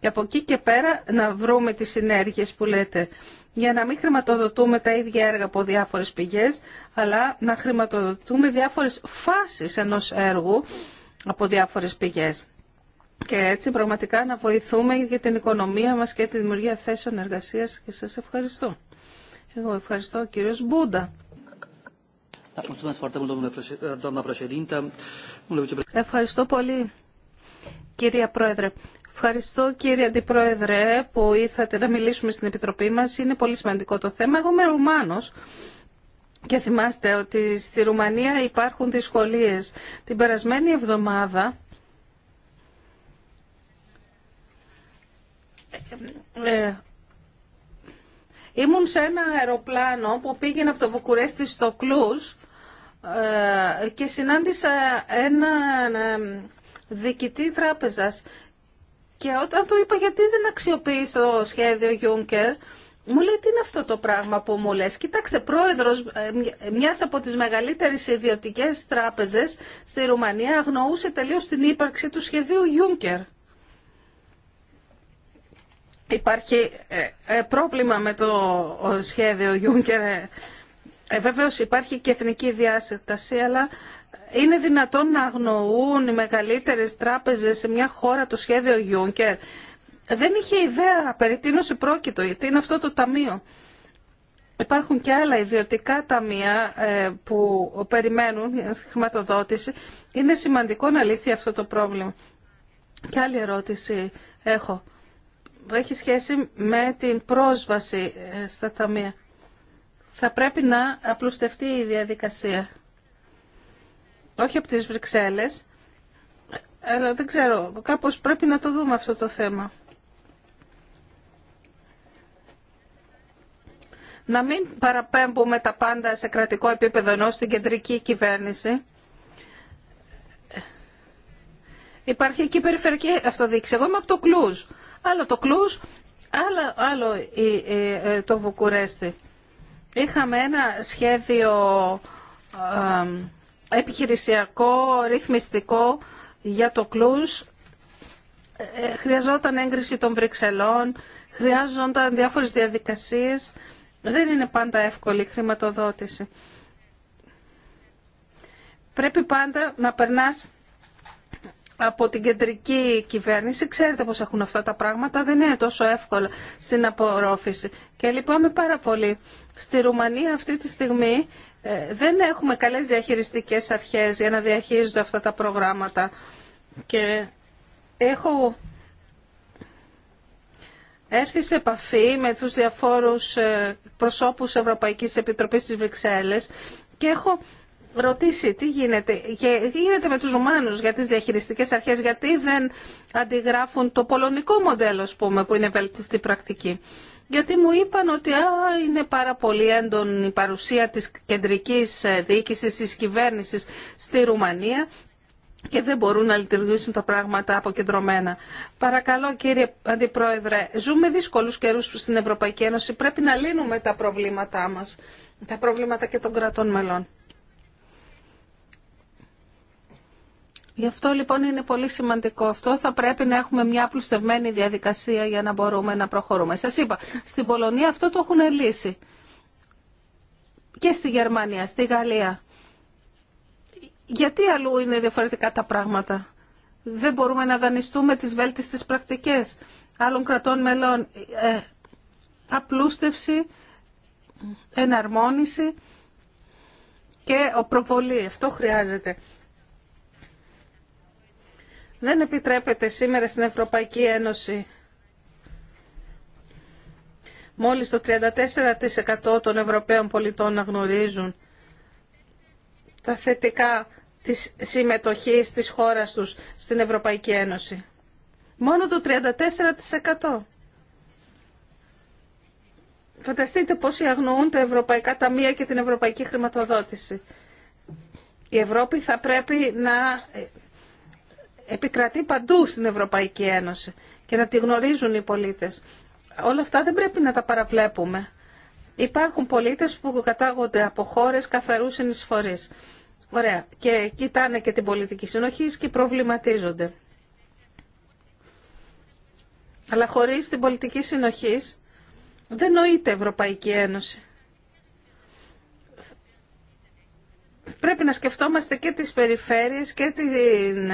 Και από εκεί και πέρα να βρούμε τις συνέργειες που λέτε για να μην χρηματοδοτούμε τα ίδια έργα από διάφορες πηγές, αλλά να χρηματοδοτούμε διάφορες φάσεις ενός έργου από διάφορες πηγές και έτσι πραγματικά να βοηθούμε για την οικονομία μας και τη δημιουργία θέσεων εργασίας και σας ευχαριστώ. Εγώ ευχαριστώ κύριος Μπούντα. Ευχαριστώ πολύ κυρία Πρόεδρε. Ευχαριστώ κύριε Αντιπρόεδρε που ήρθατε να μιλήσουμε στην Επιτροπή μας. Είναι πολύ σημαντικό το θέμα. Εγώ είμαι Ρουμάνος. Και θυμάστε ότι στη Ρουμανία υπάρχουν δυσκολίες. Την περασμένη εβδομάδα Ε, ήμουν σε ένα αεροπλάνο που πήγαινε από το Βουκουρέστι στο Κλους ε, και συνάντησα έναν ε, διοικητή τράπεζας και όταν του είπα γιατί δεν αξιοποιείς το σχέδιο Juncker, μου λέει τι είναι αυτό το πράγμα που μου λες. Κοιτάξτε, πρόεδρος μιας από τις μεγαλύτερες ιδιωτικές τράπεζες στη Ρουμανία αγνοούσε τελείως την ύπαρξη του σχεδίου Juncker. Υπάρχει ε, ε, πρόβλημα με το σχέδιο Juncker. Ε, ε υπάρχει και εθνική διάσταση, αλλά είναι δυνατόν να αγνοούν οι μεγαλύτερες τράπεζες σε μια χώρα το σχέδιο Juncker. Δεν είχε ιδέα περί τίνος πρόκειτο, γιατί είναι αυτό το ταμείο. Υπάρχουν και άλλα ιδιωτικά ταμεία που περιμένουν χρηματοδότηση. Είναι σημαντικό να λύθει αυτό το πρόβλημα. Και άλλη ερώτηση έχω που έχει σχέση με την πρόσβαση ε, στα ταμεία. Θα πρέπει να απλουστευτεί η διαδικασία. Όχι από τις Βρυξέλλες, αλλά δεν ξέρω, κάπως πρέπει να το δούμε αυτό το θέμα. Να μην παραπέμπουμε τα πάντα σε κρατικό επίπεδο ενώ στην κεντρική κυβέρνηση. Υπάρχει εκεί η περιφερειακή αυτοδίκηση. Εγώ είμαι από το Κλούζ άλλο το Κλούς, άλλο, άλλο ε, το Βουκουρέστι. Είχαμε ένα σχέδιο επιχειρησιακό, ρυθμιστικό για το Κλούς. Ε, χρειαζόταν έγκριση των Βρυξελών, χρειάζονταν διάφορες διαδικασίες. Δεν είναι πάντα εύκολη η χρηματοδότηση. Πρέπει πάντα να περνάς από την κεντρική κυβέρνηση. Ξέρετε πώς έχουν αυτά τα πράγματα, δεν είναι τόσο εύκολο στην απορρόφηση. Και λυπάμαι πάρα πολύ. Στη Ρουμανία αυτή τη στιγμή ε, δεν έχουμε καλές διαχειριστικές αρχές για να διαχείριζονται αυτά τα προγράμματα. Και έχω έρθει σε επαφή με τους διαφόρους ε, προσώπους Ευρωπαϊκής Επιτροπής της Βρυξέλλες και έχω ρωτήσει τι γίνεται και τι γίνεται με τους Ρουμάνους για τις διαχειριστικές αρχές, γιατί δεν αντιγράφουν το πολωνικό μοντέλο, ας πούμε, που είναι βελτιστή πρακτική. Γιατί μου είπαν ότι α, είναι πάρα πολύ έντονη η παρουσία της κεντρικής ε, διοίκησης της κυβέρνησης στη Ρουμανία και δεν μπορούν να λειτουργήσουν τα πράγματα αποκεντρωμένα. Παρακαλώ κύριε Αντιπρόεδρε, ζούμε δύσκολους καιρούς στην Ευρωπαϊκή Ένωση, πρέπει να λύνουμε τα προβλήματά μας, τα προβλήματα και των κρατών μελών. Γι' αυτό λοιπόν είναι πολύ σημαντικό αυτό. Θα πρέπει να έχουμε μια πλουστευμένη διαδικασία για να μπορούμε να προχωρούμε. Σα είπα, στην Πολωνία αυτό το έχουν λύσει. Και στη Γερμανία, στη Γαλλία. Γιατί αλλού είναι διαφορετικά τα πράγματα. Δεν μπορούμε να δανειστούμε τις βέλτιστες πρακτικές άλλων κρατών μελών. Ε, απλούστευση, εναρμόνιση και προβολή. Αυτό χρειάζεται. Δεν επιτρέπεται σήμερα στην Ευρωπαϊκή Ένωση μόλις το 34% των Ευρωπαίων πολιτών να γνωρίζουν τα θετικά της συμμετοχής της χώρας τους στην Ευρωπαϊκή Ένωση. Μόνο το 34%. Φανταστείτε πόσοι αγνοούν τα ευρωπαϊκά ταμεία και την ευρωπαϊκή χρηματοδότηση. Η Ευρώπη θα πρέπει να επικρατεί παντού στην Ευρωπαϊκή Ένωση και να τη γνωρίζουν οι πολίτες. Όλα αυτά δεν πρέπει να τα παραβλέπουμε. Υπάρχουν πολίτες που κατάγονται από χώρες καθαρού συνεισφορής. Ωραία. Και κοιτάνε και την πολιτική συνοχή και προβληματίζονται. Αλλά χωρίς την πολιτική συνοχή δεν νοείται Ευρωπαϊκή Ένωση. Πρέπει να σκεφτόμαστε και τις περιφέρειες και την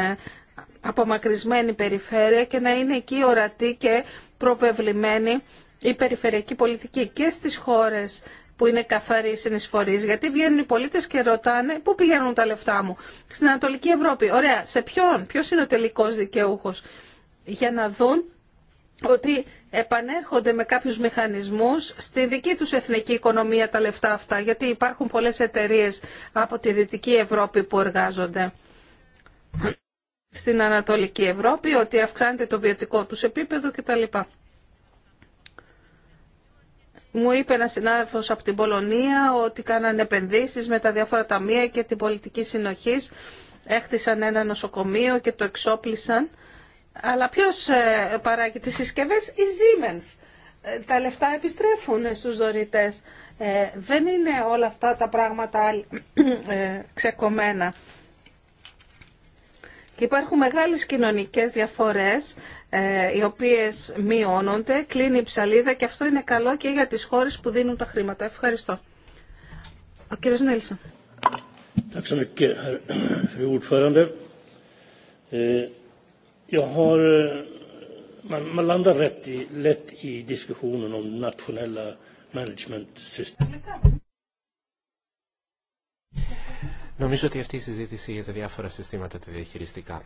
απομακρυσμένη περιφέρεια και να είναι εκεί ορατή και προβεβλημένη η περιφερειακή πολιτική και στις χώρες που είναι καθαροί συνεισφορεί. Γιατί βγαίνουν οι πολίτε και ρωτάνε πού πηγαίνουν τα λεφτά μου. Στην Ανατολική Ευρώπη. Ωραία. Σε ποιον, ποιο είναι ο τελικό δικαιούχο. Για να δουν ότι επανέρχονται με κάποιους μηχανισμούς στη δική τους εθνική οικονομία τα λεφτά αυτά, γιατί υπάρχουν πολλές εταιρείε από τη Δυτική Ευρώπη που εργάζονται στην Ανατολική Ευρώπη, ότι αυξάνεται το βιωτικό τους επίπεδο κτλ. Μου είπε ένα συνάδελφο από την Πολωνία ότι κάνανε επενδύσεις με τα διάφορα ταμεία και την πολιτική συνοχής. Έχτισαν ένα νοσοκομείο και το εξόπλισαν. Αλλά ποιος ε, παράγει τις συσκευές, η Siemens. Ε, τα λεφτά επιστρέφουν στους δωρητές. Ε, δεν είναι όλα αυτά τα πράγματα ξεκομμένα. Υπάρχουν μεγάλες κοινωνικές διαφορές ε, οι οποίες μειώνονται, κλείνει η ψαλίδα και αυτό είναι καλό και για τις χώρες που δίνουν τα χρήματα. Ευχαριστώ. Ο κύριος Νέλσον. Eh, eh, man κύριε lätt i diskussionen om nationella management system. Νομίζω ότι αυτή η συζήτηση για τα διάφορα συστήματα τα διαχειριστικά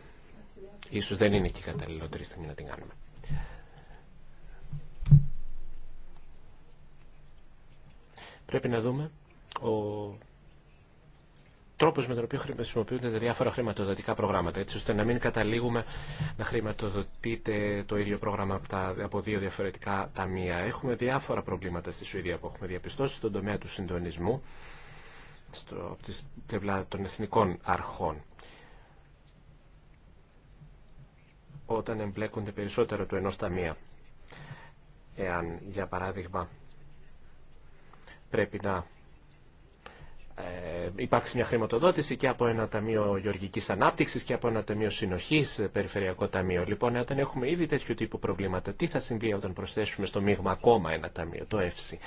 ίσως δεν είναι και η καταλληλότερη στιγμή να την κάνουμε. Πρέπει να δούμε ο τρόπος με τον οποίο χρησιμοποιούνται τα διάφορα χρηματοδοτικά προγράμματα, έτσι ώστε να μην καταλήγουμε να χρηματοδοτείτε το ίδιο πρόγραμμα από δύο διαφορετικά ταμεία. Έχουμε διάφορα προβλήματα στη Σουηδία που έχουμε διαπιστώσει στον τομέα του συντονισμού στο, από τη πλευρά των εθνικών αρχών. Όταν εμπλέκονται περισσότερο του ενός ταμεία. Εάν, για παράδειγμα, πρέπει να ε, υπάρξει μια χρηματοδότηση και από ένα ταμείο γεωργική ανάπτυξης και από ένα ταμείο συνοχής ε, περιφερειακό ταμείο. Λοιπόν, όταν έχουμε ήδη τέτοιου τύπου προβλήματα, τι θα συμβεί όταν προσθέσουμε στο μείγμα ακόμα ένα ταμείο, το ΕΦΣΥ.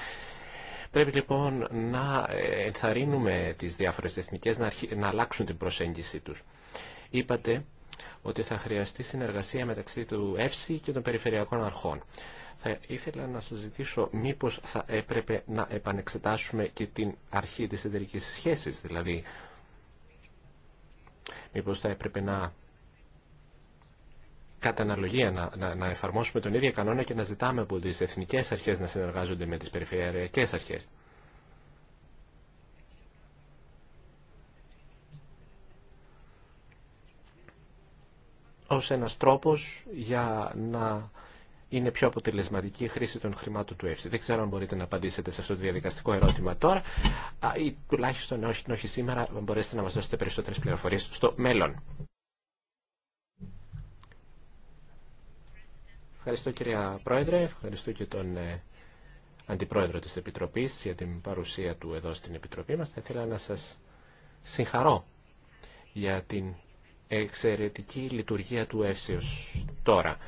Πρέπει λοιπόν να ενθαρρύνουμε τις διάφορες εθνικές να, να αλλάξουν την προσέγγιση τους. Είπατε ότι θα χρειαστεί συνεργασία μεταξύ του ΕΦΣΥ και των περιφερειακών αρχών. Θα ήθελα να σας ζητήσω μήπως θα έπρεπε να επανεξετάσουμε και την αρχή της εταιρικής σχέσης, δηλαδή μήπως θα έπρεπε να κατά αναλογία να, να, να εφαρμόσουμε τον ίδιο κανόνα και να ζητάμε από τις εθνικές αρχές να συνεργάζονται με τις περιφερειακές αρχές. ως ένας τρόπος για να είναι πιο αποτελεσματική η χρήση των χρημάτων του ΕΦΣΗ. Δεν ξέρω αν μπορείτε να απαντήσετε σε αυτό το διαδικαστικό ερώτημα τώρα ή τουλάχιστον όχι, όχι σήμερα, μπορέσετε να μας δώσετε περισσότερες πληροφορίες στο μέλλον. Ευχαριστώ κυρία Πρόεδρε, ευχαριστώ και τον ε, Αντιπρόεδρο της Επιτροπής για την παρουσία του εδώ στην Επιτροπή μας. Θα ήθελα να σας συγχαρώ για την εξαιρετική λειτουργία του Εύσεως τώρα.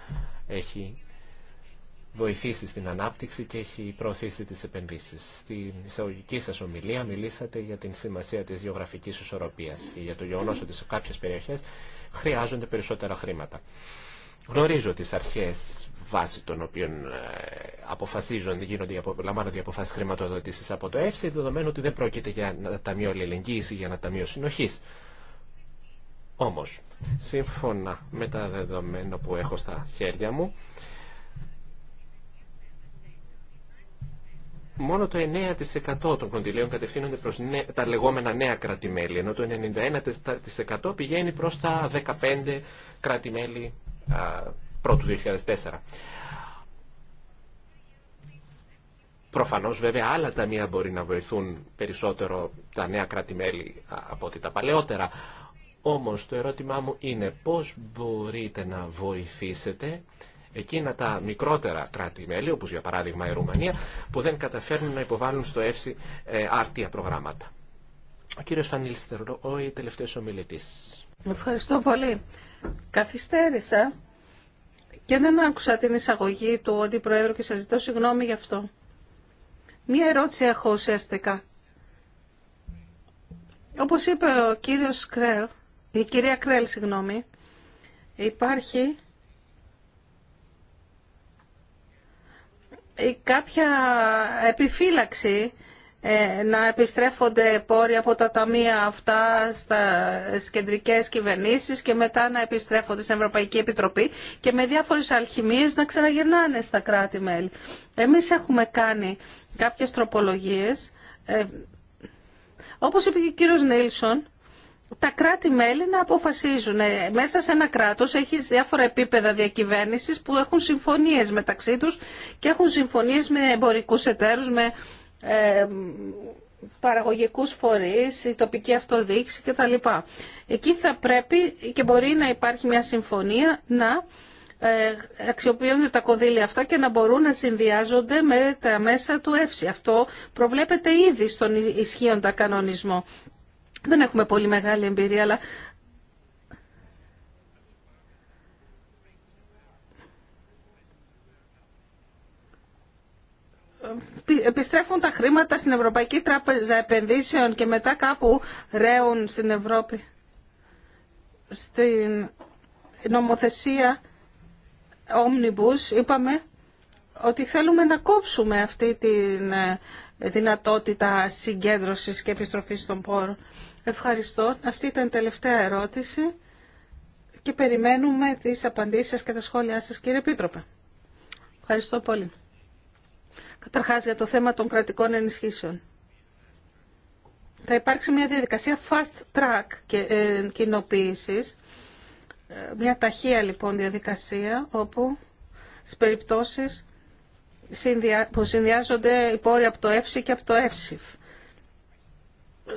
Έχει βοηθήσει στην ανάπτυξη και έχει προωθήσει τις επενδύσεις. Στην εισαγωγική σας ομιλία μιλήσατε για την σημασία της γεωγραφικής ισορροπίας και για το γεγονός ότι σε κάποιες περιοχές χρειάζονται περισσότερα χρήματα. Γνωρίζω τις αρχές βάση των οποίων ε, αποφασίζονται, γίνονται, λαμβάνονται οι αποφάσει χρηματοδοτήσει από το ΕΦΣΕ δεδομένου ότι δεν πρόκειται για ένα ταμείο αλληλεγγύη ή για ένα ταμείο συνοχή. Όμω, σύμφωνα με τα δεδομένα που έχω στα χέρια μου, μόνο το 9% των κοντιλίων κατευθύνονται προς τα λεγόμενα νέα κρατημέλη, ενώ το 91% πηγαίνει προς τα 15 κρατημέλη πρώτου 2004. Προφανώς βέβαια άλλα ταμεία μπορεί να βοηθούν περισσότερο τα νέα κράτη-μέλη από ότι τα παλαιότερα. Όμως το ερώτημά μου είναι πώς μπορείτε να βοηθήσετε εκείνα τα μικρότερα κράτη-μέλη, όπως για παράδειγμα η Ρουμανία, που δεν καταφέρνουν να υποβάλουν στο ΕΦΣΙ ε, άρτια προγράμματα. Ο κύριος Φανίλστερ, ο τελευταίος ομιλητής. Ευχαριστώ πολύ. Καθυστέρησα και δεν άκουσα την εισαγωγή του Αντιπροέδρου και σας ζητώ συγγνώμη γι' αυτό. Μία ερώτηση έχω ουσιαστικά. Όπως είπε ο κύριος Κρέλ, η κυρία Κρέλ, συγγνώμη, υπάρχει κάποια επιφύλαξη ε, να επιστρέφονται πόροι από τα ταμεία αυτά στα κεντρικές κυβερνήσεις και μετά να επιστρέφονται στην Ευρωπαϊκή Επιτροπή και με διάφορες αλχημίες να ξαναγυρνάνε στα κράτη-μέλη. Εμείς έχουμε κάνει κάποιες τροπολογίες. Ε, όπως είπε και ο κύριος Νίλσον, τα κράτη-μέλη να αποφασίζουν. Ε, μέσα σε ένα κράτος έχει διάφορα επίπεδα διακυβέρνησης που έχουν συμφωνίες μεταξύ τους και έχουν συμφωνίες με εμπορικούς εταίρους, με παραγωγικούς φορείς, η τοπική αυτοδίκηση κτλ. Εκεί θα πρέπει και μπορεί να υπάρχει μια συμφωνία να ε, αξιοποιούνται τα κονδύλια αυτά και να μπορούν να συνδυάζονται με τα μέσα του ΕΦΣΙ. Αυτό προβλέπεται ήδη στον ισχύοντα κανονισμό. Δεν έχουμε πολύ μεγάλη εμπειρία, αλλά επιστρέφουν τα χρήματα στην Ευρωπαϊκή Τράπεζα Επενδύσεων και μετά κάπου ρέουν στην Ευρώπη. Στην νομοθεσία Omnibus είπαμε ότι θέλουμε να κόψουμε αυτή τη ε, δυνατότητα συγκέντρωσης και επιστροφής των πόρων. Ευχαριστώ. Αυτή ήταν η τελευταία ερώτηση και περιμένουμε τις απαντήσεις και τα σχόλιά σας κύριε Επίτροπε. Ευχαριστώ πολύ. Καταρχάς για το θέμα των κρατικών ενισχύσεων. Θα υπάρξει μια διαδικασία fast track και, ε, κοινοποίησης, ε, μια ταχεία λοιπόν διαδικασία όπου στις περιπτώσεις που συνδυάζονται οι πόροι από το ΕΦΣΙ και από το ΕΦΣΙΦ.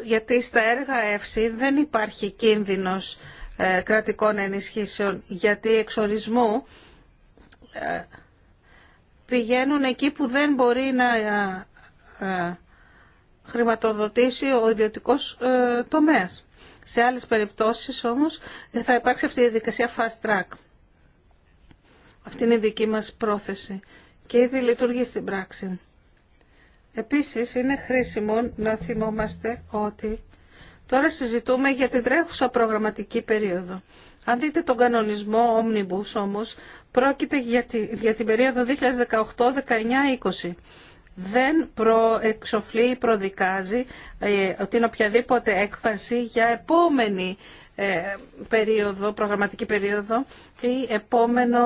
Γιατί στα έργα ΕΦΣΙ δεν υπάρχει κίνδυνος ε, κρατικών ενισχύσεων γιατί εξορισμού πηγαίνουν εκεί που δεν μπορεί να ε, ε, χρηματοδοτήσει ο ιδιωτικός ε, τομέας. Σε άλλες περιπτώσεις όμως θα υπάρξει αυτή η διαδικασία fast track. Αυτή είναι η δική μας πρόθεση και ήδη λειτουργεί στην πράξη. Επίσης είναι χρήσιμο να θυμόμαστε ότι τώρα συζητούμε για την τρέχουσα προγραμματική περίοδο. Αν δείτε τον κανονισμό Omnibus όμως Πρόκειται για, τη, για την περίοδο 2018-19-20. Δεν προεξοφλεί ή προδικάζει ε, την οποιαδήποτε έκφαση για επόμενη ε, περίοδο, προγραμματική περίοδο ή επόμενο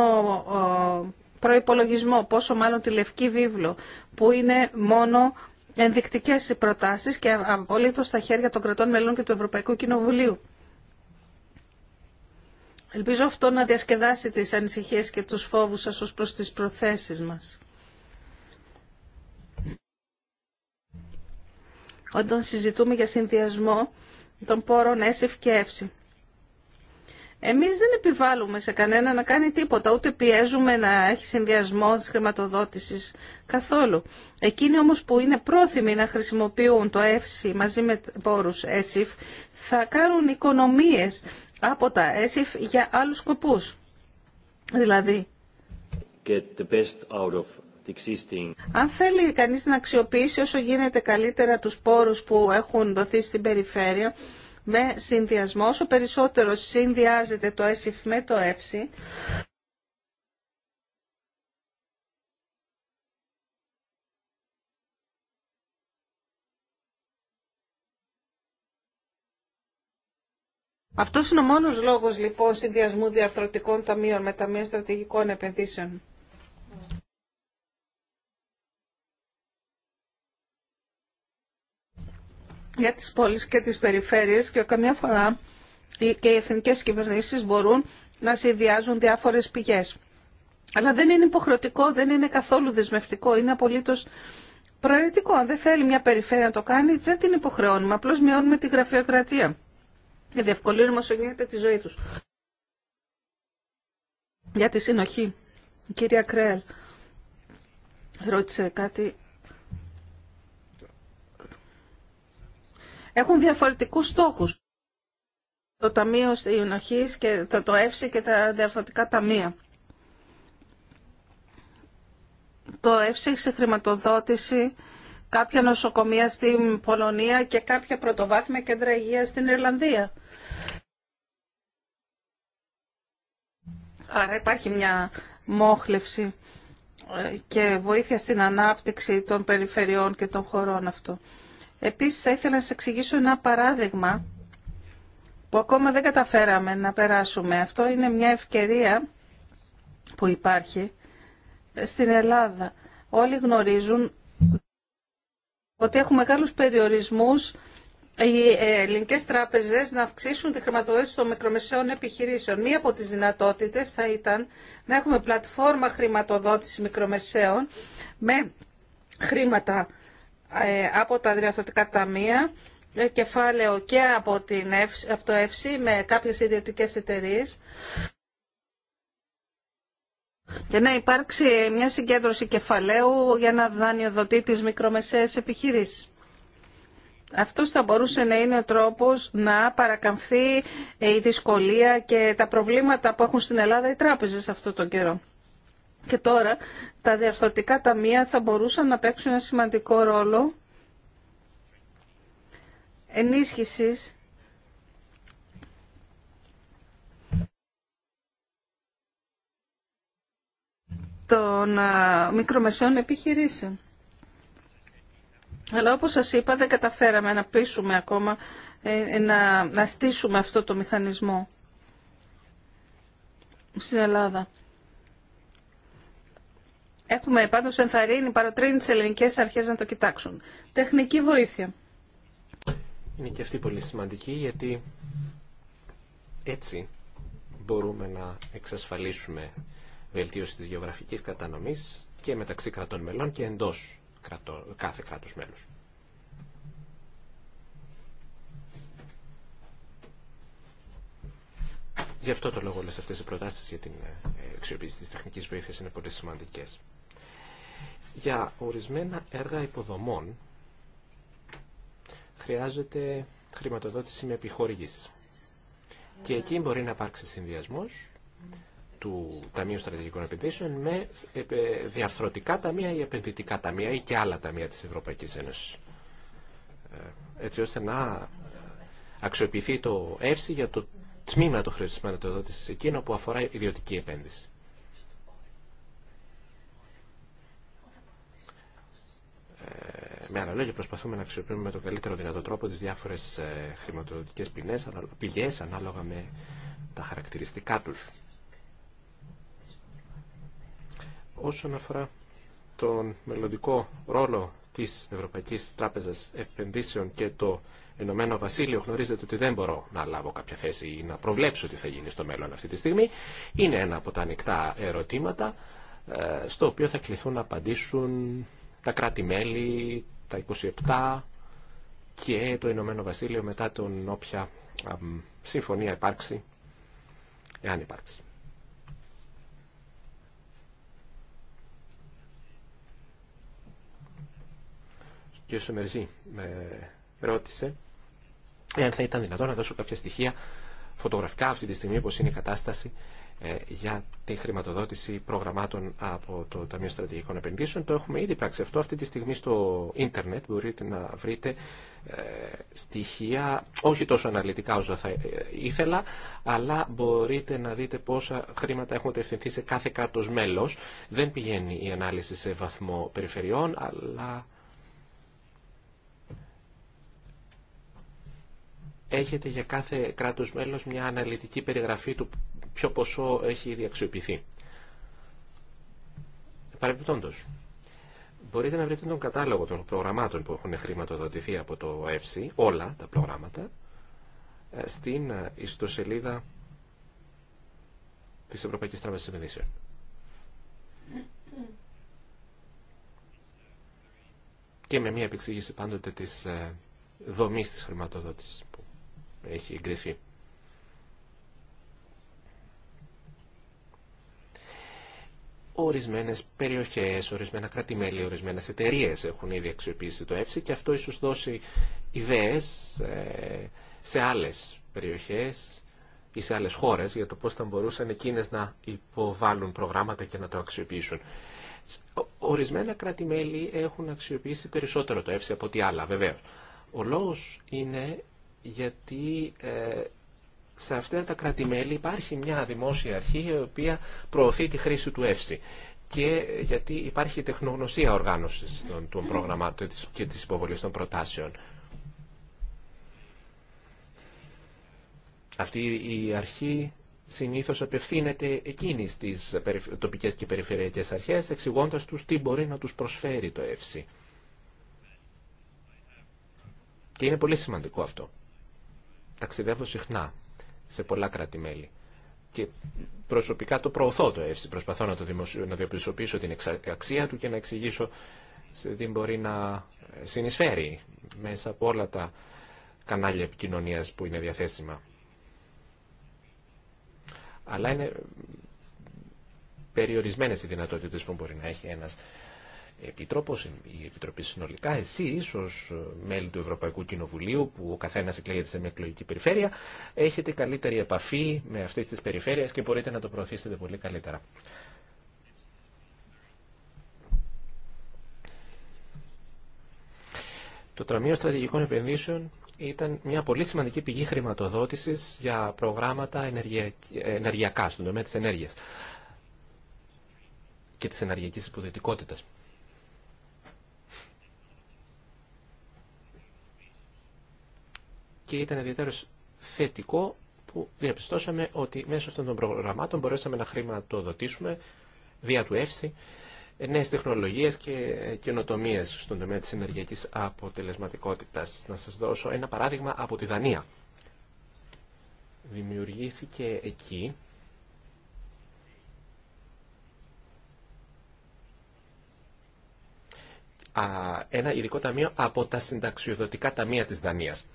ε, προϋπολογισμό, πόσο μάλλον τη Λευκή Βίβλο, που είναι μόνο ενδεικτικές οι προτάσεις και απολύτως στα χέρια των κρατών μελών και του Ευρωπαϊκού Κοινοβουλίου. Ελπίζω αυτό να διασκεδάσει τις ανησυχίες και τους φόβους σας ως προς τις προθέσεις μας. Όταν συζητούμε για συνδυασμό των πόρων ΕΣΥΦ και έψη, Εμείς δεν επιβάλλουμε σε κανένα να κάνει τίποτα, ούτε πιέζουμε να έχει συνδυασμό της χρηματοδότησης καθόλου. Εκείνοι όμως που είναι πρόθυμοι να χρησιμοποιούν το έψη μαζί με πόρους ΕΣΥΦ θα κάνουν οικονομίες από τα ΕΣΥΦ για άλλους σκοπούς. Δηλαδή, the best αν θέλει κανείς να αξιοποιήσει όσο γίνεται καλύτερα τους πόρους που έχουν δοθεί στην περιφέρεια, με συνδυασμό, όσο περισσότερο συνδυάζεται το ΕΣΥΦ με το ΕΦΣΥ, Αυτός είναι ο μόνος λόγος λοιπόν συνδυασμού διαρθρωτικών ταμείων με ταμεία στρατηγικών επενδύσεων. για τις πόλεις και τις περιφέρειες και καμιά φορά και οι εθνικές κυβερνήσεις μπορούν να συνδυάζουν διάφορες πηγές. Αλλά δεν είναι υποχρεωτικό, δεν είναι καθόλου δεσμευτικό, είναι απολύτως προαιρετικό. Αν δεν θέλει μια περιφέρεια να το κάνει, δεν την υποχρεώνουμε, απλώς μειώνουμε την γραφειοκρατία και ε, διευκολύνουμε όσο γίνεται τη ζωή τους. Για τη συνοχή, η κυρία Κρέλ ρώτησε κάτι. Έχουν διαφορετικούς στόχους το Ταμείο Συνοχής και το, το ΕΦΣΙ και τα διαφορετικά ταμεία. Το ΕΦΣΙ σε χρηματοδότηση κάποια νοσοκομεία στην Πολωνία και κάποια πρωτοβάθμια κέντρα υγείας στην Ιρλανδία. Άρα υπάρχει μια μόχλευση ε, και βοήθεια στην ανάπτυξη των περιφερειών και των χωρών αυτό. Επίσης θα ήθελα να σας εξηγήσω ένα παράδειγμα που ακόμα δεν καταφέραμε να περάσουμε. Αυτό είναι μια ευκαιρία που υπάρχει στην Ελλάδα. Όλοι γνωρίζουν ότι έχουμε μεγάλους περιορισμούς οι ελληνικέ τράπεζε να αυξήσουν τη χρηματοδότηση των μικρομεσαίων επιχειρήσεων. Μία από τις δυνατότητες θα ήταν να έχουμε πλατφόρμα χρηματοδότηση μικρομεσαίων με χρήματα ε, από τα διευθυντικά ταμεία, ε, κεφάλαιο και από, την, από το ΕΦΣΥ με κάποιες ιδιωτικές εταιρείε και να υπάρξει μια συγκέντρωση κεφαλαίου για να δανειοδοτεί τις μικρομεσαίες επιχειρήσεις. Αυτό θα μπορούσε να είναι ο τρόπος να παρακαμφθεί η δυσκολία και τα προβλήματα που έχουν στην Ελλάδα οι τράπεζες αυτό τον καιρό. Και τώρα τα διαρθωτικά ταμεία θα μπορούσαν να παίξουν ένα σημαντικό ρόλο ενίσχυσης των μικρομεσαίων επιχειρήσεων. Αλλά όπως σας είπα δεν καταφέραμε να πείσουμε ακόμα, ε, να, να στήσουμε αυτό το μηχανισμό στην Ελλάδα. Έχουμε πάντως ενθαρρύνει, παροτρύνει τις ελληνικές αρχές να το κοιτάξουν. Τεχνική βοήθεια. Είναι και αυτή πολύ σημαντική γιατί έτσι μπορούμε να εξασφαλίσουμε βελτίωση της γεωγραφικής κατανομής και μεταξύ κρατών μελών και εντός κάθε κράτους μέλους. Γι' αυτό το λόγο όλες αυτές οι προτάσεις για την ε, αξιοποίηση της τεχνικής βοήθειας είναι πολύ σημαντικές. Για ορισμένα έργα υποδομών χρειάζεται χρηματοδότηση με επιχορηγήσεις. Και εκεί μπορεί να υπάρξει συνδυασμός του Ταμείου Στρατηγικών Επενδύσεων με διαρθρωτικά ταμεία ή επενδυτικά ταμεία ή και άλλα ταμεία της Ευρωπαϊκής Ένωσης. Ε, έτσι ώστε να αξιοποιηθεί το έύση για το τμήμα του χρηματοδότησης εκείνο που αφορά ιδιωτική επένδυση. Ε, με άλλα λόγια προσπαθούμε να αξιοποιούμε με τον καλύτερο δυνατό τρόπο τις διάφορες ε, χρηματοδοτικέ πηγέ ανάλογα με τα χαρακτηριστικά του. Όσον αφορά τον μελλοντικό ρόλο της Ευρωπαϊκής Τράπεζας Επενδύσεων και το Ηνωμένο Βασίλειο γνωρίζετε ότι δεν μπορώ να λάβω κάποια θέση ή να προβλέψω τι θα γίνει στο μέλλον αυτή τη στιγμή. Είναι ένα από τα ανοιχτά ερωτήματα ε, στο οποίο θα κληθούν να απαντήσουν τα κράτη-μέλη, τα 27 και το Ηνωμένο Βασίλειο μετά τον όποια συμφωνία υπάρξει, εάν υπάρξει. κ. Σομερζή με ρώτησε εάν θα ήταν δυνατόν να δώσω κάποια στοιχεία φωτογραφικά αυτή τη στιγμή πώς είναι η κατάσταση ε, για τη χρηματοδότηση προγραμμάτων από το Ταμείο Στρατηγικών Επενδύσεων. Το έχουμε ήδη πράξει αυτό αυτή τη στιγμή στο ίντερνετ. Μπορείτε να βρείτε ε, στοιχεία, όχι τόσο αναλυτικά όσο θα ε, ήθελα, αλλά μπορείτε να δείτε πόσα χρήματα έχουν τευθυνθεί σε κάθε κράτος μέλος. Δεν πηγαίνει η ανάλυση σε βαθμό περιφερειών, αλλά έχετε για κάθε κράτος μέλος μια αναλυτική περιγραφή του ποιο ποσό έχει διαξιοποιηθεί. Παρεμπιπτόντως, μπορείτε να βρείτε τον κατάλογο των προγραμμάτων που έχουν χρηματοδοτηθεί από το ΕΦΣΥ, όλα τα προγράμματα, ε, στην ε, ιστοσελίδα της Ευρωπαϊκής Τράπεζας Επενδύσεων. Και με μια επεξήγηση πάντοτε της ε, δομής της χρηματοδότησης έχει εγκριθεί. Ορισμένε περιοχέ, ορισμένα κρατημέλη, ορισμένε εταιρείε έχουν ήδη αξιοποιήσει το ΕΦΣΙ και αυτό ίσω δώσει ιδέε ε, σε άλλε περιοχέ ή σε άλλε χώρε για το πώ θα μπορούσαν εκείνε να υποβάλουν προγράμματα και να το αξιοποιήσουν. κρατημέλη έχουν αξιοποιήσει περισσότερο το ΕΦΣΙ από ό,τι άλλα, βεβαίω. Ο λόγο είναι γιατί ε, σε αυτά τα κρατημέλη υπάρχει μια δημόσια αρχή η οποία προωθεί τη χρήση του ΕΦΣΥ και γιατί υπάρχει τεχνογνωσία οργάνωσης των, των προγραμμάτων και της υποβολής των προτάσεων. Αυτή η αρχή συνήθως απευθύνεται εκείνη στις τοπικές και περιφερειακές αρχές εξηγώντας τους τι μπορεί να τους προσφέρει το ΕΦΣΥ. Και είναι πολύ σημαντικό αυτό ταξιδεύω συχνά σε πολλά κράτη-μέλη και προσωπικά το προωθώ το ΕΦΣΙ. Προσπαθώ να, το δημοσιο... την αξία του και να εξηγήσω σε τι μπορεί να συνεισφέρει μέσα από όλα τα κανάλια επικοινωνίας που είναι διαθέσιμα. Αλλά είναι περιορισμένες οι δυνατότητες που μπορεί να έχει ένας Επίτροπο, η Επιτροπή συνολικά, εσύ ίσως ε, μέλη του Ευρωπαϊκού Κοινοβουλίου που ο καθένα εκλέγεται σε μια εκλογική περιφέρεια, έχετε καλύτερη επαφή με αυτές τις περιφέρειες και μπορείτε να το προωθήσετε πολύ καλύτερα. Το Τραμείο Στρατηγικών Επενδύσεων ήταν μια πολύ σημαντική πηγή χρηματοδότηση για προγράμματα ενεργειακά στον τομέα τη ενέργεια και τη ενεργειακή υποδετικότητας. και ήταν ιδιαίτερο θετικό που διαπιστώσαμε ότι μέσω αυτών των προγραμμάτων μπορέσαμε να χρηματοδοτήσουμε δια του ΕΦΣΥ νέε τεχνολογίε και καινοτομίε στον τομέα τη ενεργειακή αποτελεσματικότητα. Να σα δώσω ένα παράδειγμα από τη Δανία. Δημιουργήθηκε εκεί ένα ειδικό ταμείο από τα συνταξιοδοτικά ταμεία της Δανίας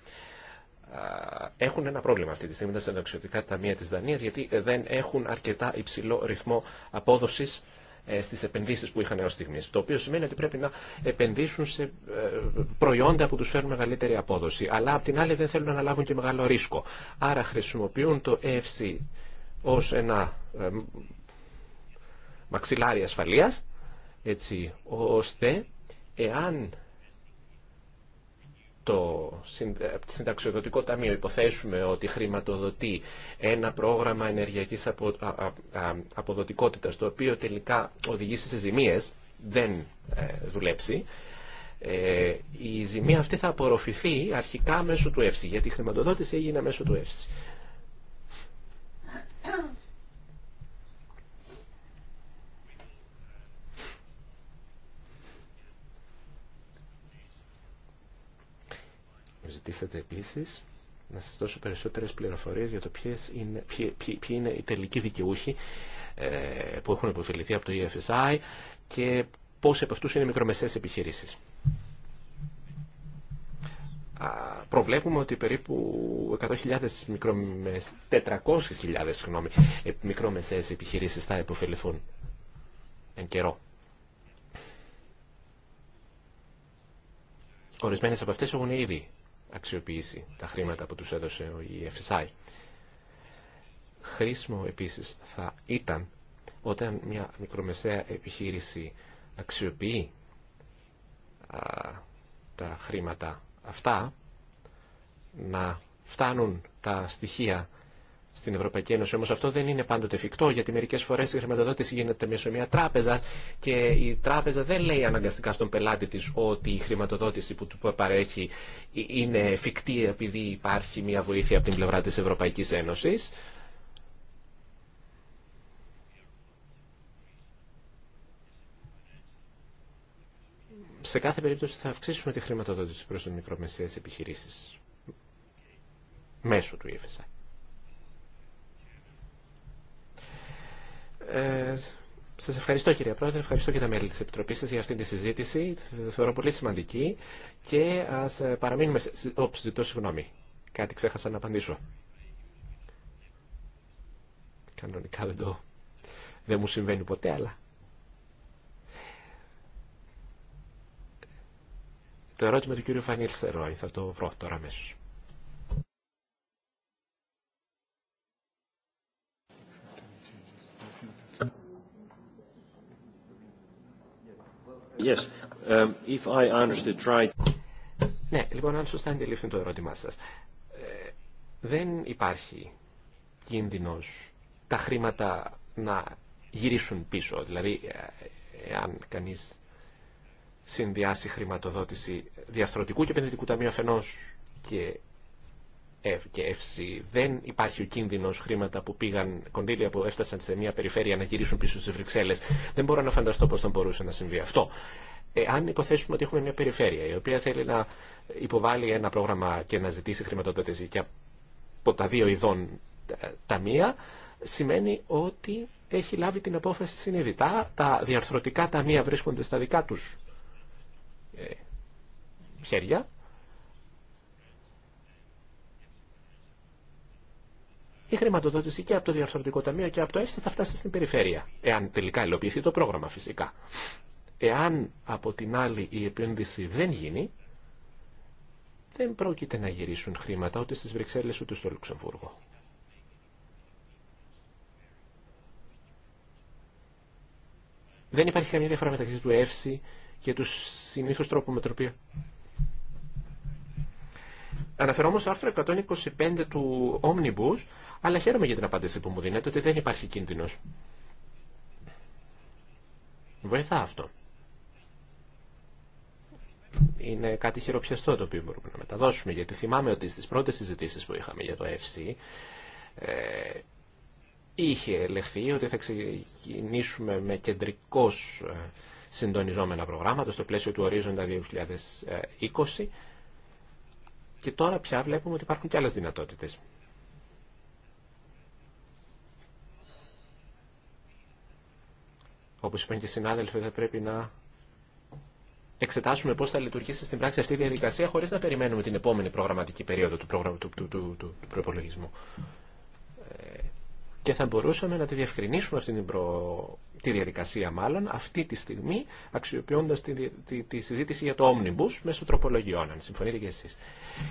έχουν ένα πρόβλημα αυτή τη στιγμή τα συνταξιωτικά ταμεία της Δανίας γιατί ε, δεν έχουν αρκετά υψηλό ρυθμό απόδοσης ε, στις επενδύσεις που είχαν έως στιγμής. Το οποίο σημαίνει ότι πρέπει να επενδύσουν σε ε, προϊόντα που τους φέρουν μεγαλύτερη απόδοση. Αλλά απ' την άλλη δεν θέλουν να λάβουν και μεγάλο ρίσκο. Άρα χρησιμοποιούν το EFC ως ένα μαξιλάρι ασφαλείας έτσι ώστε εάν το ε, συνταξιοδοτικό ταμείο υποθέσουμε ότι χρηματοδοτεί ένα πρόγραμμα ενεργειακής αποδοτικότητας το οποίο τελικά οδηγήσει σε ζημίες, δεν ε, δουλέψει, ε, η ζημία αυτή θα απορροφηθεί αρχικά μέσω του ΕΦΣΙ, γιατί η χρηματοδότηση έγινε μέσω του ΕΦΣΙ. Ζητήσατε επίσης να σας δώσω περισσότερες πληροφορίες για το ποιες είναι, ποιοι, είναι οι τελικοί δικαιούχοι ε, που έχουν υποφεληθεί από το EFSI και πόσοι από αυτούς είναι μικρομεσαίες επιχειρήσεις. Προβλέπουμε ότι περίπου 100.000 400.000 ε, μικρομεσαίες επιχειρήσεις θα υποφεληθούν εν καιρό. Ορισμένες από αυτές έχουν ήδη αξιοποιήσει τα χρήματα που τους έδωσε η e FSI. Χρήσιμο επίσης θα ήταν όταν μια μικρομεσαία επιχείρηση αξιοποιεί τα χρήματα αυτά να φτάνουν τα στοιχεία στην Ευρωπαϊκή Ένωση. Όμω αυτό δεν είναι πάντοτε εφικτό, γιατί μερικέ φορέ η χρηματοδότηση γίνεται μέσω μια τράπεζα και η τράπεζα δεν λέει αναγκαστικά στον πελάτη τη ότι η χρηματοδότηση που του παρέχει είναι εφικτή επειδή υπάρχει μια βοήθεια από την πλευρά τη Ευρωπαϊκή Ένωση. Σε κάθε περίπτωση θα αυξήσουμε τη χρηματοδότηση προς τις μικρομεσαίες επιχειρήσεις μέσω του EFSI. Ε, Σα ευχαριστώ κυρία Πρόεδρε, ευχαριστώ και τα μέλη τη Επιτροπή σα για αυτή τη συζήτηση. θεωρώ πολύ σημαντική και α ε, παραμείνουμε. Όπω ζητώ συγγνώμη. Κάτι ξέχασα να απαντήσω. Κανονικά δεν Δεν μου συμβαίνει ποτέ, αλλά. Το ερώτημα του κύριου Φανίλ θα το βρω τώρα αμέσω. Yes. Um, if I Ναι, λοιπόν, αν σωστά αντιλήφθη το ερώτημά σα, Ε, δεν υπάρχει κίνδυνος τα χρήματα να γυρίσουν πίσω. Δηλαδή, ε, εάν κανείς συνδυάσει χρηματοδότηση διαφθρωτικού και επενδυτικού ταμείου αφενό και ε, και Δεν υπάρχει ο κίνδυνο χρήματα που πήγαν, κονδύλια που έφτασαν σε μια περιφέρεια να γυρίσουν πίσω στι Βρυξέλλε. Δεν μπορώ να φανταστώ πώ θα μπορούσε να συμβεί αυτό. Ε, αν υποθέσουμε ότι έχουμε μια περιφέρεια η οποία θέλει να υποβάλει ένα πρόγραμμα και να ζητήσει χρηματοδότηση και από τα δύο ειδών ταμεία, σημαίνει ότι έχει λάβει την απόφαση συνειδητά. Τα διαρθρωτικά ταμεία βρίσκονται στα δικά τους ε, χέρια η χρηματοδότηση και από το Διαρθρωτικό Ταμείο και από το ΕΦΣΙ θα φτάσει στην περιφέρεια, εάν τελικά υλοποιηθεί το πρόγραμμα φυσικά. Εάν από την άλλη η επένδυση δεν γίνει, δεν πρόκειται να γυρίσουν χρήματα ούτε στις Βρυξέλλες ούτε στο Λουξεμβούργο. Δεν υπάρχει καμία διαφορά μεταξύ του ΕΦΣΙ και του συνήθου τρόπου με Αναφερόμαστε στο άρθρο 125 του Omnibus, αλλά χαίρομαι για την απάντηση που μου δίνετε ότι δεν υπάρχει κίνδυνος. Βοηθά αυτό. Είναι κάτι χειροπιαστό το οποίο μπορούμε να μεταδώσουμε, γιατί θυμάμαι ότι στις πρώτες συζητήσεις που είχαμε για το FC, ε, είχε ελεγχθεί ότι θα ξεκινήσουμε με κεντρικώς ε, συντονιζόμενα προγράμματα στο πλαίσιο του ορίζοντα 2020, και τώρα πια βλέπουμε ότι υπάρχουν και άλλες δυνατότητες. Όπως είπαν και οι συνάδελφοι, θα πρέπει να εξετάσουμε πώς θα λειτουργήσει στην πράξη αυτή η διαδικασία χωρίς να περιμένουμε την επόμενη προγραμματική περίοδο του, του, του, του προπολογισμού. Ε, και θα μπορούσαμε να τη διευκρινίσουμε αυτή τη διαδικασία μάλλον αυτή τη στιγμή αξιοποιώντας τη, τη, τη συζήτηση για το Omnibus μέσω τροπολογιών, αν συμφωνείτε και εσείς.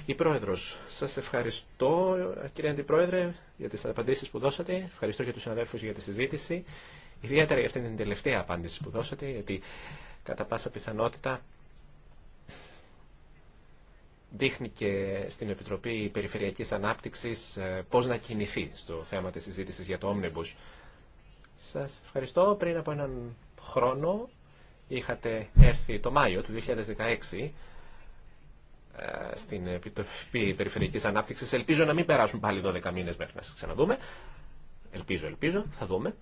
Η Πρόεδρος, σας ευχαριστώ κύριε Αντιπρόεδρε για τις απαντήσεις που δώσατε, ευχαριστώ και τους συναδέλφους για τη συζήτηση, ιδιαίτερα για αυτή την τελευταία απάντηση που δώσατε, γιατί κατά πάσα πιθανότητα δείχνει και στην Επιτροπή Περιφερειακής Ανάπτυξης ε, πώς να κινηθεί στο θέμα της συζήτησης για το Omnibus. Σας ευχαριστώ. Πριν από έναν χρόνο είχατε έρθει το Μάιο του 2016 ε, στην Επιτροπή Περιφερειακής Ανάπτυξης. Ελπίζω να μην περάσουν πάλι 12 μήνες μέχρι να σας ξαναδούμε. Ελπίζω, ελπίζω. Θα δούμε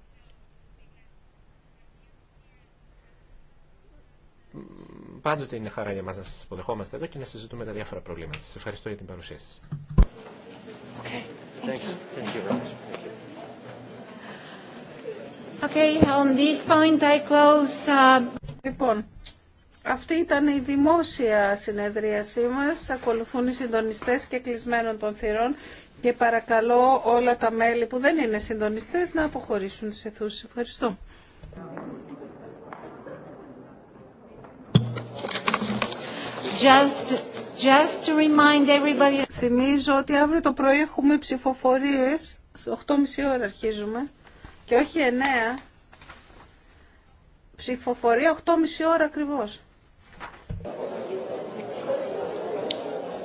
πάντοτε είναι χαρά για μας να σας υποδεχόμαστε εδώ και να συζητούμε τα διάφορα προβλήματα. Σας ευχαριστώ για την παρουσία σας. Okay. Thank you very much. Okay, on this point I close, uh, Λοιπόν, αυτή ήταν η δημόσια συνεδρίασή μας. Ακολουθούν οι συντονιστές και κλεισμένων των θυρών και παρακαλώ όλα τα μέλη που δεν είναι συντονιστές να αποχωρήσουν τις αιθούσεις. Ευχαριστώ. Θυμίζω ότι αύριο το πρωί έχουμε ψηφοφορίες, στις 8.30 ώρα αρχίζουμε, και όχι 9. Ψηφοφορία 8.30 ώρα ακριβώς.